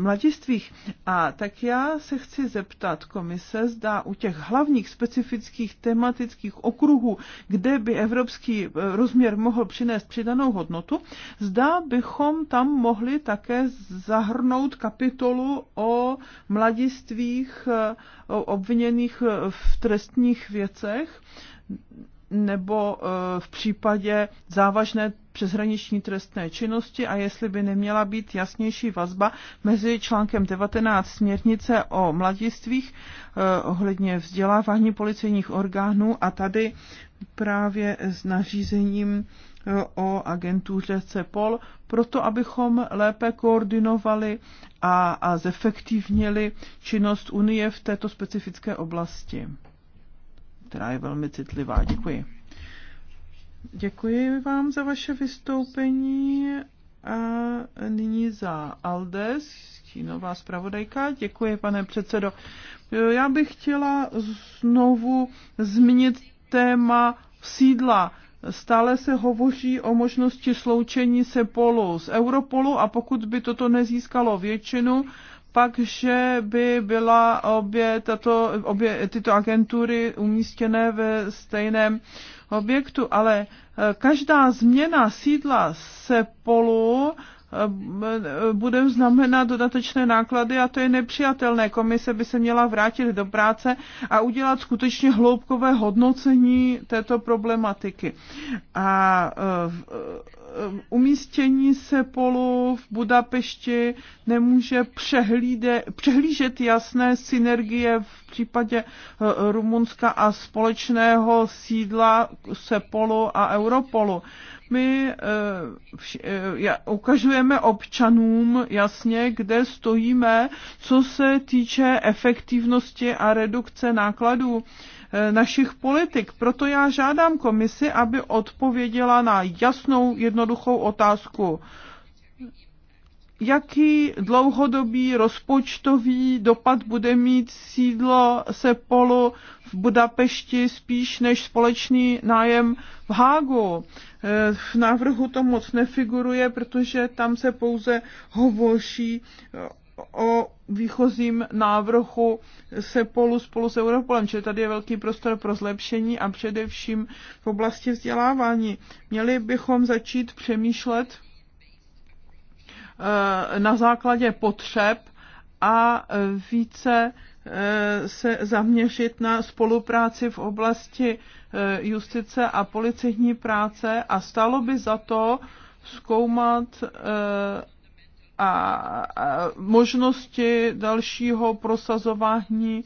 mladistvých. A tak já se chci zeptat komise, zda u těch hlavních specifických tematických okruhů, kde by evropský rozměr mohl přinést přidanou hodnotu, zda bychom tam mohli také zahrnout kapitál kapitolu o mladistvích obviněných v trestních věcech nebo e, v případě závažné přeshraniční trestné činnosti a jestli by neměla být jasnější vazba mezi článkem 19 směrnice o mladistvích e, ohledně vzdělávání policejních orgánů a tady právě s nařízením o agentuře CEPOL, proto abychom lépe koordinovali a, a zefektivnili činnost Unie v této specifické oblasti, která je velmi citlivá. Děkuji. Děkuji vám za vaše vystoupení a nyní za Aldes, stínová zpravodajka. Děkuji, pane předsedo. Já bych chtěla znovu zmínit téma sídla Stále se hovoří o možnosti sloučení Sepolu z Europolu a pokud by toto nezískalo většinu, pak, že by byla obě, tato, obě tyto agentury umístěné ve stejném objektu, ale eh, každá změna sídla Sepolu bude znamenat dodatečné náklady a to je nepřijatelné. Komise by se měla vrátit do práce a udělat skutečně hloubkové hodnocení této problematiky. A e, e, umístění Sepolu v Budapešti nemůže přehlíde, přehlížet jasné synergie v případě e, Rumunska a společného sídla Sepolu a Europolu my eh, eh, ukazujeme občanům jasně, kde stojíme, co se týče efektivnosti a redukce nákladů eh, našich politik. Proto já žádám komisi, aby odpověděla na jasnou, jednoduchou otázku jaký dlouhodobý rozpočtový dopad bude mít sídlo Sepolu v Budapešti spíš než společný nájem v Hágu. Eh, v návrhu to moc nefiguruje, protože tam se pouze hovoří eh, o výchozím návrhu Sepolu spolu s Europolem, čili tady je velký prostor pro zlepšení a především v oblasti vzdělávání. Měli bychom začít přemýšlet Eh, na základě potřeb a eh, více eh, se zaměřit na spolupráci v oblasti justice a policejní práce a stalo by za to zkoumat a možnosti dalšího prosazování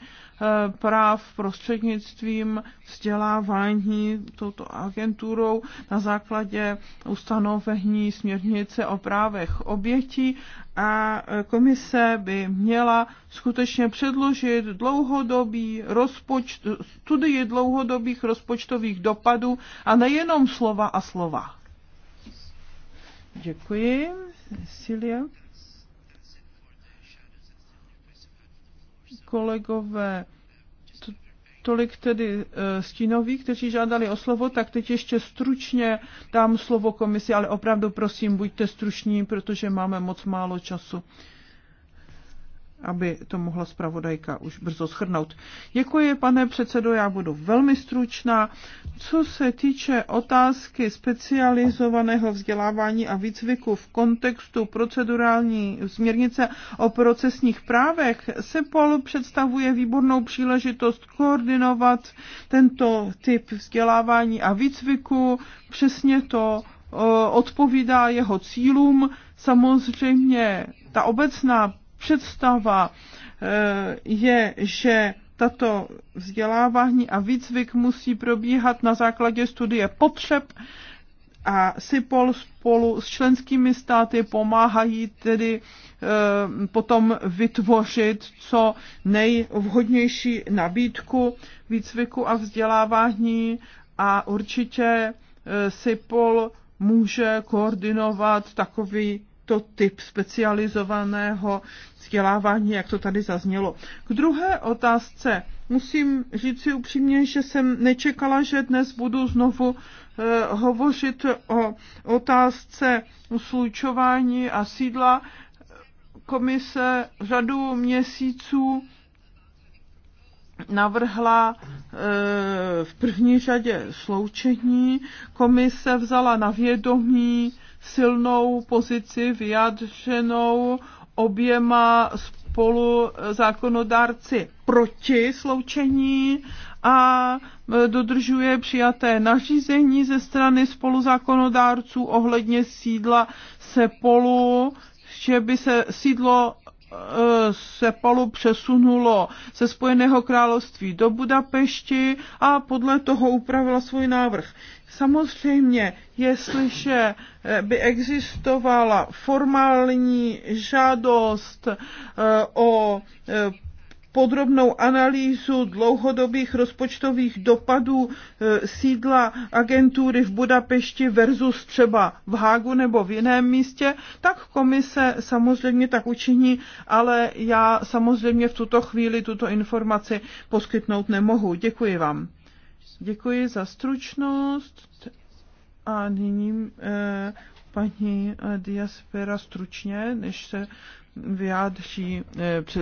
práv prostřednictvím vzdělávání touto agenturou na základě ustanovení směrnice o právech obětí a komise by měla skutečně předložit dlouhodobý rozpočt, studii dlouhodobých rozpočtových dopadů a nejenom slova a slova. Děkuji. Cecilia. kolegové, tolik tedy eh, stínoví, kteří žádali o slovo, tak teď ještě stručně dám slovo komisi, ale opravdu prosím, buďte struční, protože máme moc málo času aby to mohla zpravodajka už brzo schrnout. Děkuji, pane předsedo, já budu velmi stručná. Co se týče otázky specializovaného vzdělávání a výcviku v kontextu procedurální směrnice o procesních právech, SEPOL představuje výbornou příležitost koordinovat tento typ vzdělávání a výcviku. Přesně to eh, odpovídá jeho cílům. Samozřejmě ta obecná představa eh, je, že tato vzdělávání a výcvik musí probíhat na základě studie potřeb a SIPOL spolu s členskými státy pomáhají tedy eh, potom vytvořit co nejvhodnější nabídku výcviku a vzdělávání a určitě eh, SIPOL může koordinovat takový tento typ specializovaného vzdělávání, jak to tady zaznělo. K druhé otázce musím říct si upřímně, že jsem nečekala, že dnes budu znovu eh, hovořit o otázce slučování a sídla komise řadu měsíců navrhla eh, v první řadě sloučení, komise vzala na vědomí silnou pozici vyjádřenou oběma spolu zákonodárci proti sloučení a dodržuje přijaté nařízení ze strany spoluzákonodárců ohledně sídla Sepolu, že by se sídlo se palu přesunulo ze Spojeného království do Budapešti a podle toho upravila svůj návrh. Samozřejmě, jestliže eh, by existovala formální žádost eh, o eh, podrobnou analýzu dlouhodobých rozpočtových dopadů e, sídla agentury v Budapešti versus třeba v Hágu nebo v jiném místě, tak komise samozřejmě tak učiní, ale já samozřejmě v tuto chvíli tuto informaci poskytnout nemohu. Děkuji vám. Děkuji za stručnost a nyní eh, paní e, Diaspera stručně, než se vyjádří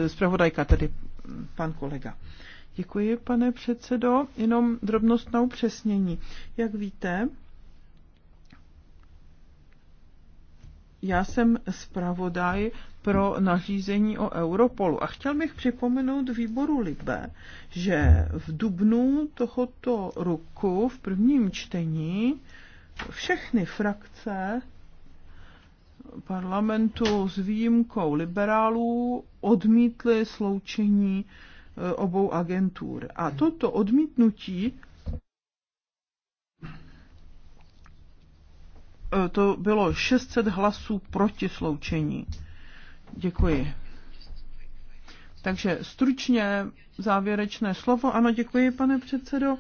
eh, zpravodajka tedy pan kolega. Děkuji, pane předsedo. Jenom drobnost na upřesnění. Jak víte, já jsem zpravodaj pro nařízení o Europolu. A chtěl bych připomenout výboru Libe, že v dubnu tohoto roku v prvním čtení všechny frakce parlamentu s výjimkou liberálů odmítli sloučení e, obou agentur. A hmm. toto odmítnutí e, to bylo 600 hlasů proti sloučení. Děkuji. Takže stručně závěrečné slovo. Ano, děkuji, pane předsedo.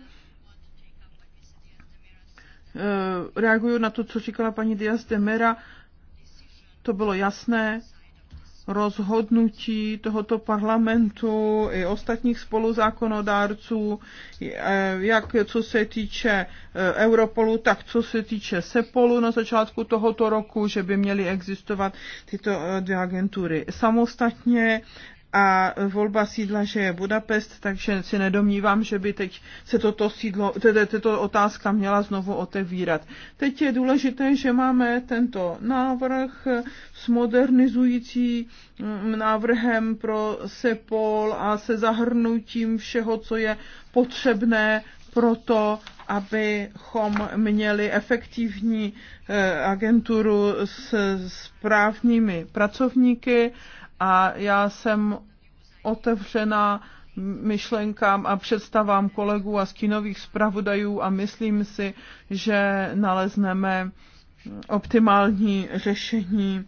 E, reaguju na to, co říkala paní Diaz de Mera to bylo jasné rozhodnutí tohoto parlamentu i ostatních spoluzákonodárců, jak co se týče e, Europolu, tak co se týče Sepolu na začátku tohoto roku, že by měly existovat tyto e, dvě agentury samostatně a volba sídla, že je Budapest, takže si nedomnívám, že by teď se toto sídlo, tedy tato otázka měla znovu otevírat. Teď je důležité, že máme tento návrh s modernizující mm, návrhem pro SEPOL a se zahrnutím všeho, co je potřebné pro to, abychom měli efektivní eh, agenturu s správními pracovníky a já jsem otevřená myšlenkám a představám kolegů a kinových zpravodajů a myslím si, že nalezneme optimální řešení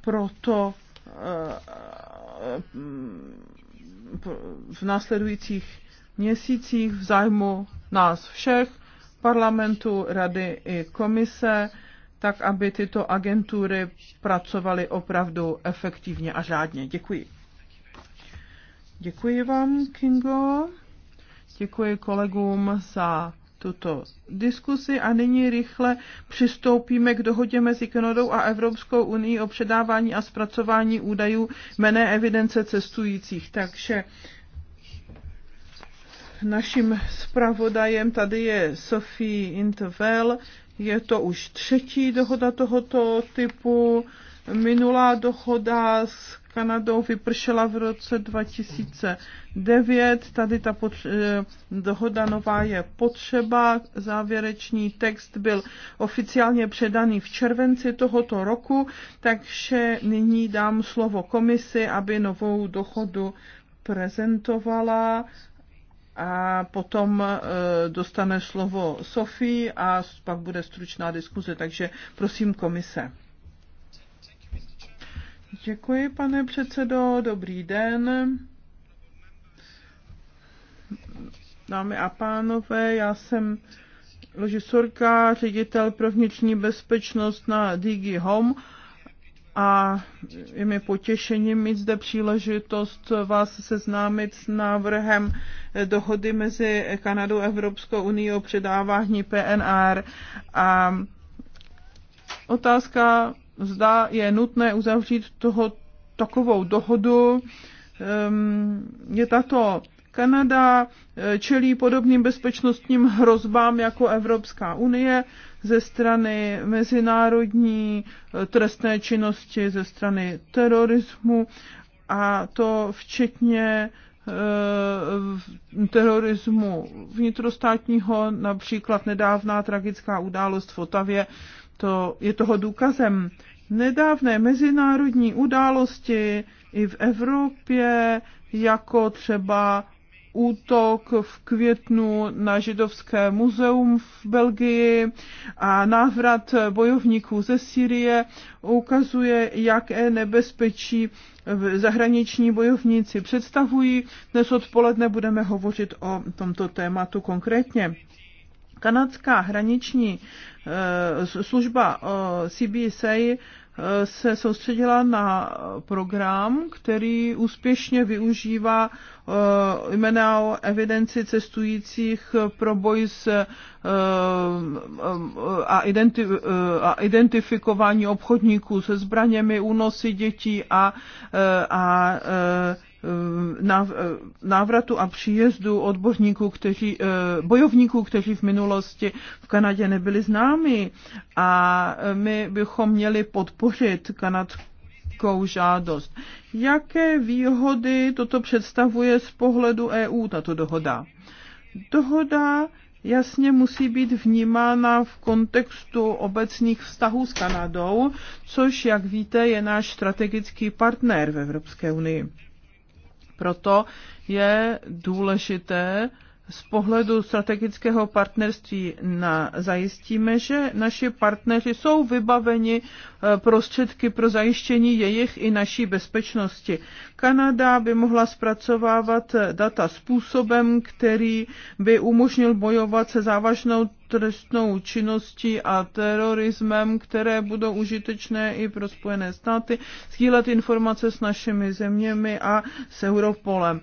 pro to eh, v následujících měsících v zájmu nás všech, parlamentu, rady i komise tak aby tyto agentury pracovaly opravdu efektivně a řádně. Děkuji. Děkuji vám, Kingo. Děkuji kolegům za tuto diskusi a nyní rychle přistoupíme k dohodě mezi Kanadou a Evropskou unii o předávání a zpracování údajů mené evidence cestujících. Takže naším zpravodajem tady je Sophie Intervel je to už třetí dohoda tohoto typu. Minulá dohoda s Kanadou vypršela v roce 2009. Tady ta potře- eh, dohoda nová je potřeba. Závěrečný text byl oficiálně předaný v červenci tohoto roku, takže nyní dám slovo komisi, aby novou dohodu prezentovala a potom e, dostane slovo Sofie a pak bude stručná diskuze, takže prosím komise. Děkuji, pane předsedo, dobrý den. Dámy a pánové, já jsem ložisorka, ředitel pro vnitřní bezpečnost na Digi Home a je mi potěšením mít zde příležitost vás seznámit s návrhem dohody mezi Kanadou a Evropskou unii o předávání PNR. A otázka, zda je nutné uzavřít toho, takovou dohodu, ehm, je tato. Kanada eh, čelí podobným bezpečnostním hrozbám jako Evropská unie ze strany mezinárodní eh, trestné činnosti, ze strany terorismu a to včetně eh, terorismu vnitrostátního, například nedávná tragická událost v Otavě, to je toho důkazem. Nedávné mezinárodní události i v Evropě, jako třeba útok v květnu na židovské muzeum v Belgii a návrat bojovníků ze Syrie ukazuje, jaké nebezpečí zahraniční bojovníci představují. Dnes odpoledne budeme hovořit o tomto tématu konkrétně. Kanadská hraniční eh, služba eh, CBSA se soustředila na program, který úspěšně využívá eh, jména o evidenci cestujících pro boj s, eh, eh, a, identi, a identifikování obchodníků se zbraněmi, únosy dětí a, a, a Eh, eh, návratu a příjezdu odbožníků, kteří, eh, bojovníků, kteří v minulosti v Kanadě nebyli známi. A my bychom měli podpořit kanadskou žádost. Jaké výhody toto představuje z pohledu EU, tato dohoda? Dohoda jasně musí být vnímána v kontextu obecných vztahů s Kanadou, což, jak víte, je náš strategický partner v Evropské unii. Proto je důležité z pohledu strategického partnerství na, zajistíme, že naši partneři jsou vybaveni eh, prostředky pro zajištění jejich i naší bezpečnosti. Kanada by mohla zpracovávat data způsobem, který by umožnil bojovat se závažnou trestnou činností a terorismem, které budou užitečné i pro Spojené státy, sdílet informace s našimi zeměmi a s Europolem.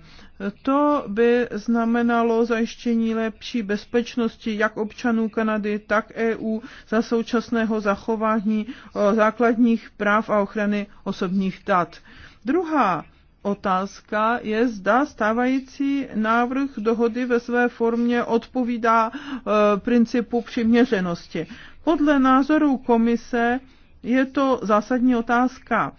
To by znamenalo zajištění lepší bezpečnosti jak občanů Kanady, tak EU za současného zachování základních práv a ochrany osobních dat. Druhá Otázka je, zda stávající návrh dohody ve své formě odpovídá e, principu přiměřenosti. Podle názoru komise je to zásadní otázka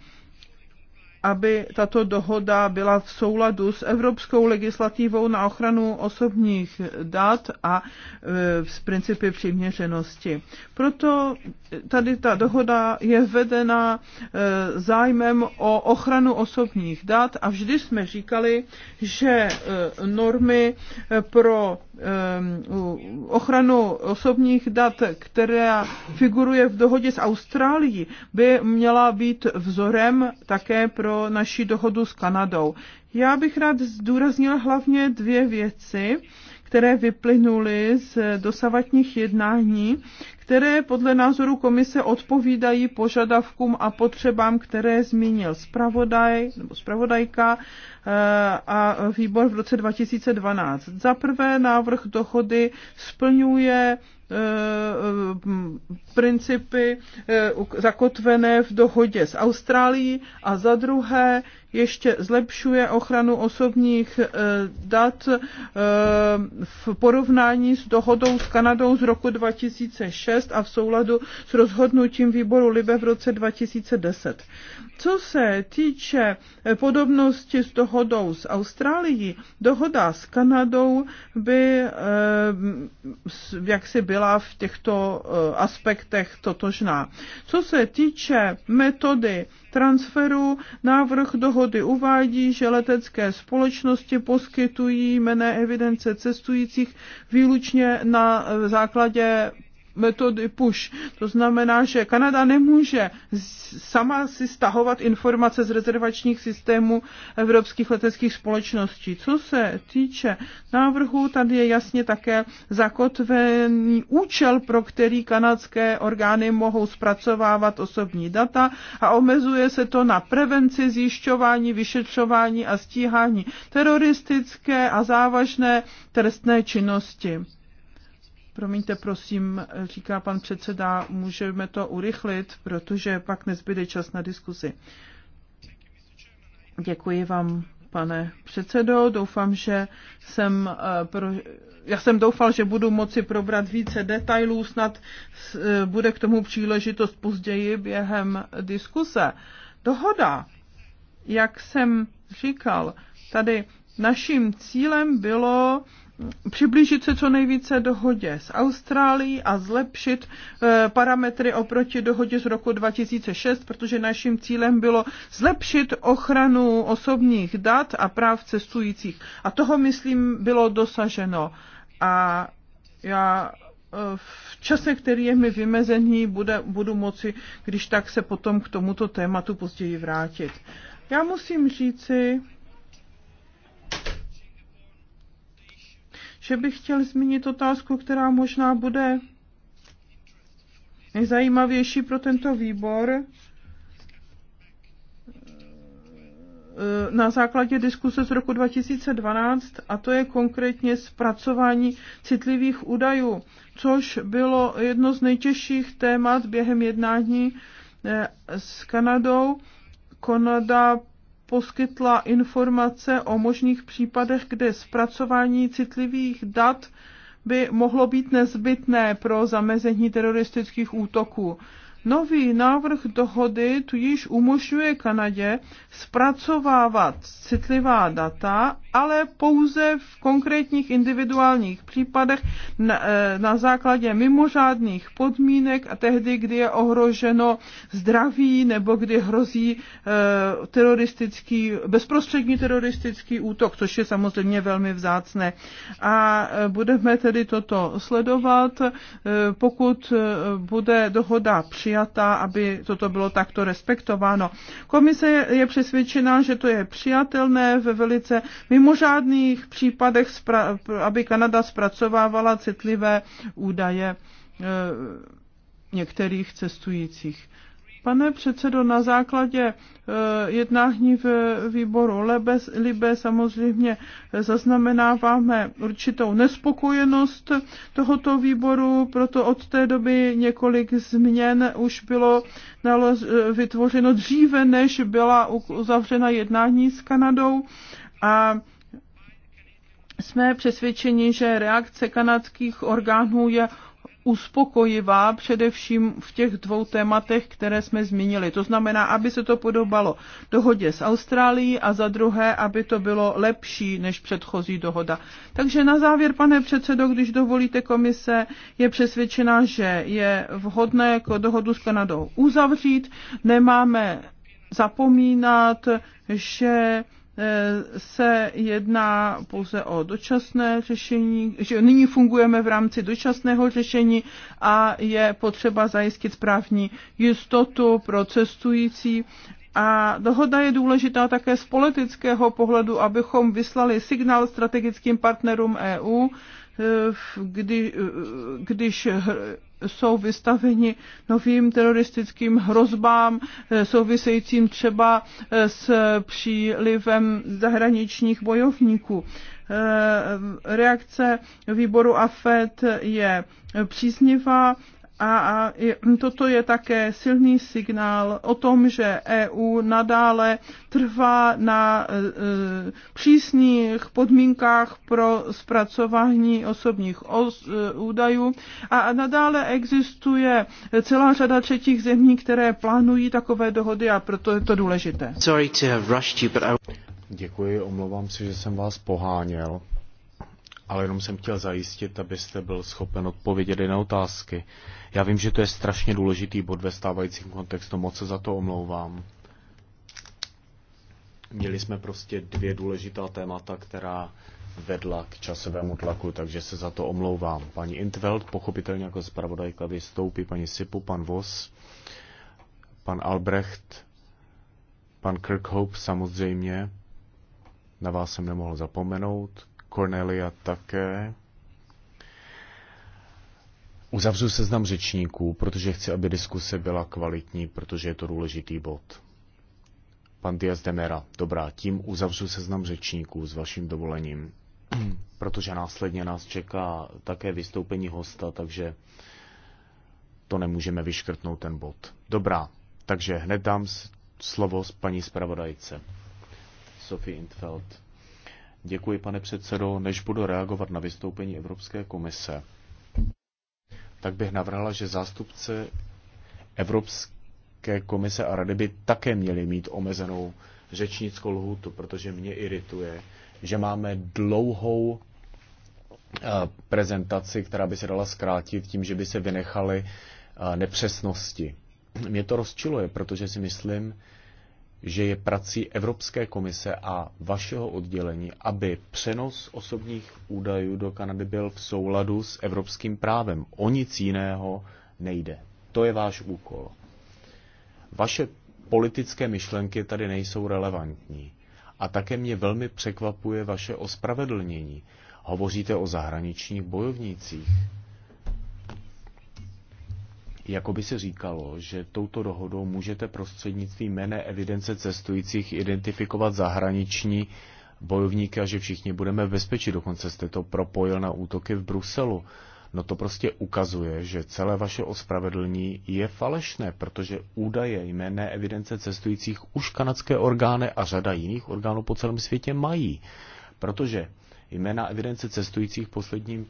aby tato dohoda byla v souladu s evropskou legislativou na ochranu osobních dat a e, s principy přiměřenosti. Proto tady ta dohoda je vedena e, zájmem o ochranu osobních dat a vždy jsme říkali, že e, normy pro ochranu osobních dat, která figuruje v dohodě s Austrálií, by měla být vzorem také pro pro naši dohodu s Kanadou. Já bych rád zdůraznil hlavně dvě věci, které vyplynuly z dosavatních jednání, které podle názoru komise odpovídají požadavkům a potřebám, které zmínil zpravodaj nebo zpravodajka a výbor v roce 2012. Za prvé návrh dohody splňuje e, principy e, zakotvené v dohodě s Austrálií a za druhé ještě zlepšuje ochranu osobních e, dat v porovnání s dohodou s Kanadou z roku 2006 a v souladu s rozhodnutím výboru Libe v roce 2010. Co se týče eh, podobnosti s dohodou s Austrálií, dohoda s Kanadou by eh, jaksi byla v těchto eh, aspektech totožná. Co se týče metody transferu, návrh dohody uvádí, že letecké společnosti poskytují jmené evidence cestujících výlučně na základě metody push. To znamená, že Kanada nemůže sama si stahovat informace z rezervačních systémů evropských leteckých společností. Co se týče návrhu, tady je jasně také zakotvený účel, pro který kanadské orgány mohou zpracovávat osobní data a omezuje se to na prevenci, zjišťování, vyšetřování a stíhání teroristické a závažné trestné činnosti. Promiňte, prosím, říká pan předseda, můžeme to urychlit, protože pak nezbyde čas na diskuzi. Děkuji vám, pane předsedo. Doufám, že jsem eh, pro... Já jsem doufal, že budu moci probrat více detailů, snad eh, bude k tomu příležitost později během diskuse. Dohoda, jak jsem říkal, tady naším cílem bylo přiblížit se co nejvíce dohodě s Austrálií a zlepšit eh, parametry oproti dohodě z roku 2006, protože naším cílem bylo zlepšit ochranu osobních dat a práv cestujících. A toho, myslím, bylo dosaženo. A já eh, v čase, který je mi vymezený, bude, budu moci, když tak se potom k tomuto tématu později vrátit. Já musím říci, že bych chtěl zmínit otázku, která možná bude nejzajímavější pro tento výbor eh, na základě diskuse z roku 2012 a to je konkrétně zpracování citlivých údajů, což bylo jedno z nejtěžších témat během jednání eh, s Kanadou. Kanada poskytla informace o možných případech, kde zpracování citlivých dat by mohlo být nezbytné pro zamezení teroristických útoků. Nový návrh dohody tudíž umožňuje Kanadě zpracovávat citlivá data, ale pouze v konkrétních individuálních případech na, eh, na základě mimořádných podmínek a tehdy, kdy je ohroženo zdraví nebo kdy hrozí eh, teroristický, bezprostřední teroristický útok, což je samozřejmě velmi vzácné. A eh, budeme tedy toto sledovat, pokud bude dohoda přijata přijata, aby toto bylo takto respektováno. Komise je přesvědčena, že to je přijatelné ve velice mimořádných případech, aby Kanada zpracovávala citlivé údaje eh, některých cestujících. Pane předsedo, na základě e, jednání v výboru Lebe, Libe samozřejmě zaznamenáváme určitou nespokojenost tohoto výboru, proto od té doby několik změn už bylo e, vytvořeno dříve, než byla uzavřena jednání s Kanadou a jsme přesvědčeni, že reakce kanadských orgánů je uspokojivá především v těch dvou tématech, které jsme zmínili. To znamená, aby se to podobalo dohodě s Austrálií a za druhé, aby to bylo lepší než předchozí dohoda. Takže na závěr, pane předsedo, když dovolíte komise, je přesvědčena, že je vhodné jako dohodu s Kanadou uzavřít. Nemáme zapomínat, že Eh, se jedná pouze o dočasné řešení, že nyní fungujeme v rámci dočasného řešení a je potřeba zajistit správní jistotu pro cestující. A dohoda je důležitá také z politického pohledu, abychom vyslali signál strategickým partnerům EU, eh, kdy, eh, když jsou vystaveni novým teroristickým hrozbám eh, souvisejícím třeba eh, s přílivem zahraničních bojovníků. Eh, reakce výboru AFED je příznivá a, toto je také silný signál o tom, že EU nadále trvá na e, e, přísných podmínkách pro zpracování osobních os, e, údajů a nadále existuje celá řada třetích zemí, které plánují takové dohody a proto je to důležité. Sorry to have rushed you, but I... Děkuji, omlouvám se, že jsem vás poháněl, ale jenom jsem chtěl zajistit, abyste byl schopen odpovědět i na otázky. Já vím, že to je strašně důležitý bod ve stávajícím kontextu, moc se za to omlouvám. Měli jsme prostě dvě důležitá témata, která vedla k časovému tlaku, takže se za to omlouvám. Paní Intveld, pochopitelně jako zpravodajka vystoupí, paní Sipu, pan Vos, pan Albrecht, pan Kirkhope samozřejmě, na vás jsem nemohl zapomenout, Cornelia také, Uzavřu seznam řečníků, protože chci, aby diskuse byla kvalitní, protože je to důležitý bod. Pan Diaz Demera, dobrá, tím uzavřu seznam řečníků s vaším dovolením, [clears throat] protože následně nás čeká také vystoupení hosta, takže to nemůžeme vyškrtnout ten bod. Dobrá, takže hned dám slovo s paní zpravodajce. Sophie Intfeld. Děkuji, pane předsedo. Než budu reagovat na vystoupení Evropské komise, tak bych navrhla, že zástupce Evropské komise a rady by také měli mít omezenou řečnickou lhůtu, protože mě irituje, že máme dlouhou eh, prezentaci, která by se dala zkrátit tím, že by se vynechaly eh, nepřesnosti. Mě to rozčiluje, protože si myslím, že je prací Evropské komise a vašeho oddělení, aby přenos osobních údajů do Kanady byl v souladu s evropským právem. O nic jiného nejde. To je váš úkol. Vaše politické myšlenky tady nejsou relevantní. A také mě velmi překvapuje vaše ospravedlnění. Hovoříte o zahraničních bojovnících jako by se říkalo, že touto dohodou můžete prostřednictvím jméne evidence cestujících identifikovat zahraniční bojovníky a že všichni budeme v bezpečí. Dokonce jste to propojil na útoky v Bruselu. No to prostě ukazuje, že celé vaše ospravedlnění je falešné, protože údaje jméne evidence cestujících už kanadské orgány a řada jiných orgánů po celém světě mají. Protože jména evidence cestujících v posledním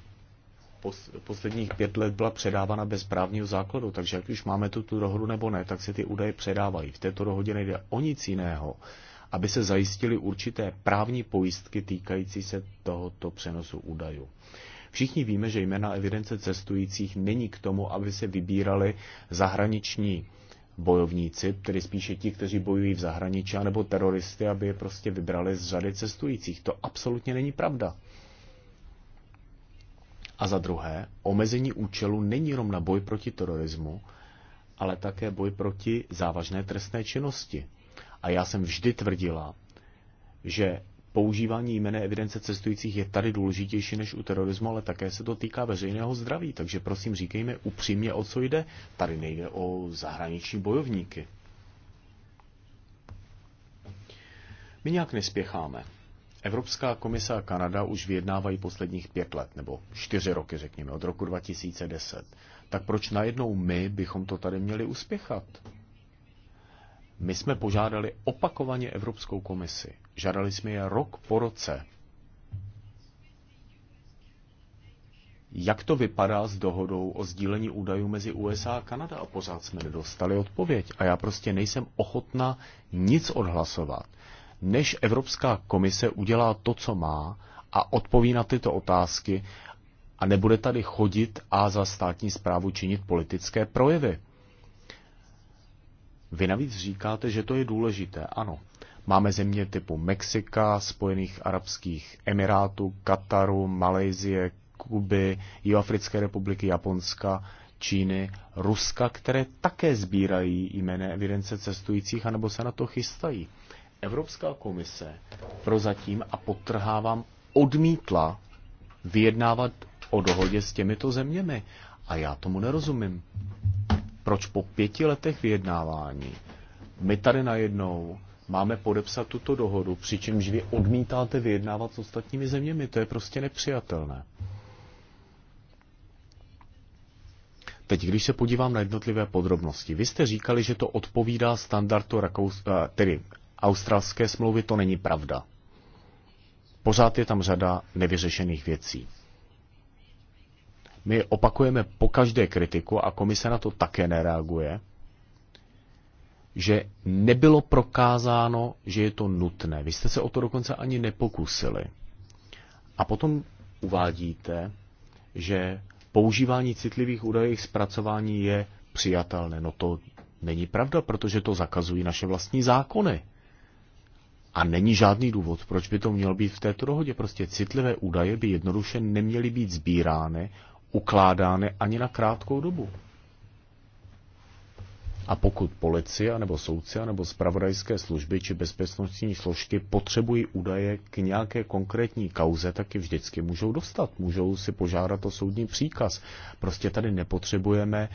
posledních pět let byla předávána bez právního základu, takže ať už máme tu, tu dohodu nebo ne, tak se ty údaje předávají. V této dohodě nejde o nic jiného, aby se zajistily určité právní pojistky týkající se tohoto přenosu údajů. Všichni víme, že jména evidence cestujících není k tomu, aby se vybírali zahraniční bojovníci, tedy spíše ti, kteří bojují v zahraničí, nebo teroristy, aby je prostě vybrali z řady cestujících. To absolutně není pravda. A za druhé, omezení účelu není jenom na boj proti terorismu, ale také boj proti závažné trestné činnosti. A já jsem vždy tvrdila, že používání jména evidence cestujících je tady důležitější než u terorismu, ale také se to týká veřejného zdraví. Takže prosím, říkejme upřímně, o co jde. Tady nejde o zahraniční bojovníky. My nějak nespěcháme. Evropská komise a Kanada už vyjednávají posledních pět let, nebo čtyři roky, řekněme, od roku 2010. Tak proč najednou my bychom to tady měli uspěchat? My jsme požádali opakovaně Evropskou komisi. Žádali jsme je rok po roce. Jak to vypadá s dohodou o sdílení údajů mezi USA a Kanada? A pořád jsme nedostali odpověď. A já prostě nejsem ochotna nic odhlasovat než Evropská komise udělá to, co má a odpoví na tyto otázky a nebude tady chodit a za státní zprávu činit politické projevy. Vy navíc říkáte, že to je důležité. Ano, máme země typu Mexika, Spojených arabských emirátů, Kataru, Malézie, Kuby, Jihoafrické republiky, Japonska, Číny, Ruska, které také sbírají jména evidence cestujících anebo se na to chystají. Evropská komise prozatím a potrhávám odmítla vyjednávat o dohodě s těmito zeměmi. A já tomu nerozumím. Proč po pěti letech vyjednávání my tady najednou máme podepsat tuto dohodu, přičemž vy odmítáte vyjednávat s ostatními zeměmi. To je prostě nepřijatelné. Teď, když se podívám na jednotlivé podrobnosti, vy jste říkali, že to odpovídá standardu Rakous- eh, tedy australské smlouvy, to není pravda. Pořád je tam řada nevyřešených věcí. My opakujeme po každé kritiku a komise na to také nereaguje, že nebylo prokázáno, že je to nutné. Vy jste se o to dokonce ani nepokusili. A potom uvádíte, že používání citlivých údajů zpracování je přijatelné. No to není pravda, protože to zakazují naše vlastní zákony. A není žádný důvod, proč by to mělo být v této dohodě. Prostě citlivé údaje by jednoduše neměly být sbírány, ukládány ani na krátkou dobu. A pokud policie, nebo soudci, nebo zpravodajské služby či bezpečnostní složky potřebují údaje k nějaké konkrétní kauze, tak je vždycky můžou dostat. Můžou si požádat o soudní příkaz. Prostě tady nepotřebujeme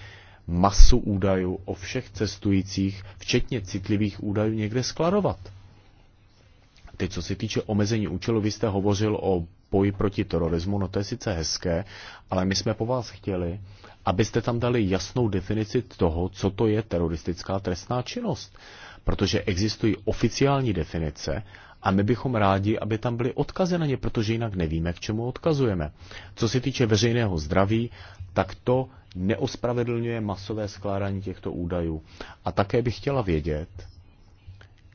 masu údajů o všech cestujících, včetně citlivých údajů, někde skladovat. Teď, co se týče omezení účelu, vy jste hovořil o boji proti terorismu, no to je sice hezké, ale my jsme po vás chtěli, abyste tam dali jasnou definici toho, co to je teroristická trestná činnost. Protože existují oficiální definice a my bychom rádi, aby tam byly odkazy na ně, protože jinak nevíme, k čemu odkazujeme. Co se týče veřejného zdraví, tak to neospravedlňuje masové skládání těchto údajů. A také bych chtěla vědět,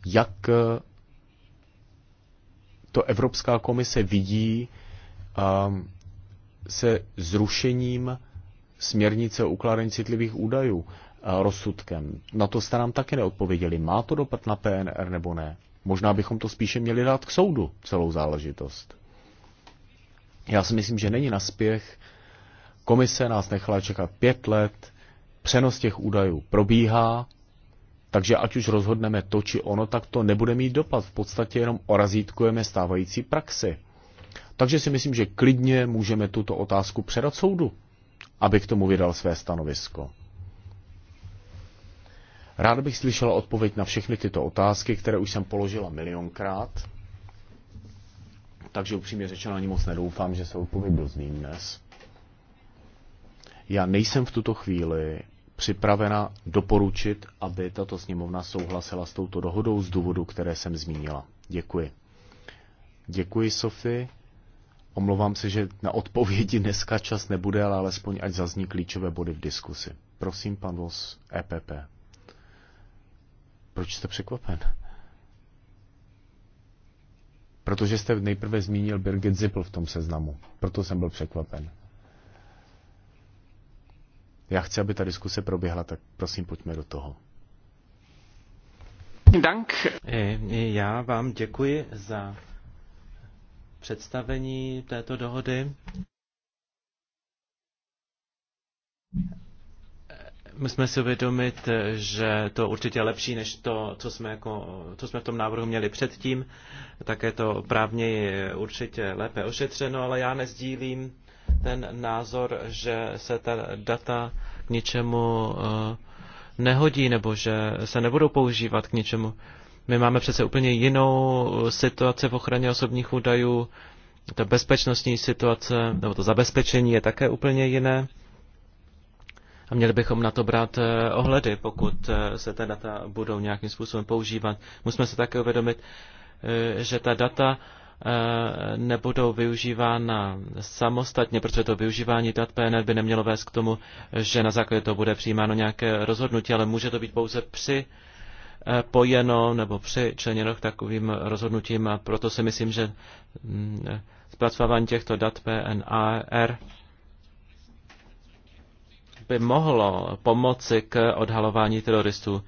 jak to Evropská komise vidí um, se zrušením směrnice o ukládání citlivých údajů uh, rozsudkem. Na to jste nám taky neodpověděli. Má to dopad na PNR nebo ne? Možná bychom to spíše měli dát k soudu, celou záležitost. Já si myslím, že není naspěch. Komise nás nechala čekat pět let, přenos těch údajů probíhá, takže ať už rozhodneme to či ono, tak to nebude mít dopad. V podstatě jenom orazítkujeme stávající praxi. Takže si myslím, že klidně můžeme tuto otázku předat soudu, aby k tomu vydal své stanovisko. Rád bych slyšela odpověď na všechny tyto otázky, které už jsem položila milionkrát. Takže upřímně řečeno ani moc nedoufám, že se odpověď dozvím dnes. Já nejsem v tuto chvíli připravena doporučit, aby tato sněmovna souhlasila s touto dohodou z důvodu, které jsem zmínila. Děkuji. Děkuji, Sofie. Omlouvám se, že na odpovědi dneska čas nebude, ale alespoň ať zazní klíčové body v diskusi. Prosím, pan Vos, EPP. Proč jste překvapen? Protože jste nejprve zmínil Birgit Zippel v tom seznamu. Proto jsem byl překvapen. Já chci, aby ta diskuse proběhla, tak prosím, pojďme do toho. Dank. E, e, já vám děkuji za představení této dohody. Musíme si uvědomit, že to určitě je lepší než to, co jsme, jako, co jsme v tom návrhu měli předtím. Také to právně je určitě lépe ošetřeno, ale já nezdílím ten názor, že se ta data k ničemu eh, nehodí nebo že se nebudou používat k ničemu. My máme přece úplně jinou eh, situaci v ochraně osobních údajů, ta bezpečnostní situace nebo to zabezpečení je také úplně jiné. A měli bychom na to brát eh, ohledy, pokud se ta data budou nějakým způsobem používat. Musíme se také uvědomit, že ta data Eh, nebudou využívána samostatně, protože to využívání dat PNR by nemělo vést k tomu, že na základě toho bude přijímáno nějaké rozhodnutí, ale může to být pouze při eh, pojeno nebo při k takovým rozhodnutím a proto si myslím, že mm, eh, zpracování těchto dat PNR by mohlo pomoci k odhalování teroristů.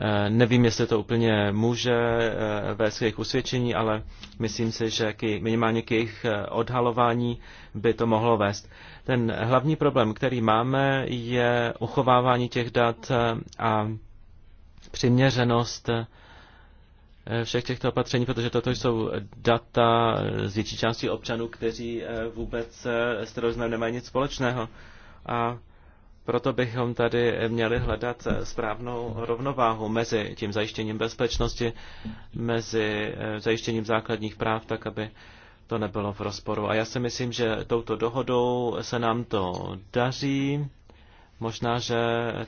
Eh, nevím, jestli to úplně může eh, vést k jejich usvědčení, ale myslím si, že minimálně k jejich eh, odhalování by to mohlo vést. Ten hlavní problém, který máme, je uchovávání těch dat a přiměřenost všech těchto opatření, protože toto jsou data z větší části občanů, kteří vůbec s terorismem nemají nic společného. A proto bychom tady měli hledat eh, správnou rovnováhu mezi tím zajištěním bezpečnosti, mezi eh, zajištěním základních práv, tak aby to nebylo v rozporu. A já si myslím, že touto dohodou se nám to daří. Možná, že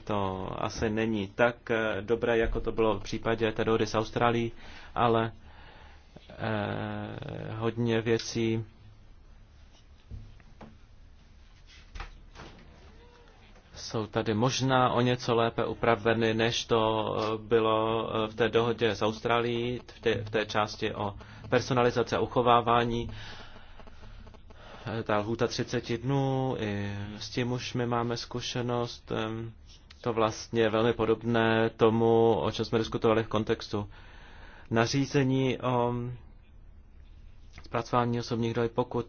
to asi není tak eh, dobré, jako to bylo v případě té dohody s Austrálií, ale eh, hodně věcí jsou tady možná o něco lépe upraveny, než to eh, bylo eh, v té dohodě s Austrálií, v té, v té části o personalizaci a uchovávání. Eh, ta lhůta 30 dnů, i s tím už my máme zkušenost. To vlastně je velmi podobné tomu, o čem jsme diskutovali v kontextu nařízení o zpracování osobních dojí, pokud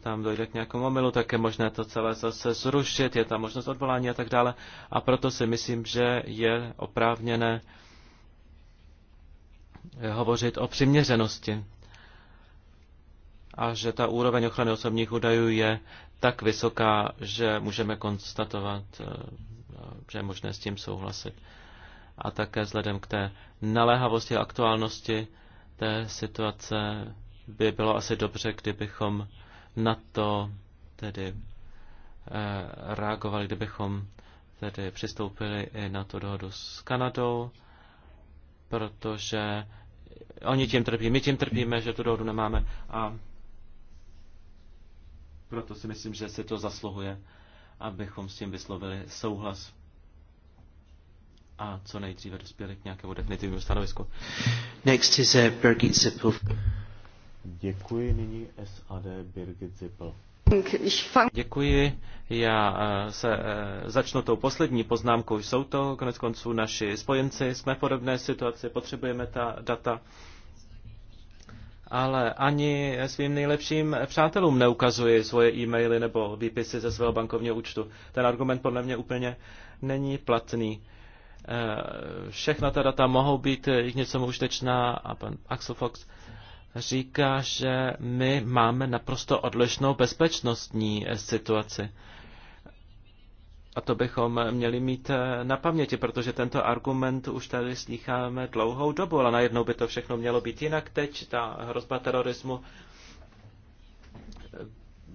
tam dojde k nějakému omilu, tak je možné to celé zase zrušit, je tam možnost odvolání a tak dále. A proto si myslím, že je oprávněné hovořit o přiměřenosti a že ta úroveň ochrany osobních údajů je tak vysoká, že můžeme konstatovat, eh, že je možné s tím souhlasit. A také vzhledem k té naléhavosti a aktuálnosti té situace by bylo asi dobře, kdybychom na to tedy eh, reagovali, kdybychom tedy přistoupili i na tu dohodu s Kanadou, protože oni tím trpí, my tím trpíme, že tu dohodu nemáme a proto si myslím, že si to zasluhuje, abychom s tím vyslovili souhlas a co nejdříve dospěli k nějakému definitivnímu stanovisku. Next is uh, Děkuji nyní SAD Birgit Zippel. Děkuji. Já eh, se eh, začnu tou poslední poznámkou. Jsou to konec konců naši spojenci, jsme v podobné situaci, potřebujeme ta data. Ale ani svým nejlepším přátelům neukazuji svoje e-maily nebo výpisy ze svého bankovního účtu. Ten argument podle mě úplně není platný. Eh, všechna ta data mohou být k něčemu užitečná a pan Axel Fox říká, že my máme naprosto odlišnou bezpečnostní eh, situaci. A to bychom měli mít eh, na paměti, protože tento argument už tady slýcháme dlouhou dobu, ale najednou by to všechno mělo být jinak. Teď ta hrozba terorismu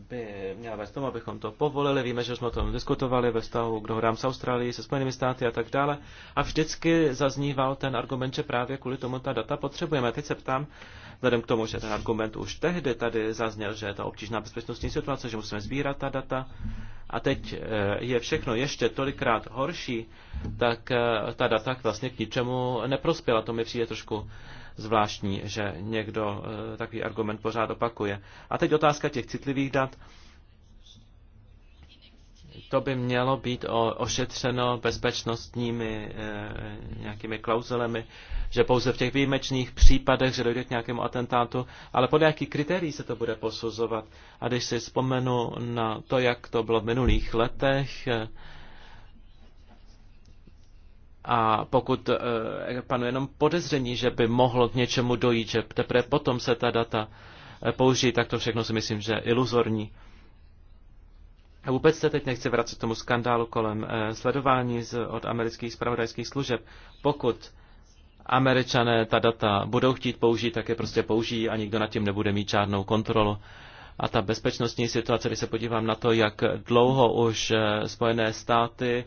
by měla vést tomu, abychom to povolili. Víme, že jsme o tom diskutovali ve vztahu k dohodám s Austrálií, se Spojenými státy a tak dále. A vždycky zazníval ten argument, že právě kvůli tomu ta data potřebujeme. Teď se ptám, vzhledem k tomu, že ten argument už tehdy tady zazněl, že je ta obtížná bezpečnostní situace, že musíme sbírat ta data a teď eh, je všechno ještě tolikrát horší, tak eh, ta data vlastně k ničemu neprospěla. To mi přijde trošku zvláštní, že někdo eh, takový argument pořád opakuje. A teď otázka těch citlivých dat. To by mělo být ošetřeno bezpečnostními eh, nějakými klauzulemi, že pouze v těch výjimečných případech, že dojde k nějakému atentátu, ale podle jakých kritérií se to bude posuzovat. A když si vzpomenu na to, jak to bylo v minulých letech, eh, a pokud eh, panuje jenom podezření, že by mohlo k něčemu dojít, že teprve potom se ta data eh, použijí, tak to všechno si myslím, že je iluzorní. A vůbec se teď nechci vracet tomu skandálu kolem eh, sledování z, od amerických spravodajských služeb. Pokud američané ta data budou chtít použít, tak je prostě použijí a nikdo nad tím nebude mít žádnou kontrolu. A ta bezpečnostní situace, když se podívám na to, jak dlouho už Spojené státy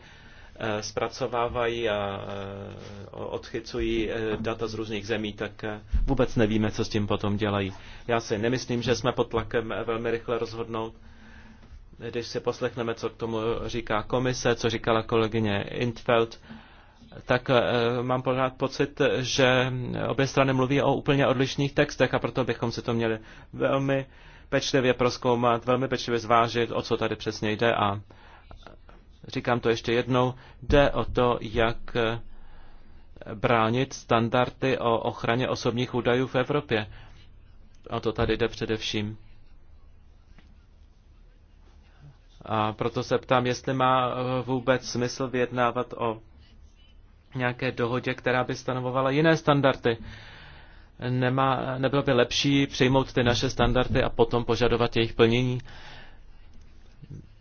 Eh, zpracovávají a eh, odchycují eh, data z různých zemí, tak vůbec nevíme, co s tím potom dělají. Já si nemyslím, že jsme pod tlakem velmi rychle rozhodnout. Když si poslechneme, co k tomu říká komise, co říkala kolegyně Intfeld, tak mám pořád pocit, že obě strany mluví o úplně odlišných textech a proto bychom si to měli velmi pečlivě proskoumat, velmi pečlivě zvážit, o co tady přesně jde a říkám to ještě jednou, jde o to, jak eh, bránit standardy o ochraně osobních údajů v Evropě. O to tady jde především. A proto se ptám, jestli má eh, vůbec smysl vyjednávat o nějaké dohodě, která by stanovovala jiné standardy. Nemá, nebylo by lepší přijmout ty naše standardy a potom požadovat jejich plnění. Uh,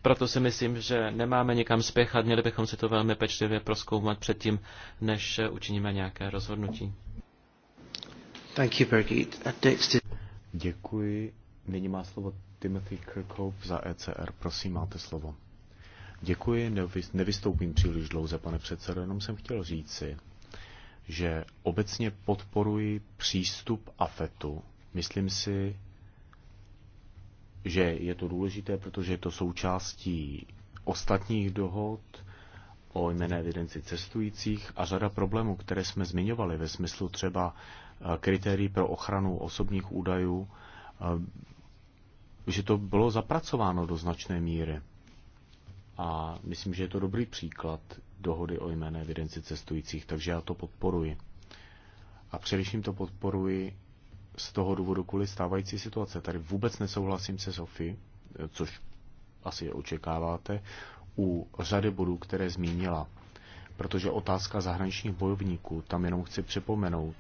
proto si myslím, že nemáme nikam spěchat, měli bychom si to velmi pečlivě proskoumat předtím, než učiníme nějaké rozhodnutí. Thank you, Birgit. Děkuji. Nyní má slovo Timothy Kirkhope za ECR. Prosím, máte slovo. Děkuji, nevystoupím příliš dlouze, pane předsedo, jenom jsem chtěl říci, že obecně podporuji přístup AFETu. Myslím si, že je to důležité, protože je to součástí ostatních dohod o jmené evidenci cestujících a řada problémů, které jsme zmiňovali ve smyslu třeba eh, kritérií pro ochranu osobních údajů, eh, že to bylo zapracováno do značné míry. A myslím, že je to dobrý příklad dohody o jmené evidenci cestujících, takže já to podporuji. A především to podporuji z toho důvodu kvůli stávající situace. Tady vůbec nesouhlasím se Sofie, což asi je očekáváte, u řady bodů, které zmínila. Protože otázka zahraničních bojovníků, tam jenom chci připomenout,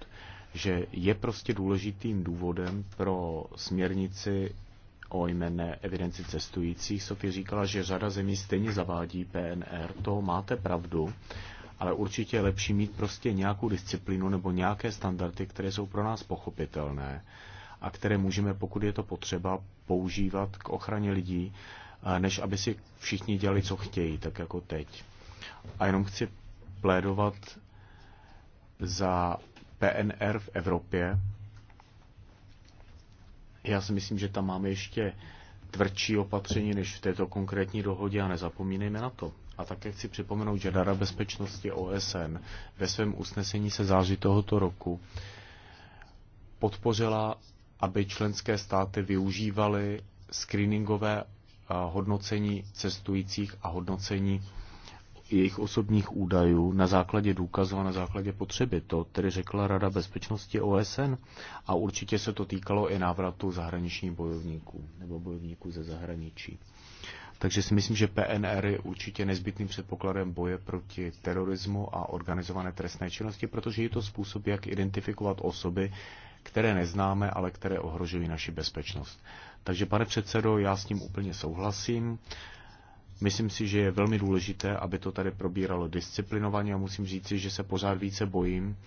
že je prostě důležitým důvodem pro směrnici o jméne evidenci cestujících. Sofie říkala, že řada zemí stejně zavádí PNR. to máte pravdu, ale určitě je lepší mít prostě nějakou disciplínu nebo nějaké standardy, které jsou pro nás pochopitelné a které můžeme, pokud je to potřeba, používat k ochraně lidí, eh, než aby si všichni dělali, co chtějí, tak jako teď. A jenom chci plédovat za PNR v Evropě. Já si myslím, že tam máme ještě tvrdší opatření než v této konkrétní dohodě a nezapomínejme na to. A také chci připomenout, že Rada bezpečnosti OSN ve svém usnesení se září tohoto roku podpořila, aby členské státy využívaly screeningové hodnocení cestujících a hodnocení jejich osobních údajů na základě důkazu a na základě potřeby. To tedy řekla Rada bezpečnosti OSN a určitě se to týkalo i návratu zahraničních bojovníků nebo bojovníků ze zahraničí. Takže si myslím, že PNR je určitě nezbytným předpokladem boje proti terorismu a organizované trestné činnosti, protože je to způsob, jak identifikovat osoby, které neznáme, ale které ohrožují naši bezpečnost. Takže, pane předsedo, já s tím úplně souhlasím. Myslím si, že je velmi důležité, aby to tady probíralo disciplinovaně a musím říci, že se pořád více bojím,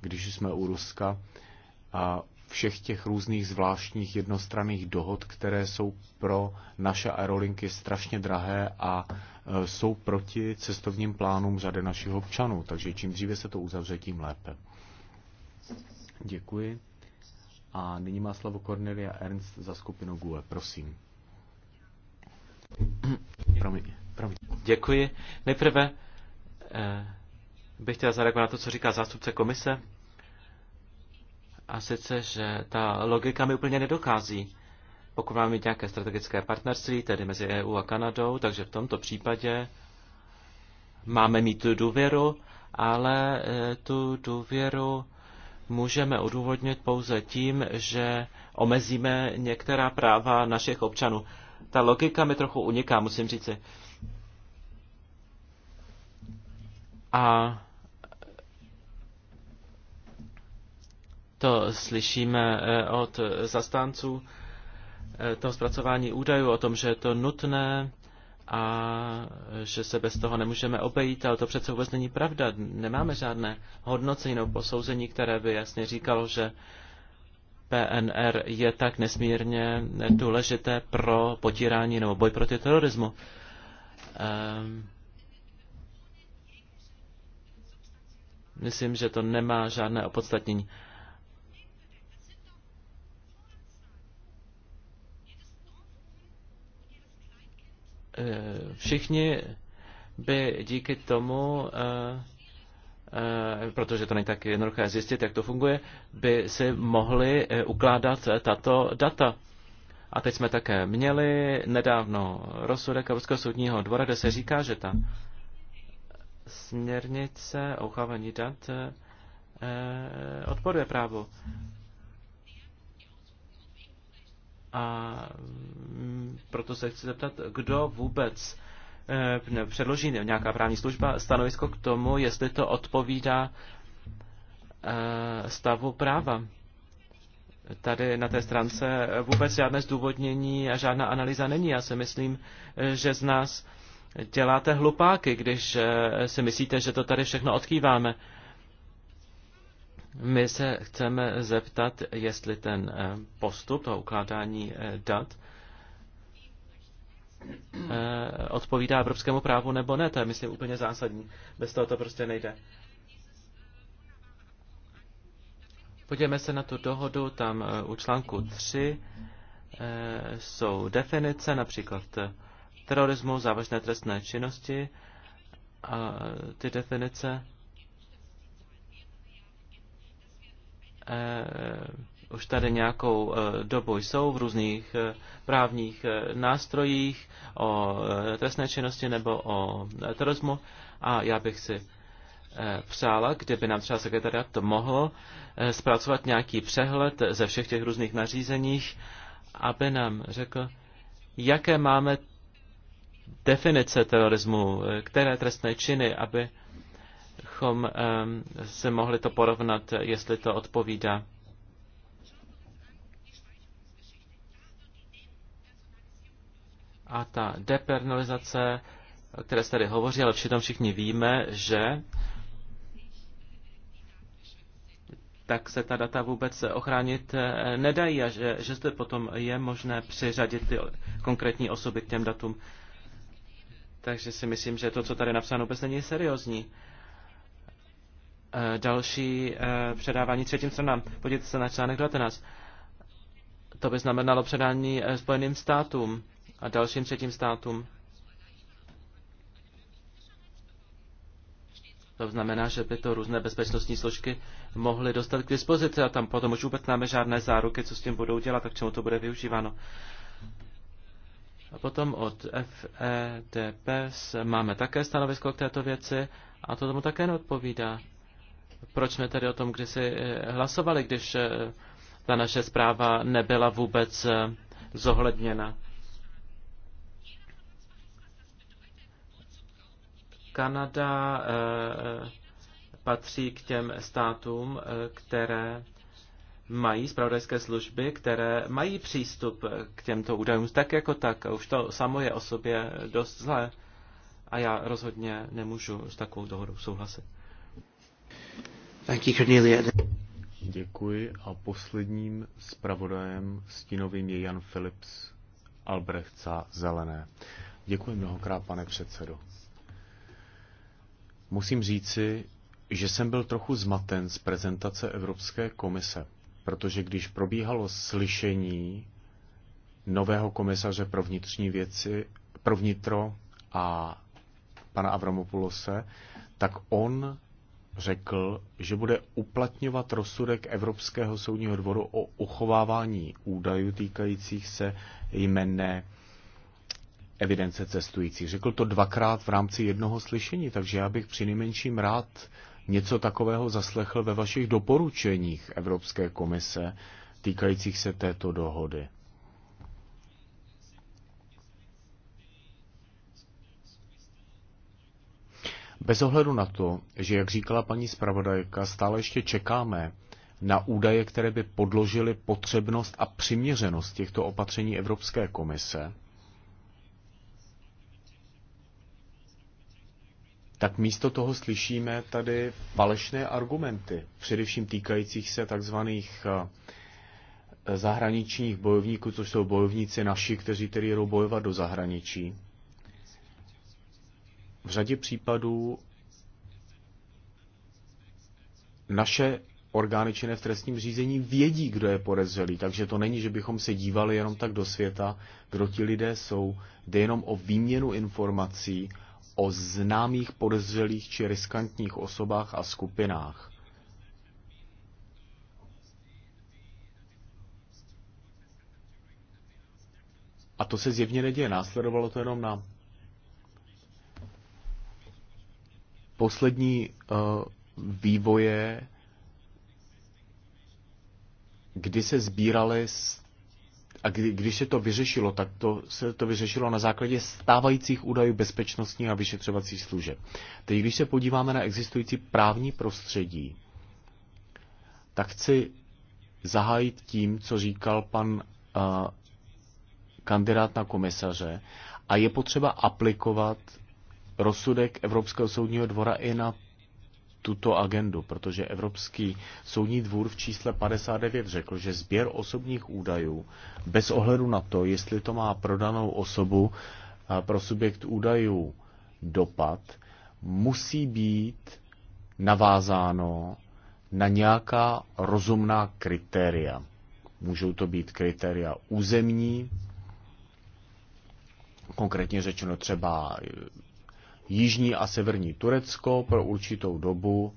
když jsme u Ruska, a všech těch různých zvláštních jednostranných dohod, které jsou pro naše aerolinky strašně drahé a e, jsou proti cestovním plánům řady našich občanů. Takže čím dříve se to uzavře, tím lépe. Děkuji. A nyní má slovo Cornelia Ernst za skupinu GUE. Prosím. [clears throat] Promiň, promiň. Děkuji. Nejprve eh, bych chtěl zareagovat na to, co říká zástupce komise a sice, že ta logika mi úplně nedokází. Pokud máme nějaké strategické partnerství, tedy mezi EU a Kanadou, takže v tomto případě máme mít tu důvěru, ale e, tu důvěru můžeme odůvodnit pouze tím, že omezíme některá práva našich občanů. Ta logika mi trochu uniká, musím říci. A To slyšíme eh, od zastánců eh, toho zpracování údajů o tom, že je to nutné a že se bez toho nemůžeme obejít, ale to přece vůbec není pravda. Nemáme žádné hodnocení nebo posouzení, které by jasně říkalo, že PNR je tak nesmírně důležité pro potírání nebo boj proti terorismu. Um, myslím, že to nemá žádné opodstatnění. Eh, všichni by díky tomu, eh, eh, protože to není tak jednoduché zjistit, jak to funguje, by si mohli ukládat tato data. A teď jsme také měli nedávno rozsudek Evropského soudního dvora, kde se říká, že ta směrnice o uchávání dat odporuje právu. A mm, proto se chci zeptat, kdo vůbec eh, předloží nějaká právní služba stanovisko k tomu, jestli to odpovídá eh, stavu práva. Tady na té stránce vůbec žádné zdůvodnění a žádná analýza není. Já si myslím, eh, že z nás děláte hlupáky, když si myslíte, že to tady všechno odkýváme. My se chceme zeptat, jestli ten eh, postup a ukládání eh, dat eh, odpovídá evropskému právu nebo ne. To je, myslím, úplně zásadní. Bez toho to prostě nejde. Podívejme se na tu dohodu, tam u článku 3 jsou definice, například terorismu, závažné trestné činnosti a ty definice Eh, už tady nějakou eh, dobu jsou v různých eh, právních nástrojích o trestné činnosti nebo o terorismu a já bych si přála, kdyby nám třeba sekretariat to mohl zpracovat nějaký přehled ze všech těch různých nařízeních, aby nám řekl, jaké máme definice terorismu, které trestné činy, aby bychom eh, se mohli to porovnat, jestli to odpovídá. A ta depernalizace, o které se tady hovoří, ale přitom všichni víme, že tak se ta data vůbec ochránit eh, nedají a že, že zde potom je možné přiřadit ty konkrétní osoby k těm datům. Takže si myslím, že to, co tady napsáno, vůbec není seriózní. Eh, další eh, předávání třetím stranám. Podívejte se na článek 19. To by znamenalo předání eh, Spojeným státům a dalším třetím státům. To znamená, že by to různé bezpečnostní složky mohly dostat k dispozici a tam potom už vůbec máme žádné záruky, co s tím budou dělat a k čemu to bude využíváno. A potom od FEDPS máme také stanovisko k této věci a to tomu také neodpovídá. Proč jsme tedy o tom kdysi eh, hlasovali, když eh, ta naše zpráva nebyla vůbec eh, zohledněna? Kanada patří k těm státům, které mají zpravodajské služby, které mají přístup k těmto údajům tak jako tak. Už to samo je o sobě dost zlé a já rozhodně nemůžu s takovou dohodou souhlasit. Thank you, Cornelia. Děkuji a posledním zpravodajem stínovým je Jan Philips Albrechca Zelené. Děkuji mnohokrát, pane předsedo. Musím říci, že jsem byl trochu zmaten z prezentace Evropské komise, protože když probíhalo slyšení nového komisaře pro vnitřní věci, pro vnitro a pana Avramopulose, tak on řekl, že bude uplatňovat rozsudek Evropského soudního dvoru o uchovávání údajů týkajících se jmenné evidence cestujících. Řekl to dvakrát v rámci jednoho slyšení, takže já bych nejmenším rád něco takového zaslechl ve vašich doporučeních Evropské komise týkajících se této dohody. Bez ohledu na to, že, jak říkala paní zpravodajka, stále ještě čekáme na údaje, které by podložily potřebnost a přiměřenost těchto opatření Evropské komise, tak místo toho slyšíme tady falešné argumenty, především týkajících se takzvaných eh, zahraničních bojovníků, což jsou bojovníci naši, kteří tedy jdou bojovat do zahraničí v řadě případů naše orgány činné v trestním řízení vědí, kdo je podezřelý, takže to není, že bychom se dívali jenom tak do světa, kdo ti lidé jsou. Jde jenom o výměnu informací o známých podezřelých či riskantních osobách a skupinách. A to se zjevně neděje. Následovalo to jenom na poslední eh, vývoje, kdy se sbíraly a kdy, když se to vyřešilo, tak to se to vyřešilo na základě stávajících údajů bezpečnostních a vyšetřovacích služeb. Teď, když se podíváme na existující právní prostředí, tak chci zahájit tím, co říkal pan uh, kandidát na komisaře, a je potřeba aplikovat rozsudek Evropského soudního dvora i na tuto agendu, protože Evropský soudní dvůr v čísle 59 řekl, že sběr osobních údajů bez ohledu na to, jestli to má pro danou osobu pro subjekt údajů dopad, musí být navázáno na nějaká rozumná kritéria. Můžou to být kritéria územní, konkrétně řečeno třeba jižní a severní Turecko pro určitou dobu,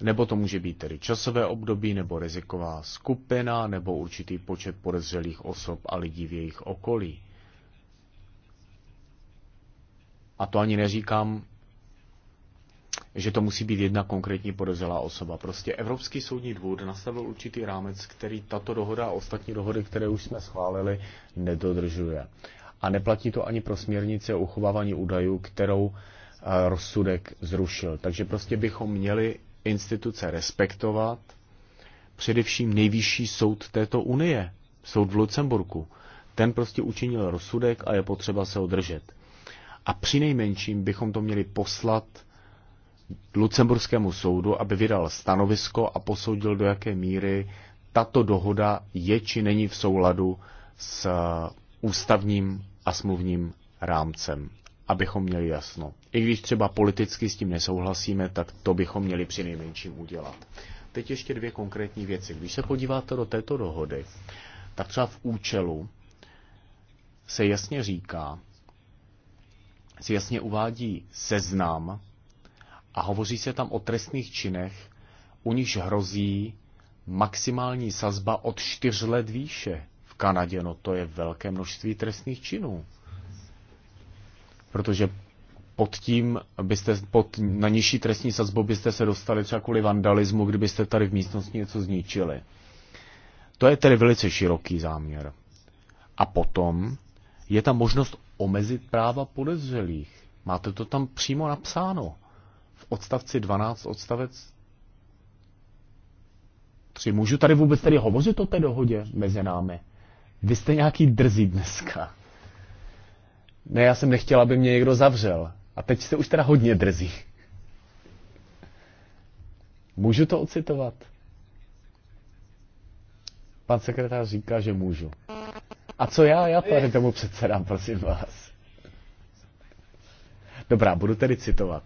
nebo to může být tedy časové období, nebo riziková skupina, nebo určitý počet podezřelých osob a lidí v jejich okolí. A to ani neříkám, že to musí být jedna konkrétní podezřelá osoba. Prostě Evropský soudní dvůr nastavil určitý rámec, který tato dohoda a ostatní dohody, které už jsme schválili, nedodržuje a neplatí to ani pro směrnici o uchovávání údajů, kterou eh, rozsudek zrušil. Takže prostě bychom měli instituce respektovat, především nejvyšší soud této unie, soud v Lucemburku. Ten prostě učinil rozsudek a je potřeba se održet. A při nejmenším bychom to měli poslat Lucemburskému soudu, aby vydal stanovisko a posoudil, do jaké míry tato dohoda je či není v souladu s eh, ústavním a smluvním rámcem, abychom měli jasno. I když třeba politicky s tím nesouhlasíme, tak to bychom měli při nejmenším udělat. Teď ještě dvě konkrétní věci. Když se podíváte do této dohody, tak třeba v účelu se jasně říká, se jasně uvádí seznam a hovoří se tam o trestných činech, u nichž hrozí maximální sazba od čtyř let výše. Kanadě, no to je velké množství trestných činů. Protože pod tím byste, pod, na nižší trestní sazbu byste se dostali třeba kvůli vandalismu, kdybyste tady v místnosti něco zničili. To je tedy velice široký záměr. A potom je tam možnost omezit práva podezřelých. Máte to tam přímo napsáno. V odstavci 12 odstavec 3. Můžu tady vůbec tedy hovořit o té dohodě mezi námi? Vy jste nějaký drzí dneska. Ne, já jsem nechtěl, aby mě někdo zavřel. A teď jste už teda hodně drzí. Můžu to ocitovat? Pan sekretář říká, že můžu. A co já? Já tady tomu předsedám, prosím vás. Dobrá, budu tedy citovat.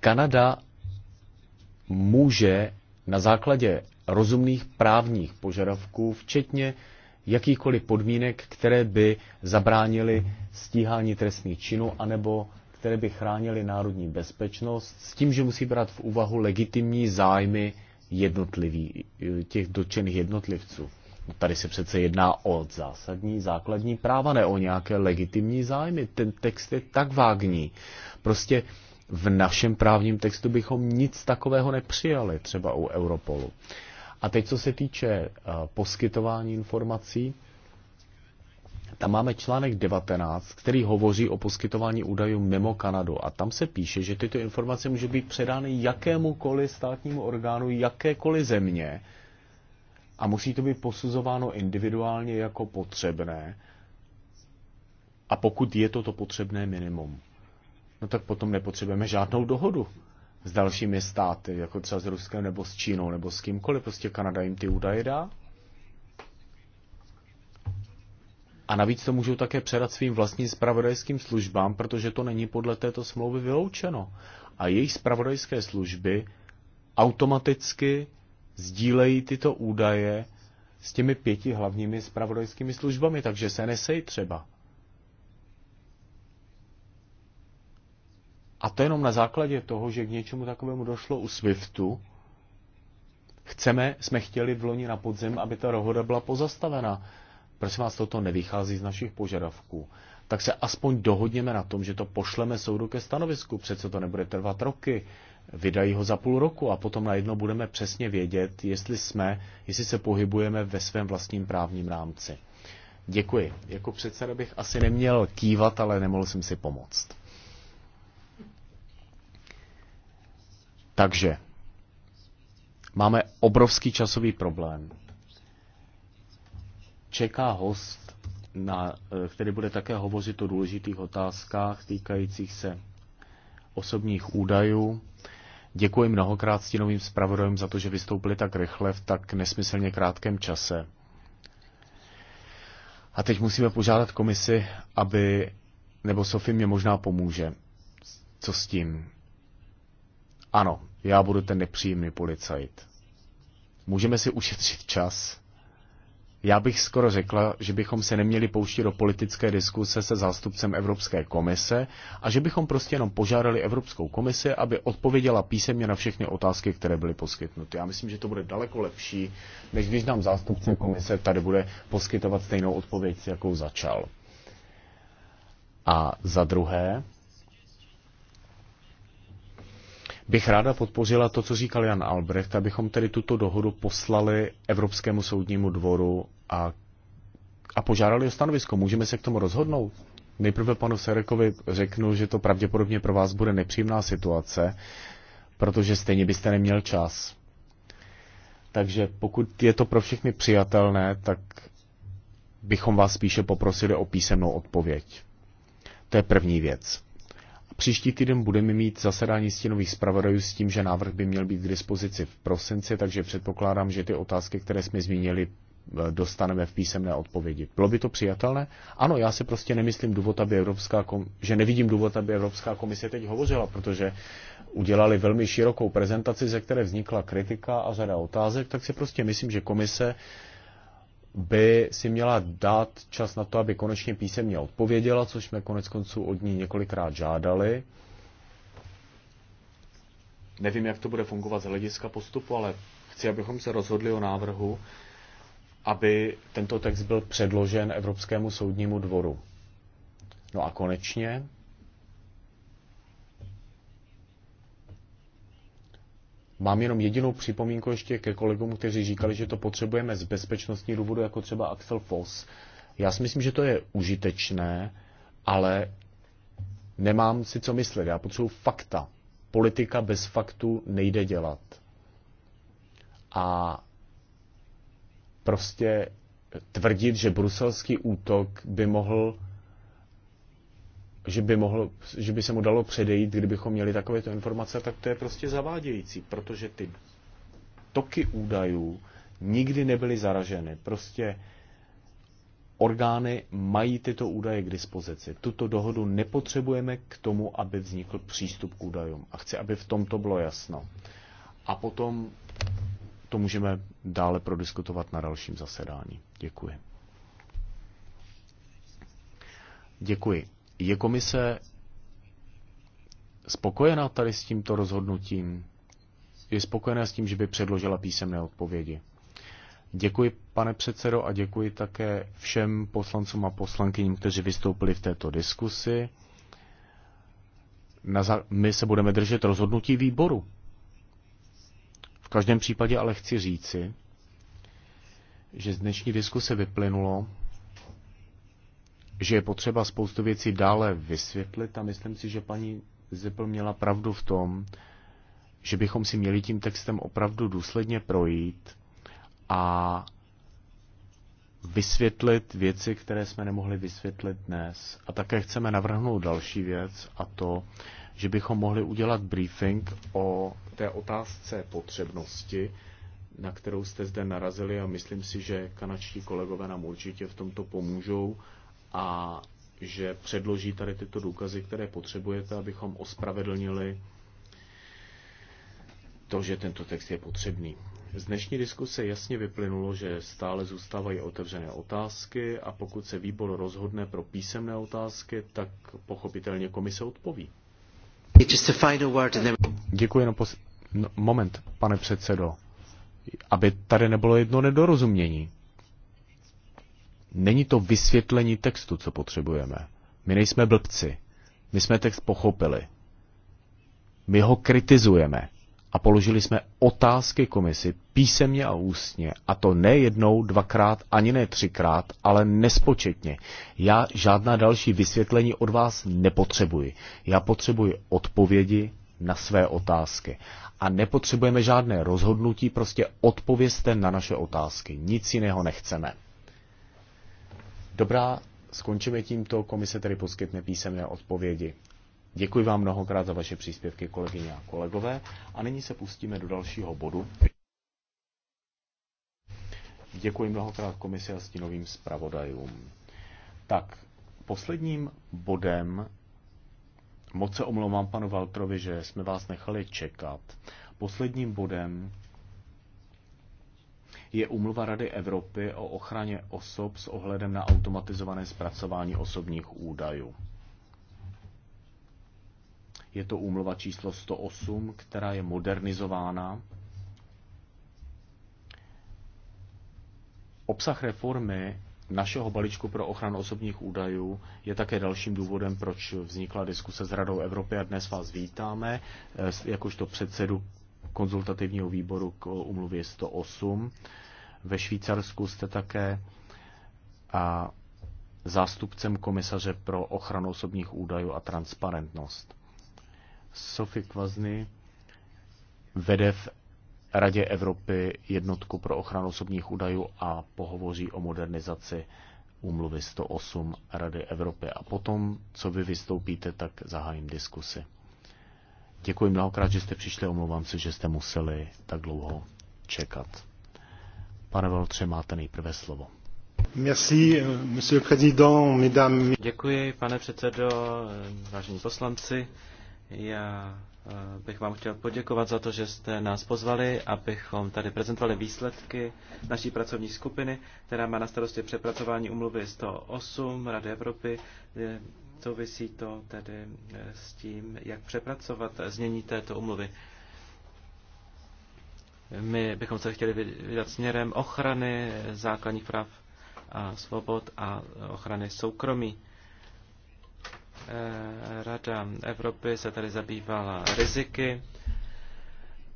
Kanada může na základě rozumných právních požadavků, včetně jakýkoliv podmínek, které by zabránily stíhání trestných činů anebo které by chránily národní bezpečnost, s tím, že musí brát v úvahu legitimní zájmy jednotlivý, těch dotčených jednotlivců. Tady se přece jedná o zásadní základní práva, ne o nějaké legitimní zájmy. Ten text je tak vágní. Prostě v našem právním textu bychom nic takového nepřijali, třeba u Europolu. A teď, co se týče eh, poskytování informací, tam máme článek 19, který hovoří o poskytování údajů mimo Kanadu. A tam se píše, že tyto informace může být předány jakémukoliv státnímu orgánu jakékoliv země a musí to být posuzováno individuálně jako potřebné. A pokud je toto potřebné minimum, no tak potom nepotřebujeme žádnou dohodu s dalšími státy, jako třeba s Ruskem nebo s Čínou nebo s kýmkoliv. Prostě Kanada jim ty údaje dá. A navíc to můžou také předat svým vlastním spravodajským službám, protože to není podle této smlouvy vyloučeno. A jejich spravodajské služby automaticky sdílejí tyto údaje s těmi pěti hlavními spravodajskými službami, takže se nesej třeba. A to jenom na základě toho, že k něčemu takovému došlo u SWIFTu, chceme, jsme chtěli v loni na podzim, aby ta dohoda byla pozastavena. Prosím vás, toto nevychází z našich požadavků. Tak se aspoň dohodněme na tom, že to pošleme soudu ke stanovisku. Přece to nebude trvat roky. Vydají ho za půl roku a potom najednou budeme přesně vědět, jestli jsme, jestli se pohybujeme ve svém vlastním právním rámci. Děkuji. Jako předseda bych asi neměl kývat, ale nemohl jsem si pomoct. Takže máme obrovský časový problém. Čeká host, na, eh, který bude také hovořit o důležitých otázkách týkajících se osobních údajů. Děkuji mnohokrát stínovým zpravodajům za to, že vystoupili tak rychle v tak nesmyslně krátkém čase. A teď musíme požádat komisi, aby, nebo Sofie mě možná pomůže. Co s tím? Ano, já budu ten nepříjemný policajt. Můžeme si ušetřit čas. Já bych skoro řekla, že bychom se neměli pouštět do politické diskuse se zástupcem Evropské komise a že bychom prostě jenom požádali Evropskou komisi, aby odpověděla písemně na všechny otázky, které byly poskytnuty. Já myslím, že to bude daleko lepší, než když nám zástupce komise tady bude poskytovat stejnou odpověď, jakou začal. A za druhé, bych ráda podpořila to, co říkal Jan Albrecht, abychom tedy tuto dohodu poslali Evropskému soudnímu dvoru a, a požádali o stanovisko. Můžeme se k tomu rozhodnout? Nejprve panu Serekovi řeknu, že to pravděpodobně pro vás bude nepříjemná situace, protože stejně byste neměl čas. Takže pokud je to pro všechny přijatelné, tak bychom vás spíše poprosili o písemnou odpověď. To je první věc. Příští týden budeme mít zasedání stěnových zpravodajů s tím, že návrh by měl být k dispozici v prosinci, takže předpokládám, že ty otázky, které jsme zmínili, eh, dostaneme v písemné odpovědi. Bylo by to přijatelné? Ano, já se prostě nemyslím důvod, aby Evropská kom- že nevidím důvod, aby Evropská komise teď hovořila, protože udělali velmi širokou prezentaci, ze které vznikla kritika a řada otázek, tak si prostě myslím, že komise by si měla dát čas na to, aby konečně písemně odpověděla, což jsme konec konců od ní několikrát žádali. Nevím, jak to bude fungovat z hlediska postupu, ale chci, abychom se rozhodli o návrhu, aby tento text byl předložen Evropskému soudnímu dvoru. No a konečně Mám jenom jedinou připomínku ještě ke kolegům, kteří říkali, že to potřebujeme z bezpečnostní důvodu, jako třeba Axel Foss. Já si myslím, že to je užitečné, ale nemám si co myslet. Já potřebuji fakta. Politika bez faktů nejde dělat. A prostě tvrdit, že bruselský útok by mohl že by, mohl, že by se mu dalo předejít, kdybychom měli takovéto informace, tak to je prostě zavádějící, protože ty toky údajů nikdy nebyly zaraženy. Prostě orgány mají tyto údaje k dispozici. Tuto dohodu nepotřebujeme k tomu, aby vznikl přístup k údajům. A chci, aby v tomto bylo jasno. A potom to můžeme dále prodiskutovat na dalším zasedání. Děkuji. Děkuji. Je komise spokojená tady s tímto rozhodnutím? Je spokojená s tím, že by předložila písemné odpovědi? Děkuji, pane předsedo, a děkuji také všem poslancům a poslankyním, kteří vystoupili v této diskusi. My se budeme držet rozhodnutí výboru. V každém případě ale chci říci, že z dnešní diskuse vyplynulo, že je potřeba spoustu věcí dále vysvětlit a myslím si, že paní Zepl měla pravdu v tom, že bychom si měli tím textem opravdu důsledně projít a vysvětlit věci, které jsme nemohli vysvětlit dnes. A také chceme navrhnout další věc a to, že bychom mohli udělat briefing o té otázce potřebnosti, na kterou jste zde narazili a myslím si, že kanačtí kolegové nám určitě v tomto pomůžou a že předloží tady tyto důkazy, které potřebujete, abychom ospravedlnili to, že tento text je potřebný. Z dnešní diskuse jasně vyplynulo, že stále zůstávají otevřené otázky a pokud se výbor rozhodne pro písemné otázky, tak pochopitelně komise odpoví. Děkuji. No, pos... no, moment, pane předsedo, aby tady nebylo jedno nedorozumění. Není to vysvětlení textu, co potřebujeme. My nejsme blbci. My jsme text pochopili. My ho kritizujeme a položili jsme otázky komisi písemně a ústně. A to ne jednou, dvakrát, ani ne třikrát, ale nespočetně. Já žádná další vysvětlení od vás nepotřebuji. Já potřebuji odpovědi na své otázky. A nepotřebujeme žádné rozhodnutí, prostě odpovězte na naše otázky. Nic jiného nechceme. Dobrá, skončíme tímto. Komise tedy poskytne písemné odpovědi. Děkuji vám mnohokrát za vaše příspěvky, kolegyně a kolegové. A nyní se pustíme do dalšího bodu. Děkuji mnohokrát komisi a stínovým zpravodajům. Tak, posledním bodem, moc se omlouvám panu Valtrovi, že jsme vás nechali čekat. Posledním bodem je umluva Rady Evropy o ochraně osob s ohledem na automatizované zpracování osobních údajů. Je to úmluva číslo 108, která je modernizována. Obsah reformy našeho balíčku pro ochranu osobních údajů je také dalším důvodem, proč vznikla diskuse s Radou Evropy a dnes vás vítáme eh, jakožto předsedu konzultativního výboru k umluvě 108 ve Švýcarsku jste také a zástupcem komisaře pro ochranu osobních údajů a transparentnost. Sophie Kvazny vede v Radě Evropy jednotku pro ochranu osobních údajů a pohovoří o modernizaci úmluvy 108 Rady Evropy. A potom, co vy vystoupíte, tak zahájím diskusi. Děkuji mnohokrát, že jste přišli, omlouvám se, že jste museli tak dlouho čekat. Pane Valtře, máte nejprve slovo. Merci, monsieur président, mesdames. Děkuji, pane předsedo, vážení poslanci. Já eh, bych vám chtěl poděkovat za to, že jste nás pozvali, abychom tady prezentovali výsledky naší pracovní skupiny, která má na starosti přepracování umluvy 108 Rady Evropy. Souvisí to tedy eh, s tím, jak přepracovat znění této umluvy. My bychom se chtěli vydat směrem ochrany základních práv a svobod a ochrany soukromí. Eh, Rada Evropy se tady zabývala riziky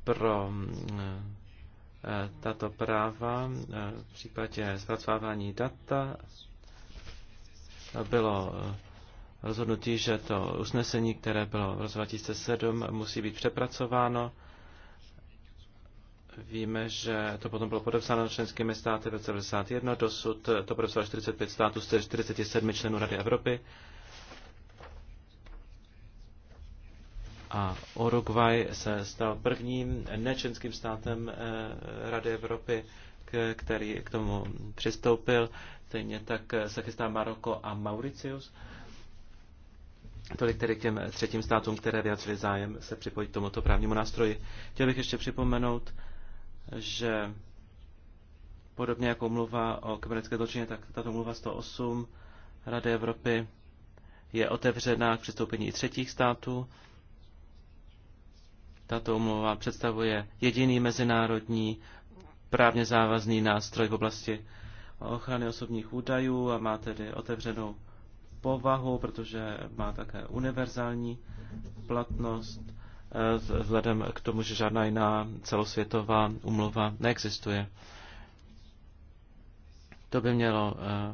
pro eh, tato práva eh, v případě zpracovávání data. Bylo rozhodnutí, že to usnesení, které bylo v roce 2007, musí být přepracováno Víme, že to potom bylo podepsáno členskými státy v roce 1991, dosud to podepsalo 45 států z 47 členů Rady Evropy. A Uruguay se stal prvním nečenským státem eh, Rady Evropy, který k tomu přistoupil. Stejně tak se chystá Maroko a Mauricius. Tolik tedy k těm třetím státům, které vyjadřily zájem se připojit k tomuto právnímu nástroji. Chtěl bych ještě připomenout, že podobně jako mluva o kybernetické zločině, tak tato mluva 108 Rady Evropy je otevřená k přistoupení i třetích států. Tato umluva představuje jediný mezinárodní právně závazný nástroj v oblasti ochrany osobních údajů a má tedy otevřenou povahu, protože má také univerzální platnost vzhledem k tomu, že žádná jiná celosvětová umluva neexistuje. To by mělo eh,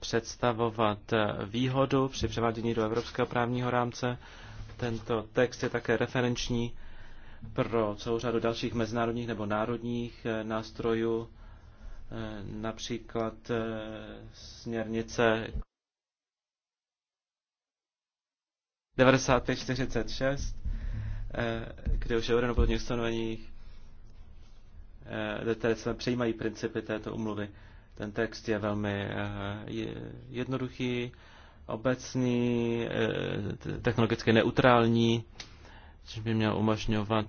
představovat eh, výhodu při převádění do evropského právního rámce. Tento text je také referenční pro celou řadu dalších mezinárodních nebo národních eh, nástrojů, například směrnice 9546 Eh, kde už je uvedeno v ustanovení, eh, které se přejímají principy této umluvy. Ten text je velmi eh, jednoduchý, obecný, technologicky neutrální, což by měl umožňovat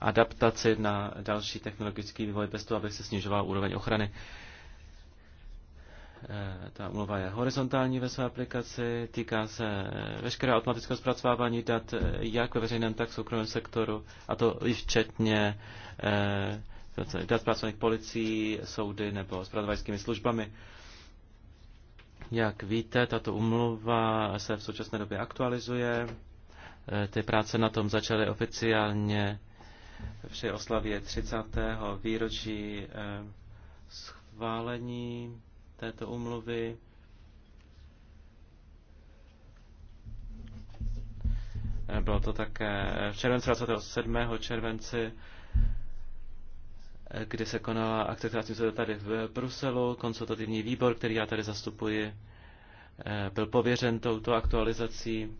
adaptaci na další technologický vývoj bez toho, aby se snižoval úroveň ochrany. Eh, ta umluva je horizontální ve své aplikaci, týká se veškerého automatického zpracovávání dat eh, jak ve veřejném, tak v soukromém sektoru, a to i včetně eh, dat zpracovaných policií, soudy nebo zpracovajskými službami. Jak víte, tato umluva se v současné době aktualizuje. Ty práce na tom začaly oficiálně při oslavě 30. výročí schválení této umluvy. Bylo to také v červenci 27. červenci, kdy se konala akce, která se tady v Bruselu, konsultativní výbor, který já tady zastupuji, eh, byl pověřen touto aktualizací.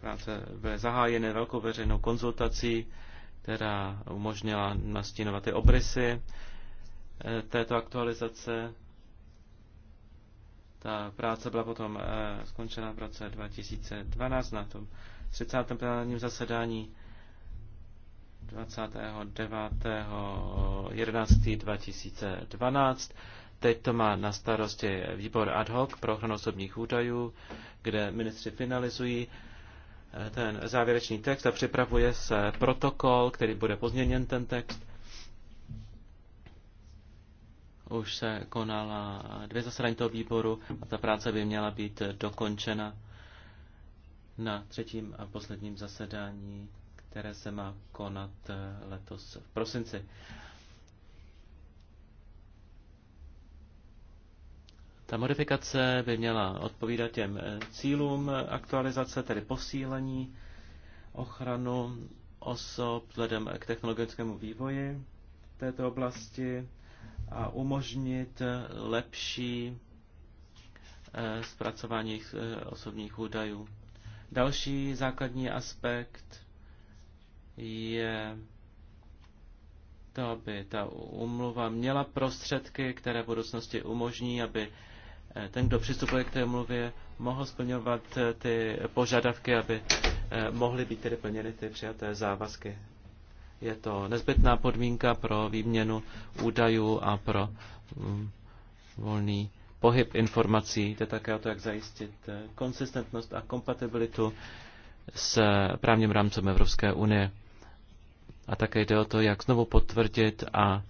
Práce byly zahájeny velkou veřejnou konzultací, která umožnila nastínovat ty obrysy Eh, této aktualizace. Ta práce byla potom eh, skončena v roce 2012 na tom 30. plenárním zasedání 29.11.2012. Teď to má na starosti výbor ad hoc pro ochranu osobních údajů, kde ministři finalizují eh, ten závěrečný text a připravuje se protokol, který bude pozměněn ten text. Už se konala dvě zasedání toho výboru a ta práce by měla být dokončena na třetím a posledním zasedání, které se má konat eh, letos v prosinci. Ta modifikace by měla odpovídat těm eh, cílům aktualizace, tedy posílení ochranu osob vzhledem k technologickému vývoji této oblasti, a umožnit lepší eh, zpracování eh, osobních údajů. Další základní aspekt je to, aby ta umluva měla prostředky, které v budoucnosti umožní, aby eh, ten, kdo přistupuje k té umluvě, mohl splňovat ty požadavky, aby mohly být tedy plněny ty přijaté závazky je to nezbytná podmínka pro výměnu údajů a pro mm, volný pohyb informací. Jde také o to, jak zajistit eh, konsistentnost a kompatibilitu s právním rámcem Evropské unie. A také jde o to, jak znovu potvrdit a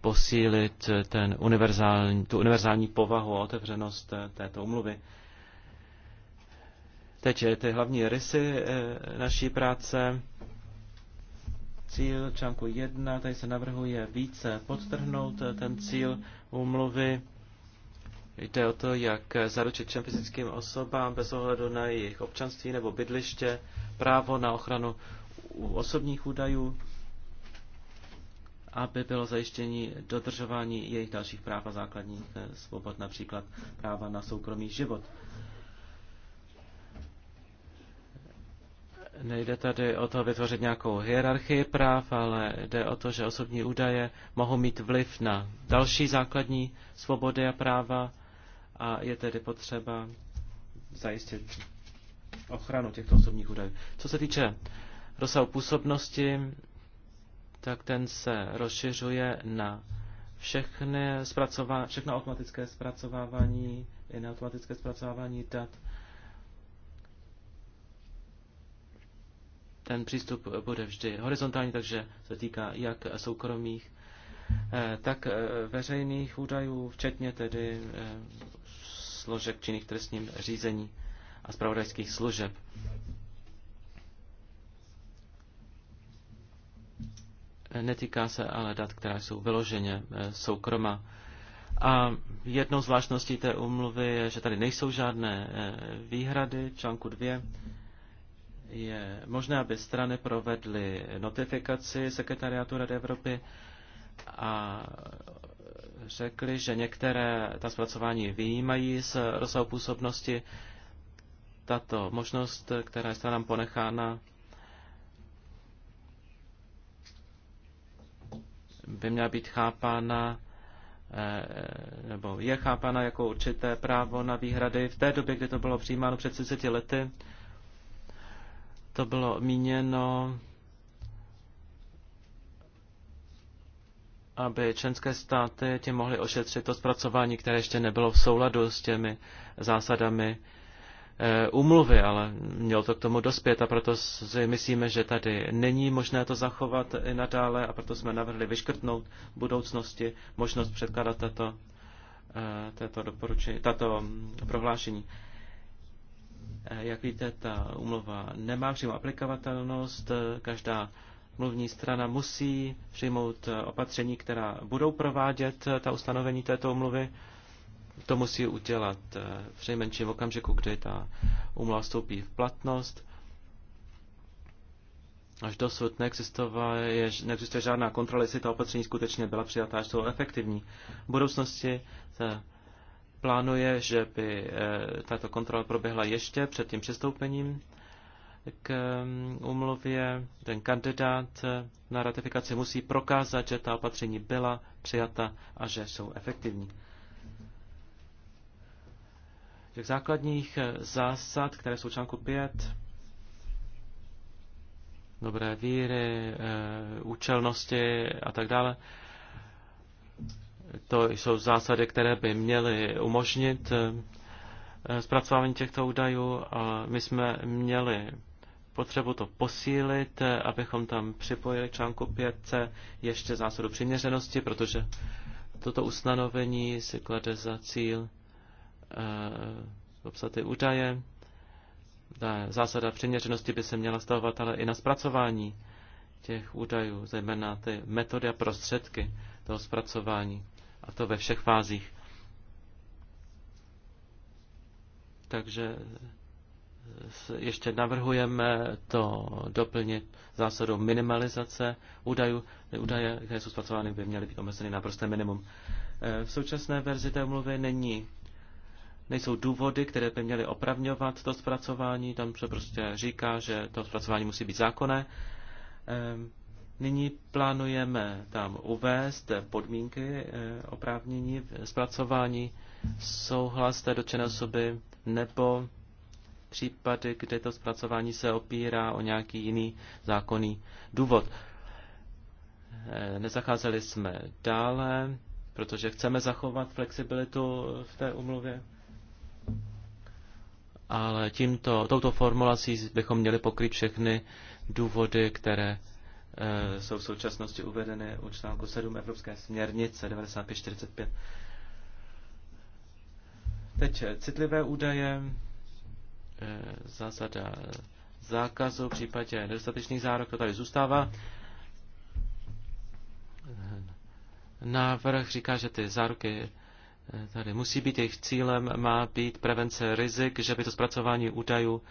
posílit eh, ten univerzální, tu univerzální povahu a otevřenost eh, této umluvy. Teď ty hlavní rysy naší práce cíl článku 1, tady se navrhuje více podtrhnout ten cíl úmluvy. Jde o to, jak zaručit všem fyzickým osobám bez ohledu na jejich občanství nebo bydliště právo na ochranu osobních údajů, aby bylo zajištění dodržování jejich dalších práv a základních eh, svobod, například práva na soukromý život. Nejde tady o to vytvořit nějakou hierarchii práv, ale jde o to, že osobní údaje mohou mít vliv na další základní svobody a práva a je tedy potřeba zajistit ochranu těchto osobních údajů. Co se týče rozsahu působnosti, tak ten se rozšiřuje na všechny zpracová- všechno automatické zpracovávání i neautomatické zpracovávání dat ten přístup bude vždy horizontální, takže se týká jak soukromých, eh, tak eh, veřejných údajů, včetně tedy eh, složek činných trestním řízení a zpravodajských služeb. Netýká se ale dat, která jsou vyloženě soukroma. A jednou zvláštností té umluvy je, že tady nejsou žádné výhrady článku 2 je možné, aby strany provedly notifikaci sekretariátu Rady Evropy a řekli, že některé ta zpracování vyjímají z rozsahu působnosti. Tato možnost, která je stranám ponechána, by měla být chápána eh, nebo je chápána jako určité právo na výhrady. V té době, kdy to bylo přijímáno před 30 lety, to bylo míněno, aby členské státy tě mohly ošetřit to zpracování, které ještě nebylo v souladu s těmi zásadami eh, úmluvy, ale mělo to k tomu dospět a proto si myslíme, že tady není možné to zachovat i nadále a proto jsme navrhli vyškrtnout v budoucnosti možnost předkladat tato, eh, tato, doporučení, tato prohlášení. Eh, jak víte, ta umluva nemá přímo aplikovatelnost. Eh, každá mluvní strana musí přijmout eh, opatření, která budou provádět ta ustanovení této umluvy. To musí udělat v nejmenším okamžiku, kdy ta umluva vstoupí v platnost. Až dosud neexistuje, neexistuje žádná kontrola, jestli ta opatření skutečně byla přijatá, až jsou efektivní. V budoucnosti se plánuje, že by eh, tato kontrola proběhla ještě před tím přistoupením k umluvě. Mm, Ten kandidát eh, na ratifikaci musí prokázat, že ta opatření byla přijata a že jsou efektivní. Těch základních eh, zásad, které jsou článku 5, dobré víry, účelnosti a tak dále, to jsou zásady, které by měly umožnit eh, zpracování těchto údajů a my jsme měli potřebu to posílit, eh, abychom tam připojili článku 5 ještě zásadu přiměřenosti, protože toto ustanovení si klade za cíl eh, popsat ty údaje. Ta zásada přiměřenosti by se měla stavovat ale i na zpracování těch údajů, zejména ty metody a prostředky toho zpracování to ve všech fázích. Takže eh, ještě navrhujeme to doplnit zásadou minimalizace údajů. Údaje, které jsou zpracovány, by měly být omezeny na prosté minimum. Eh, v současné verzi té umluvy není, nejsou důvody, které by měly opravňovat to zpracování. Tam se prostě říká, že to zpracování musí být zákonné. Ehm, Nyní plánujeme tam uvést podmínky eh, oprávnění zpracování souhlas té dotčené osoby nebo případy, kde to zpracování se opírá o nějaký jiný zákonný důvod. Eh, nezacházeli jsme dále, protože chceme zachovat flexibilitu v té umluvě. Ale tímto, touto formulací bychom měli pokryt všechny důvody, které Eh, jsou v současnosti uvedeny u článku 7 Evropské směrnice 9545. Teď eh, citlivé údaje, eh, zásada zákazu v případě nedostatečných zárok, to tady zůstává. Návrh říká, že ty záruky tady musí být jejich cílem, má být prevence rizik, že by to zpracování údajů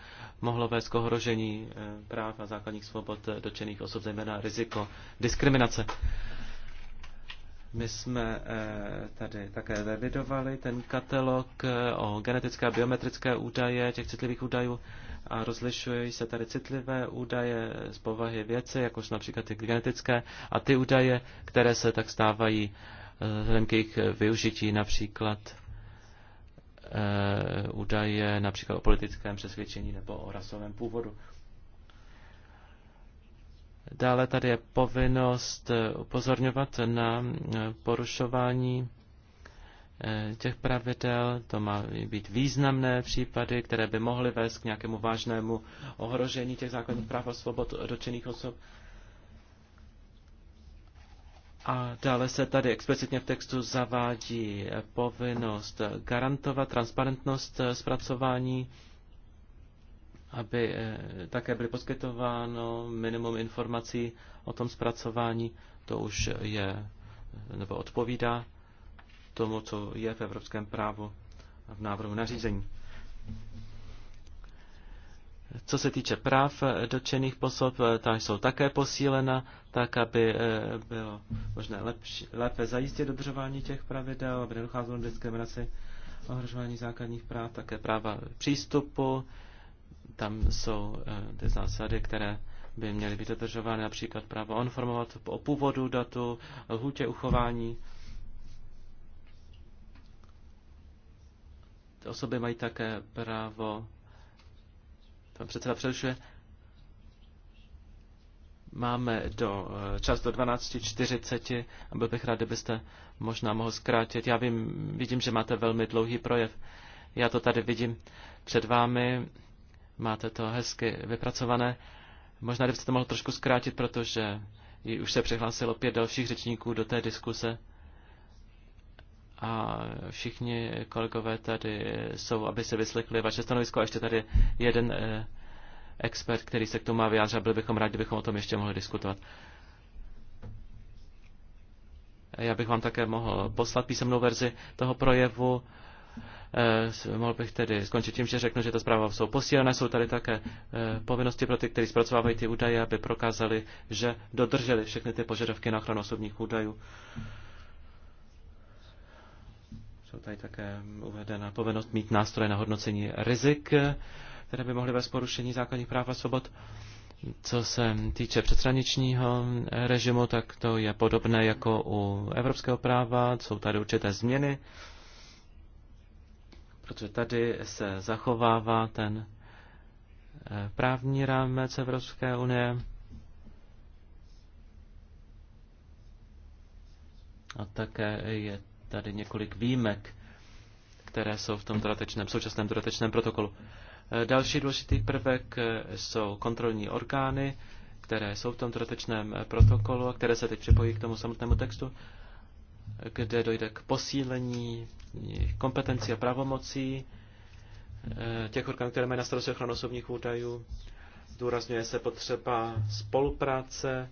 mohlo vést k ohrožení eh, práv a základních svobod dotčených osob, zejména riziko diskriminace. My jsme eh, tady také revidovali ten katalog eh, o genetické a biometrické údaje, těch citlivých údajů a rozlišují se tady citlivé údaje z povahy věci, jako jsou například ty genetické, a ty údaje, které se tak stávají vzhledem k jejich využití například eh, údaje například o politickém přesvědčení nebo o rasovém původu. Dále tady je povinnost eh, upozorňovat na eh, porušování těch pravidel. To má být významné případy, které by mohly vést k nějakému vážnému ohrožení těch základních práv a svobod dočených osob. A dále se tady explicitně v textu zavádí povinnost garantovat transparentnost zpracování, aby eh, také byly poskytováno minimum informací o tom zpracování. To už je nebo odpovídá tomu, co je v evropském právu a v návrhu nařízení. Co se týče práv eh, dotčených posob, eh, ta jsou také posílena, tak aby eh, bylo možné lepši, lépe zajistit dodržování těch pravidel, aby nedocházelo k diskriminaci, ohrožování základních práv, také práva přístupu. Tam jsou ty zásady, které by měly být dodržovány, například právo informovat o původu datu, lhůtě uchování. Osoby mají také právo Pan předseda přerušuje. Máme do, eh, čas do 12.40 a byl bych rád, kdybyste možná mohl zkrátit. Já vím, vidím, že máte velmi dlouhý projev. Já to tady vidím před vámi. Máte to hezky vypracované. Možná kdybyste to mohl trošku zkrátit, protože už se přihlásilo pět dalších řečníků do té diskuse a všichni kolegové tady jsou, aby se vyslechli vaše stanovisko a ještě tady jeden eh, expert, který se k tomu má vyjádřit byli bychom rádi, kdybychom o tom ještě mohli diskutovat. Já bych vám také mohl poslat písemnou verzi toho projevu. Eh, mohl bych tedy skončit tím, že řeknu, že ta zpráva jsou posílené. Jsou tady také eh, povinnosti pro ty, kteří zpracovávají ty údaje, aby prokázali, že dodrželi všechny ty požadavky na ochranu osobních údajů. Jsou tady také uvedena povinnost mít nástroje na hodnocení rizik, které by mohly vést porušení základních práv a svobod. Co se týče přeshraničního režimu, tak to je podobné jako u evropského práva. Jsou tady určité změny, protože tady se zachovává ten eh, právní rámec Evropské unie. A také je tady několik výjimek, které jsou v tom dodatečném, současném dodatečném protokolu. Eh, další důležitý prvek eh, jsou kontrolní orgány, které jsou v tom dodatečném eh, protokolu a které se teď připojí k tomu samotnému textu, kde dojde k posílení kompetencí a pravomocí těch orgánů, které mají na starosti ochranu osobních údajů. Zdůrazňuje se potřeba spolupráce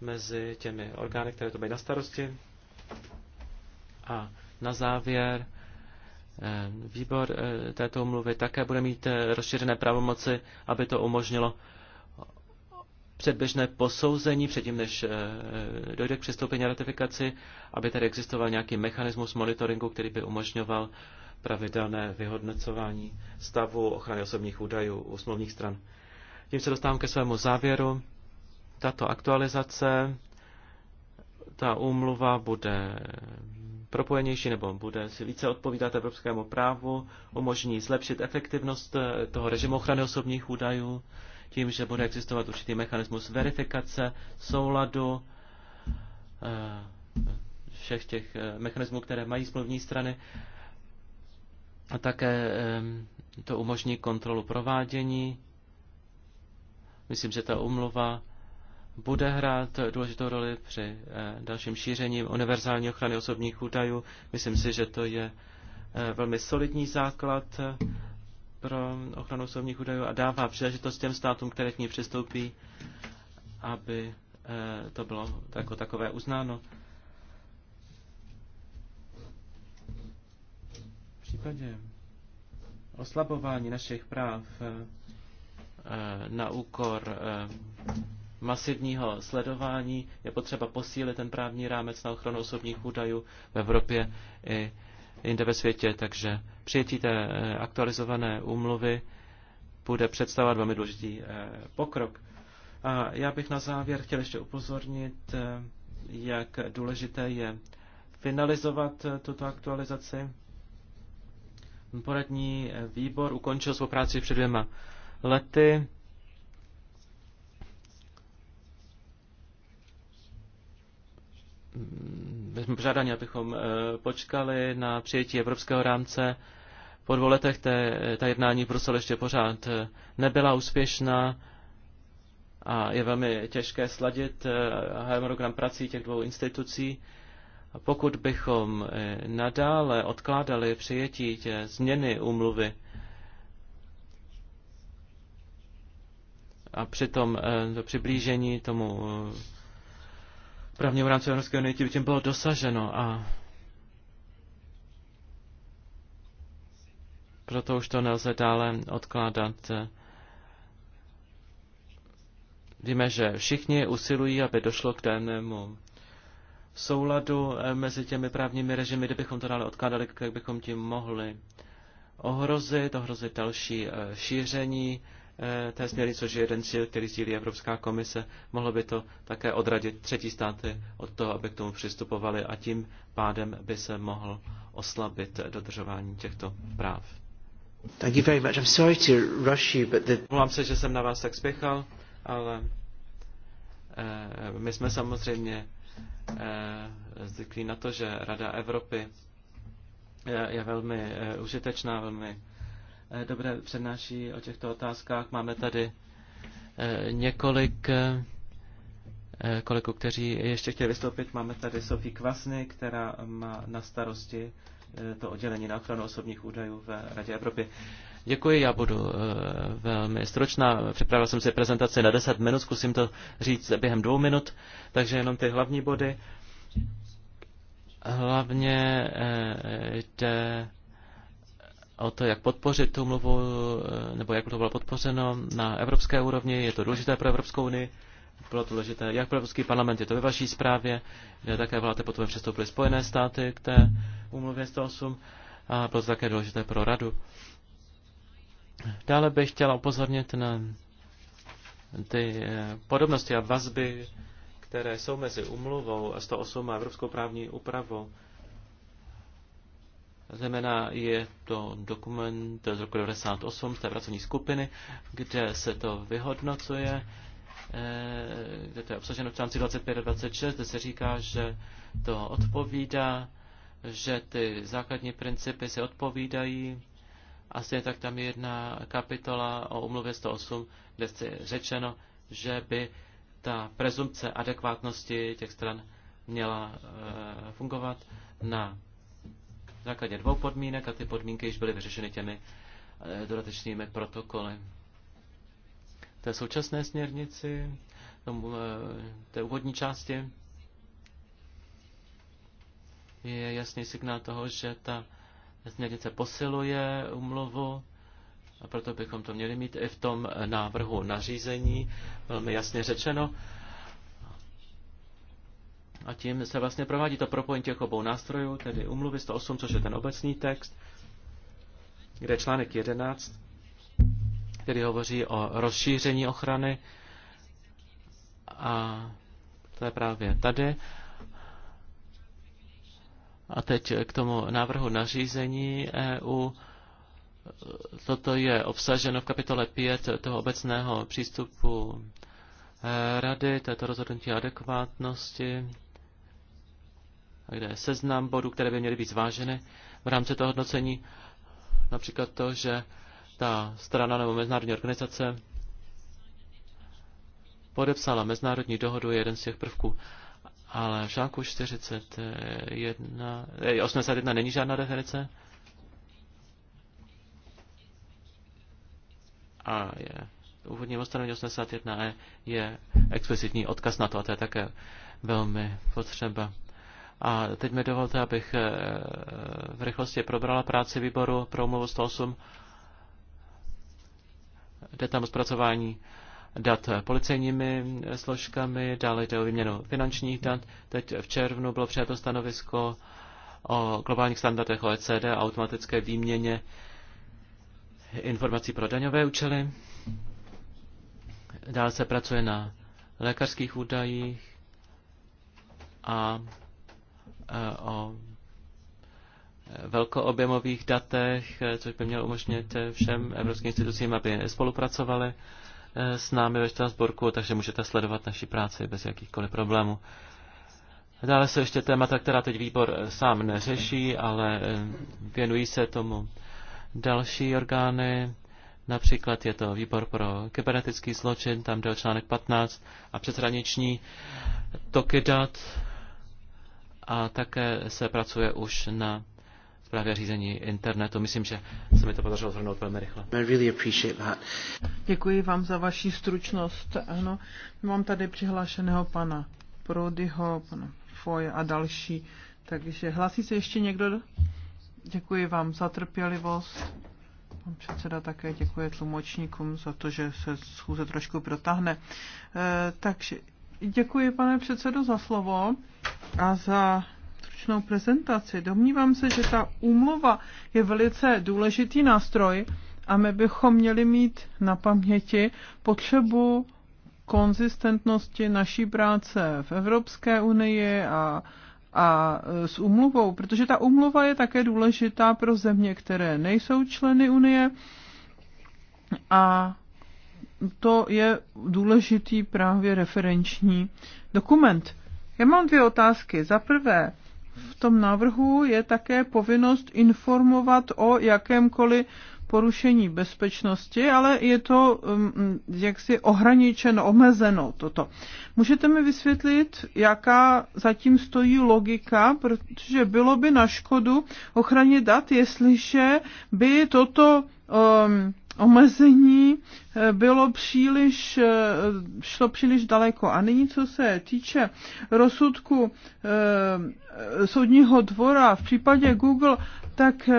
mezi těmi orgány, které to mají na starosti. A na závěr eh, výbor eh, této umluvy také bude mít eh, rozšířené pravomoci, aby to umožnilo předběžné posouzení předtím, než dojde k přistoupení a ratifikaci, aby tady existoval nějaký mechanismus monitoringu, který by umožňoval pravidelné vyhodnocování stavu ochrany osobních údajů u smluvních stran. Tím se dostávám ke svému závěru. Tato aktualizace, ta úmluva bude propojenější nebo bude si více odpovídat evropskému právu, umožní zlepšit efektivnost eh, toho režimu ochrany osobních údajů tím, že bude existovat určitý mechanismus verifikace, souladu eh, všech těch eh, mechanismů, které mají smluvní strany. A také to umožní kontrolu provádění. Myslím, že ta umluva bude hrát důležitou roli při eh, dalším šíření univerzální ochrany osobních údajů. Myslím si, že to je eh, velmi solidní základ eh, pro ochranu osobních údajů a dává příležitost těm státům, které k ní přistoupí, aby to bylo jako takové uznáno. V případě oslabování našich práv na úkor masivního sledování. Je potřeba posílit ten právní rámec na ochranu osobních údajů v Evropě i jinde ve světě. Takže přijetí té eh, aktualizované úmluvy bude představovat velmi důležitý eh, pokrok. A já bych na závěr chtěl ještě upozornit, eh, jak důležité je finalizovat tuto aktualizaci. Poradní výbor ukončil svou práci před dvěma lety. my jsme abychom eh, počkali na přijetí evropského rámce. Po dvou letech te, ta jednání v Bruselu ještě pořád eh, nebyla úspěšná a je velmi těžké sladit eh, harmonogram prací těch dvou institucí. Pokud bychom nadále odkládali přijetí tě změny úmluvy a přitom to přiblížení tomu právně v rámci Evropské unie tím bylo dosaženo a proto už to nelze dále odkládat. Víme, že všichni usilují, aby došlo k danému souladu eh, mezi těmi právními režimy. Kdybychom to dále odkládali, jak bychom tím mohli ohrozit, ohrozit další eh, šíření Eh, té směry, což je jeden cíl, který sdílí Evropská komise. Mohlo by to také odradit třetí státy od toho, aby k tomu přistupovali a tím pádem by se mohl oslabit dodržování těchto práv. Thank you very much. I'm sorry to rush you, but the... Volám se, že jsem na vás tak spěchal, ale eh, my jsme samozřejmě eh, zvyklí na to, že Rada Evropy je velmi užitečná, velmi Eh, dobře přednáší o těchto otázkách. Máme tady eh, několik eh, kolegů, kteří ještě chtěli vystoupit. Máme tady Sofii Kvasny, která má na starosti to oddělení na ochranu osobních údajů v Radě Evropy. Děkuji, já budu velmi stručná. Připravil jsem si prezentaci na 10 minut, zkusím to říct během dvou minut, takže jenom ty hlavní body. Hlavně jde o to, jak podpořit tu mluvu, eh, nebo jak to bylo podpořeno na evropské úrovni. Je to důležité pro Evropskou unii, bylo to důležité jak pro Evropský parlament, je to ve vaší zprávě, kde také voláte potom přistoupily Spojené státy k té úmluvě 108 a bylo to také důležité pro radu. Dále bych chtěla upozornit na ty eh, podobnosti a vazby, které jsou mezi umluvou 108 a Evropskou právní úpravou. Znamená, je to dokument z roku 98 z té pracovní skupiny, kde se to vyhodnocuje, eh, kde to je obsaženo v článci 25 a 26, kde se říká, že to odpovídá, že ty základní principy se odpovídají. A stejně tak tam je jedna kapitola o umluvě 108, kde je řečeno, že by ta prezumce adekvátnosti těch stran měla eh, fungovat na na základě dvou podmínek a ty podmínky již byly vyřešeny těmi eh, dodatečnými protokoly. V té současné směrnici, tomu, eh, té úvodní části, je jasný signál toho, že ta směrnice posiluje umluvu a proto bychom to měli mít i v tom návrhu nařízení velmi jasně řečeno. A tím se vlastně provádí to propojení těch obou nástrojů, tedy umluvy 108, což je ten obecný text, kde je článek 11, který hovoří o rozšíření ochrany. A to je právě tady. A teď k tomu návrhu nařízení EU. Toto je obsaženo v kapitole 5 toho obecného přístupu eh, Rady, této rozhodnutí adekvátnosti kde je seznam bodů, které by měly být zváženy v rámci toho hodnocení. Například to, že ta strana nebo mezinárodní organizace podepsala mezinárodní dohodu je jeden z těch prvků. Ale v článku 41, 81 eh, není žádná definice. A je, úvodní ustanovení 81 je, e je explicitní odkaz na to a to je také velmi potřeba. A teď mi dovolte, abych eh, v rychlosti probrala práci výboru pro umluvu 108. Jde tam o zpracování dat policejními eh, složkami, dále jde o výměnu finančních dat. Teď v červnu bylo přijato stanovisko o globálních standardech OECD a automatické výměně informací pro daňové účely. Dále se pracuje na lékařských údajích a Eh, o eh, velkoobjemových datech, eh, což by mělo umožnit všem evropským institucím, aby spolupracovali s námi ve Štrasburku, takže můžete sledovat naši práci bez jakýchkoliv problémů. Dále jsou ještě témata, která teď výbor sám neřeší, ale věnují se tomu další orgány. Například je to výbor pro kybernetický zločin, tam jde o článek 15 a přeshraniční toky dat a také se pracuje už na zprávě řízení internetu. Myslím, že se mi to podařilo zhrnout velmi rychle. really that. Děkuji vám za vaši stručnost. Ano, mám tady přihlášeného pana Prodyho, pana Foje a další. Takže hlasí se ještě někdo? Děkuji vám za trpělivost. Pan předseda také děkuje tlumočníkům za to, že se schůze trošku protáhne. E, takže Děkuji, pane předsedo, za slovo a za stručnou prezentaci. Domnívám se, že ta úmluva je velice důležitý nástroj a my bychom měli mít na paměti potřebu konzistentnosti naší práce v Evropské unii a, a s úmluvou, protože ta úmluva je také důležitá pro země, které nejsou členy unie a to je důležitý právě referenční dokument. Já mám dvě otázky. Za prvé, v tom návrhu je také povinnost informovat o jakémkoliv porušení bezpečnosti, ale je to um, um jaksi ohraničeno, omezeno toto. Můžete mi vysvětlit, jaká zatím stojí logika, protože bylo by na škodu ochranit dat, jestliže by toto um, omezení eh, bylo příliš, eh, šlo příliš daleko. A nyní, co se týče rozsudku e, soudního dvora v případě Google, tak e,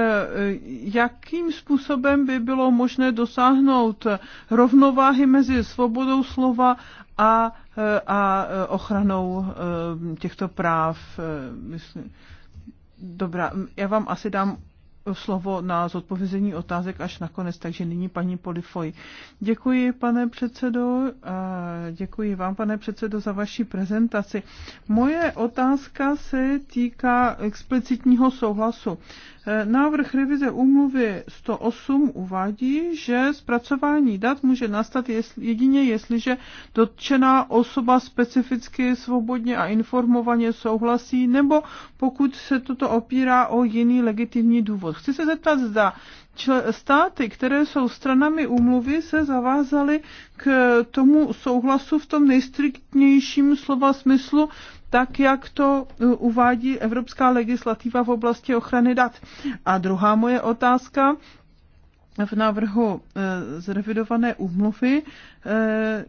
jakým způsobem by bylo možné dosáhnout rovnováhy mezi svobodou slova a, a ochranou e, těchto práv? Myslím. Dobrá, já vám asi dám slovo na zodpovězení otázek až nakonec, takže nyní paní Polifoj. Děkuji, pane předsedo, a děkuji vám, pane předsedo, za vaši prezentaci. Moje otázka se týká explicitního souhlasu. Návrh revize úmluvy 108 uvádí, že zpracování dat může nastat jedině, jestliže dotčená osoba specificky, svobodně a informovaně souhlasí, nebo pokud se toto opírá o jiný legitimní důvod. Chci se zeptat, zda státy, které jsou stranami úmluvy, se zavázaly k tomu souhlasu v tom nejstriktnějším slova smyslu, tak jak to e, uvádí evropská legislativa v oblasti ochrany dat. A druhá moje otázka, v návrhu eh, zrevidované úmluvy eh,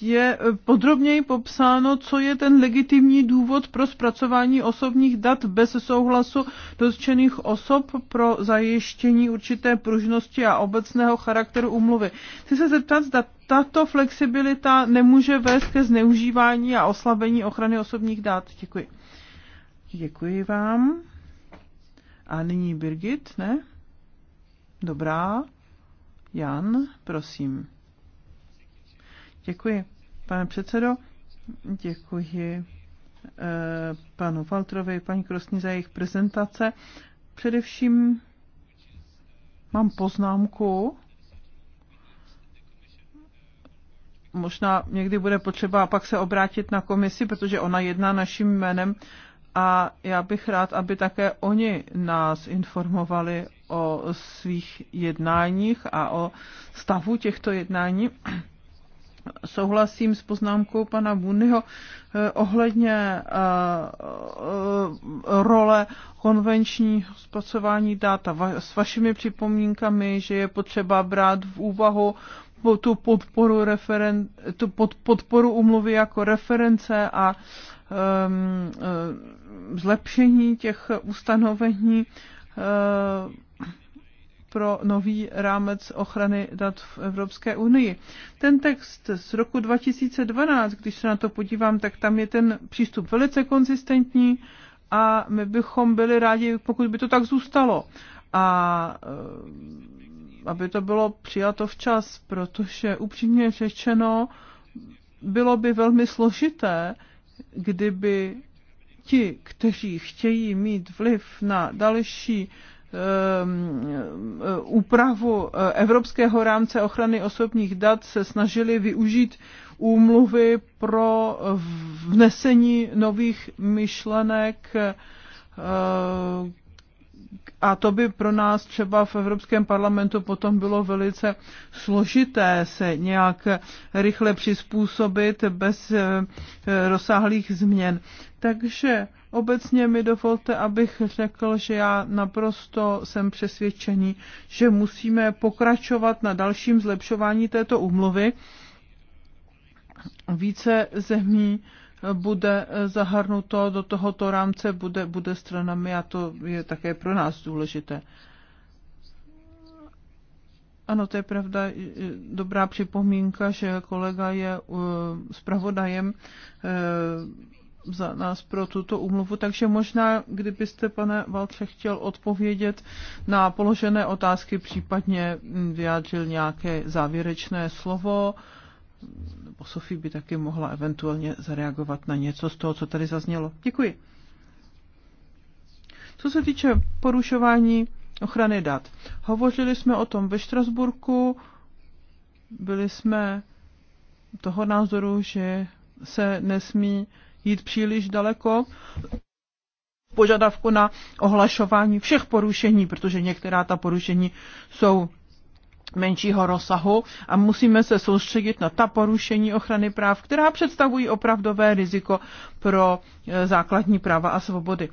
je podrobněji popsáno, co je ten legitimní důvod pro zpracování osobních dat bez souhlasu dotčených osob pro zajištění určité pružnosti a obecného charakteru úmluvy. Chci se zeptat, zda tato flexibilita nemůže vést ke zneužívání a oslabení ochrany osobních dat. Děkuji. Děkuji vám. A nyní Birgit, ne? Dobrá. Jan, prosím. Děkuji, pane předsedo. Děkuji eh, panu Faltrovi, paní Krosni za jejich prezentace. Především mám poznámku, možná někdy bude potřeba pak se obrátit na komisi, protože ona jedná naším jménem a já bych rád, aby také oni nás informovali o svých jednáních a o stavu těchto jednání. Souhlasím s poznámkou pana Bunyho eh, ohledně eh, eh, role konvenčního zpracování data. S vašimi připomínkami, že je potřeba brát v úvahu tu podporu, referen, tu pod, podporu umluvy jako reference a um, zlepšení těch ustanovení Eh, pro nový rámec ochrany dat v Evropské unii. Ten text z roku 2012, když se na to podívám, tak tam je ten přístup velice konzistentní a my bychom byli rádi, pokud by to tak zůstalo. A eh, aby to bylo přijato včas, protože upřímně řečeno, bylo by velmi složité, kdyby ti, kteří chtějí mít vliv na další ehm, eh, úpravu eh, Evropského rámce ochrany osobních dat se snažili využít úmluvy pro vnesení nových myšlenek eh, a to by pro nás třeba v Evropském parlamentu potom bylo velice složité se nějak rychle přizpůsobit bez rozsáhlých změn. Takže obecně mi dovolte, abych řekl, že já naprosto jsem přesvědčený, že musíme pokračovat na dalším zlepšování této úmluvy. Více zemí bude zahrnuto do tohoto rámce, bude, bude stranami a to je také pro nás důležité. Ano, to je pravda, dobrá připomínka, že kolega je eh, zpravodajem eh, za nás pro tuto úmluvu, takže možná, kdybyste, pane Valtře, chtěl odpovědět na položené otázky, případně vyjádřil nějaké závěrečné slovo, nebo Sofie by taky mohla eventuálně zareagovat na něco z toho, co tady zaznělo. Děkuji. Co se týče porušování ochrany dat, hovořili jsme o tom ve Štrasburku, byli jsme toho názoru, že se nesmí jít příliš daleko požadavku na ohlašování všech porušení, protože některá ta porušení jsou menšího rozsahu a musíme se soustředit na ta porušení ochrany práv, která představují opravdové riziko pro eh, základní práva a svobody.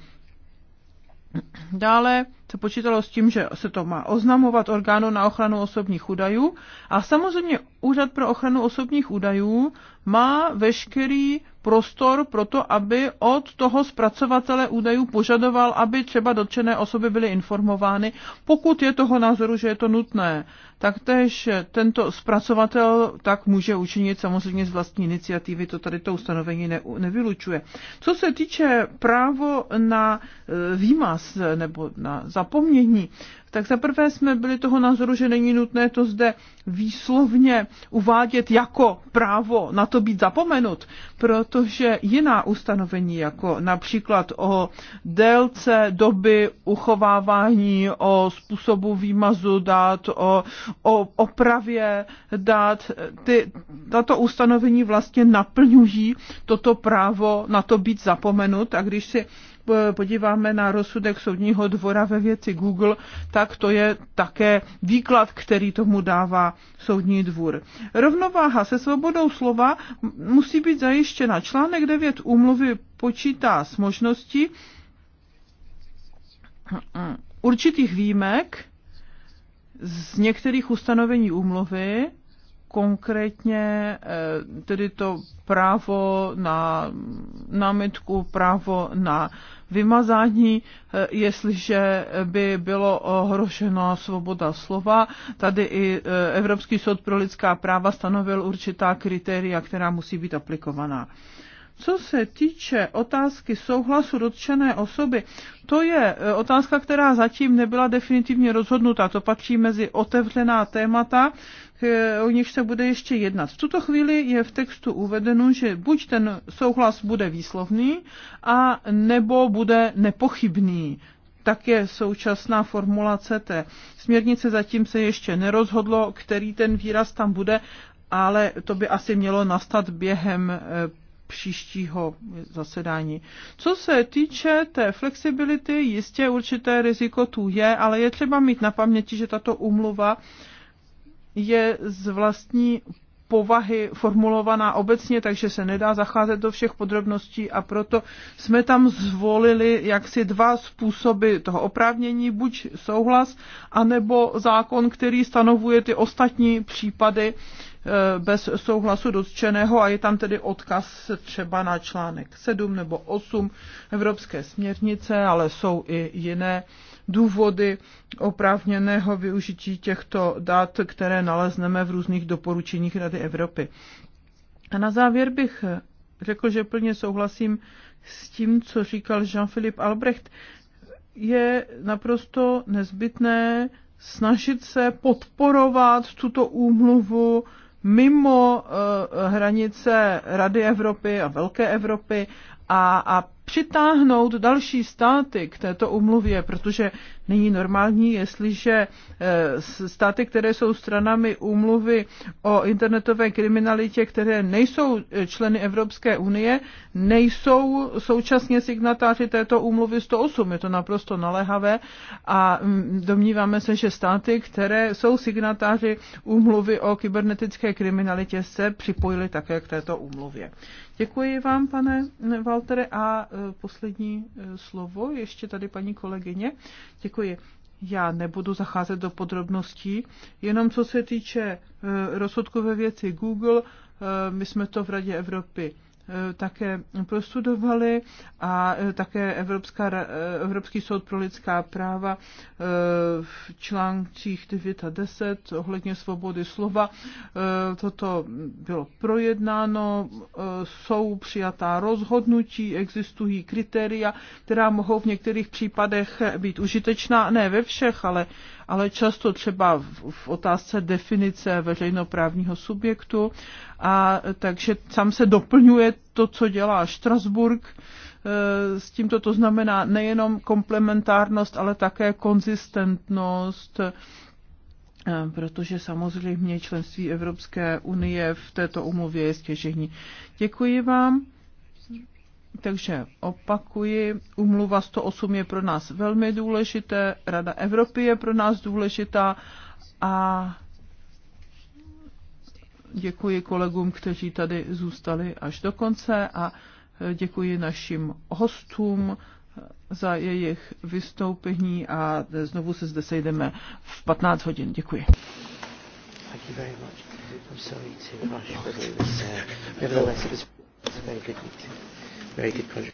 Dále se počítalo s tím, že se to má oznamovat orgánu na ochranu osobních údajů a samozřejmě Úřad pro ochranu osobních údajů má veškerý prostor pro to, aby od toho zpracovatele údajů požadoval, aby třeba dotčené osoby byly informovány, pokud je toho názoru, že je to nutné. Tak tež tento zpracovatel tak může učinit samozřejmě z vlastní iniciativy, to tady to ustanovení ne, nevylučuje. Co se týče právo na e, výmaz nebo na zapomnění, tak zaprvé jsme byli toho názoru, že není nutné to zde výslovně uvádět jako právo na to být zapomenut, protože jiná ustanovení, jako například o délce doby uchovávání, o způsobu výmazu dát, o, o opravě dát, ty, tato ustanovení vlastně naplňují toto právo na to být zapomenut a když si podíváme na rozsudek soudního dvora ve věci Google, tak to je také výklad, který tomu dává soudní dvůr. Rovnováha se svobodou slova musí být zajištěna. Článek 9 úmluvy počítá s možností určitých výjimek z některých ustanovení úmluvy, konkrétně eh, tedy to právo na námitku, právo na vymazání, eh, jestliže by bylo ohrožena svoboda slova. Tady i eh, Evropský soud pro lidská práva stanovil určitá kritéria, která musí být aplikovaná. Co se týče otázky souhlasu dotčené osoby, to je e, otázka, která zatím nebyla definitivně rozhodnuta. To patří mezi otevřená témata, e, o nich se bude ještě jednat. V tuto chvíli je v textu uvedeno, že buď ten souhlas bude výslovný, a nebo bude nepochybný tak je současná formulace té směrnice. Zatím se ještě nerozhodlo, který ten výraz tam bude, ale to by asi mělo nastat během e, příštího zasedání. Co se týče té flexibility, jistě určité riziko tu je, ale je třeba mít na paměti, že tato umluva je z vlastní povahy formulovaná obecně, takže se nedá zacházet do všech podrobností a proto jsme tam zvolili jaksi dva způsoby toho oprávnění, buď souhlas, anebo zákon, který stanovuje ty ostatní případy, Eh, bez souhlasu dotčeného a je tam tedy odkaz třeba na článek 7 nebo 8 Evropské směrnice, ale jsou i jiné důvody oprávněného využití těchto dat, které nalezneme v různých doporučeních Rady Evropy. A na závěr bych řekl, že plně souhlasím s tím, co říkal Jean-Philippe Albrecht. Je naprosto nezbytné snažit se podporovat tuto úmluvu mimo eh, hranice Rady Evropy a Velké Evropy a, a přitáhnout další státy k této umluvě, protože není normální, jestliže eh, státy, které jsou stranami úmluvy o internetové kriminalitě, které nejsou eh, členy Evropské unie, nejsou současně signatáři této úmluvy 108. Je to naprosto naléhavé a mm, domníváme se, že státy, které jsou signatáři úmluvy o kybernetické kriminalitě, se připojily také k této úmluvě. Děkuji vám, pane Valtere, a e, poslední e, slovo ještě tady paní kolegyně. Děkuji. Já nebudu zacházet do podrobností, jenom co se týče e, rozsudku ve věci Google, my jsme to v Radě Evropy Eh, také prostudovali a eh, také Evropská, eh, Evropský soud pro lidská práva v článcích 9 a 10 ohledně svobody slova. Toto bylo projednáno, jsou přijatá rozhodnutí, existují kritéria, která mohou v některých případech být užitečná, ne ve všech, ale, ale často třeba v, otázce definice veřejnoprávního subjektu. A takže tam se doplňuje to, co dělá Štrasburg, eh, s tímto to znamená nejenom komplementárnost, ale také konzistentnost, eh, protože samozřejmě členství Evropské unie v této umluvě je stěžení. Děkuji vám. Takže opakuji, umluva 108 je pro nás velmi důležité, Rada Evropy je pro nás důležitá a děkuji kolegům, kteří tady zůstali až do konce a děkuji našim hostům za jejich vystoupení a znovu se zde sejdeme v 15 hodin. Děkuji. Thank you very much. I'm sorry to rush, but it was, uh, nevertheless, it was a very good meeting. Very good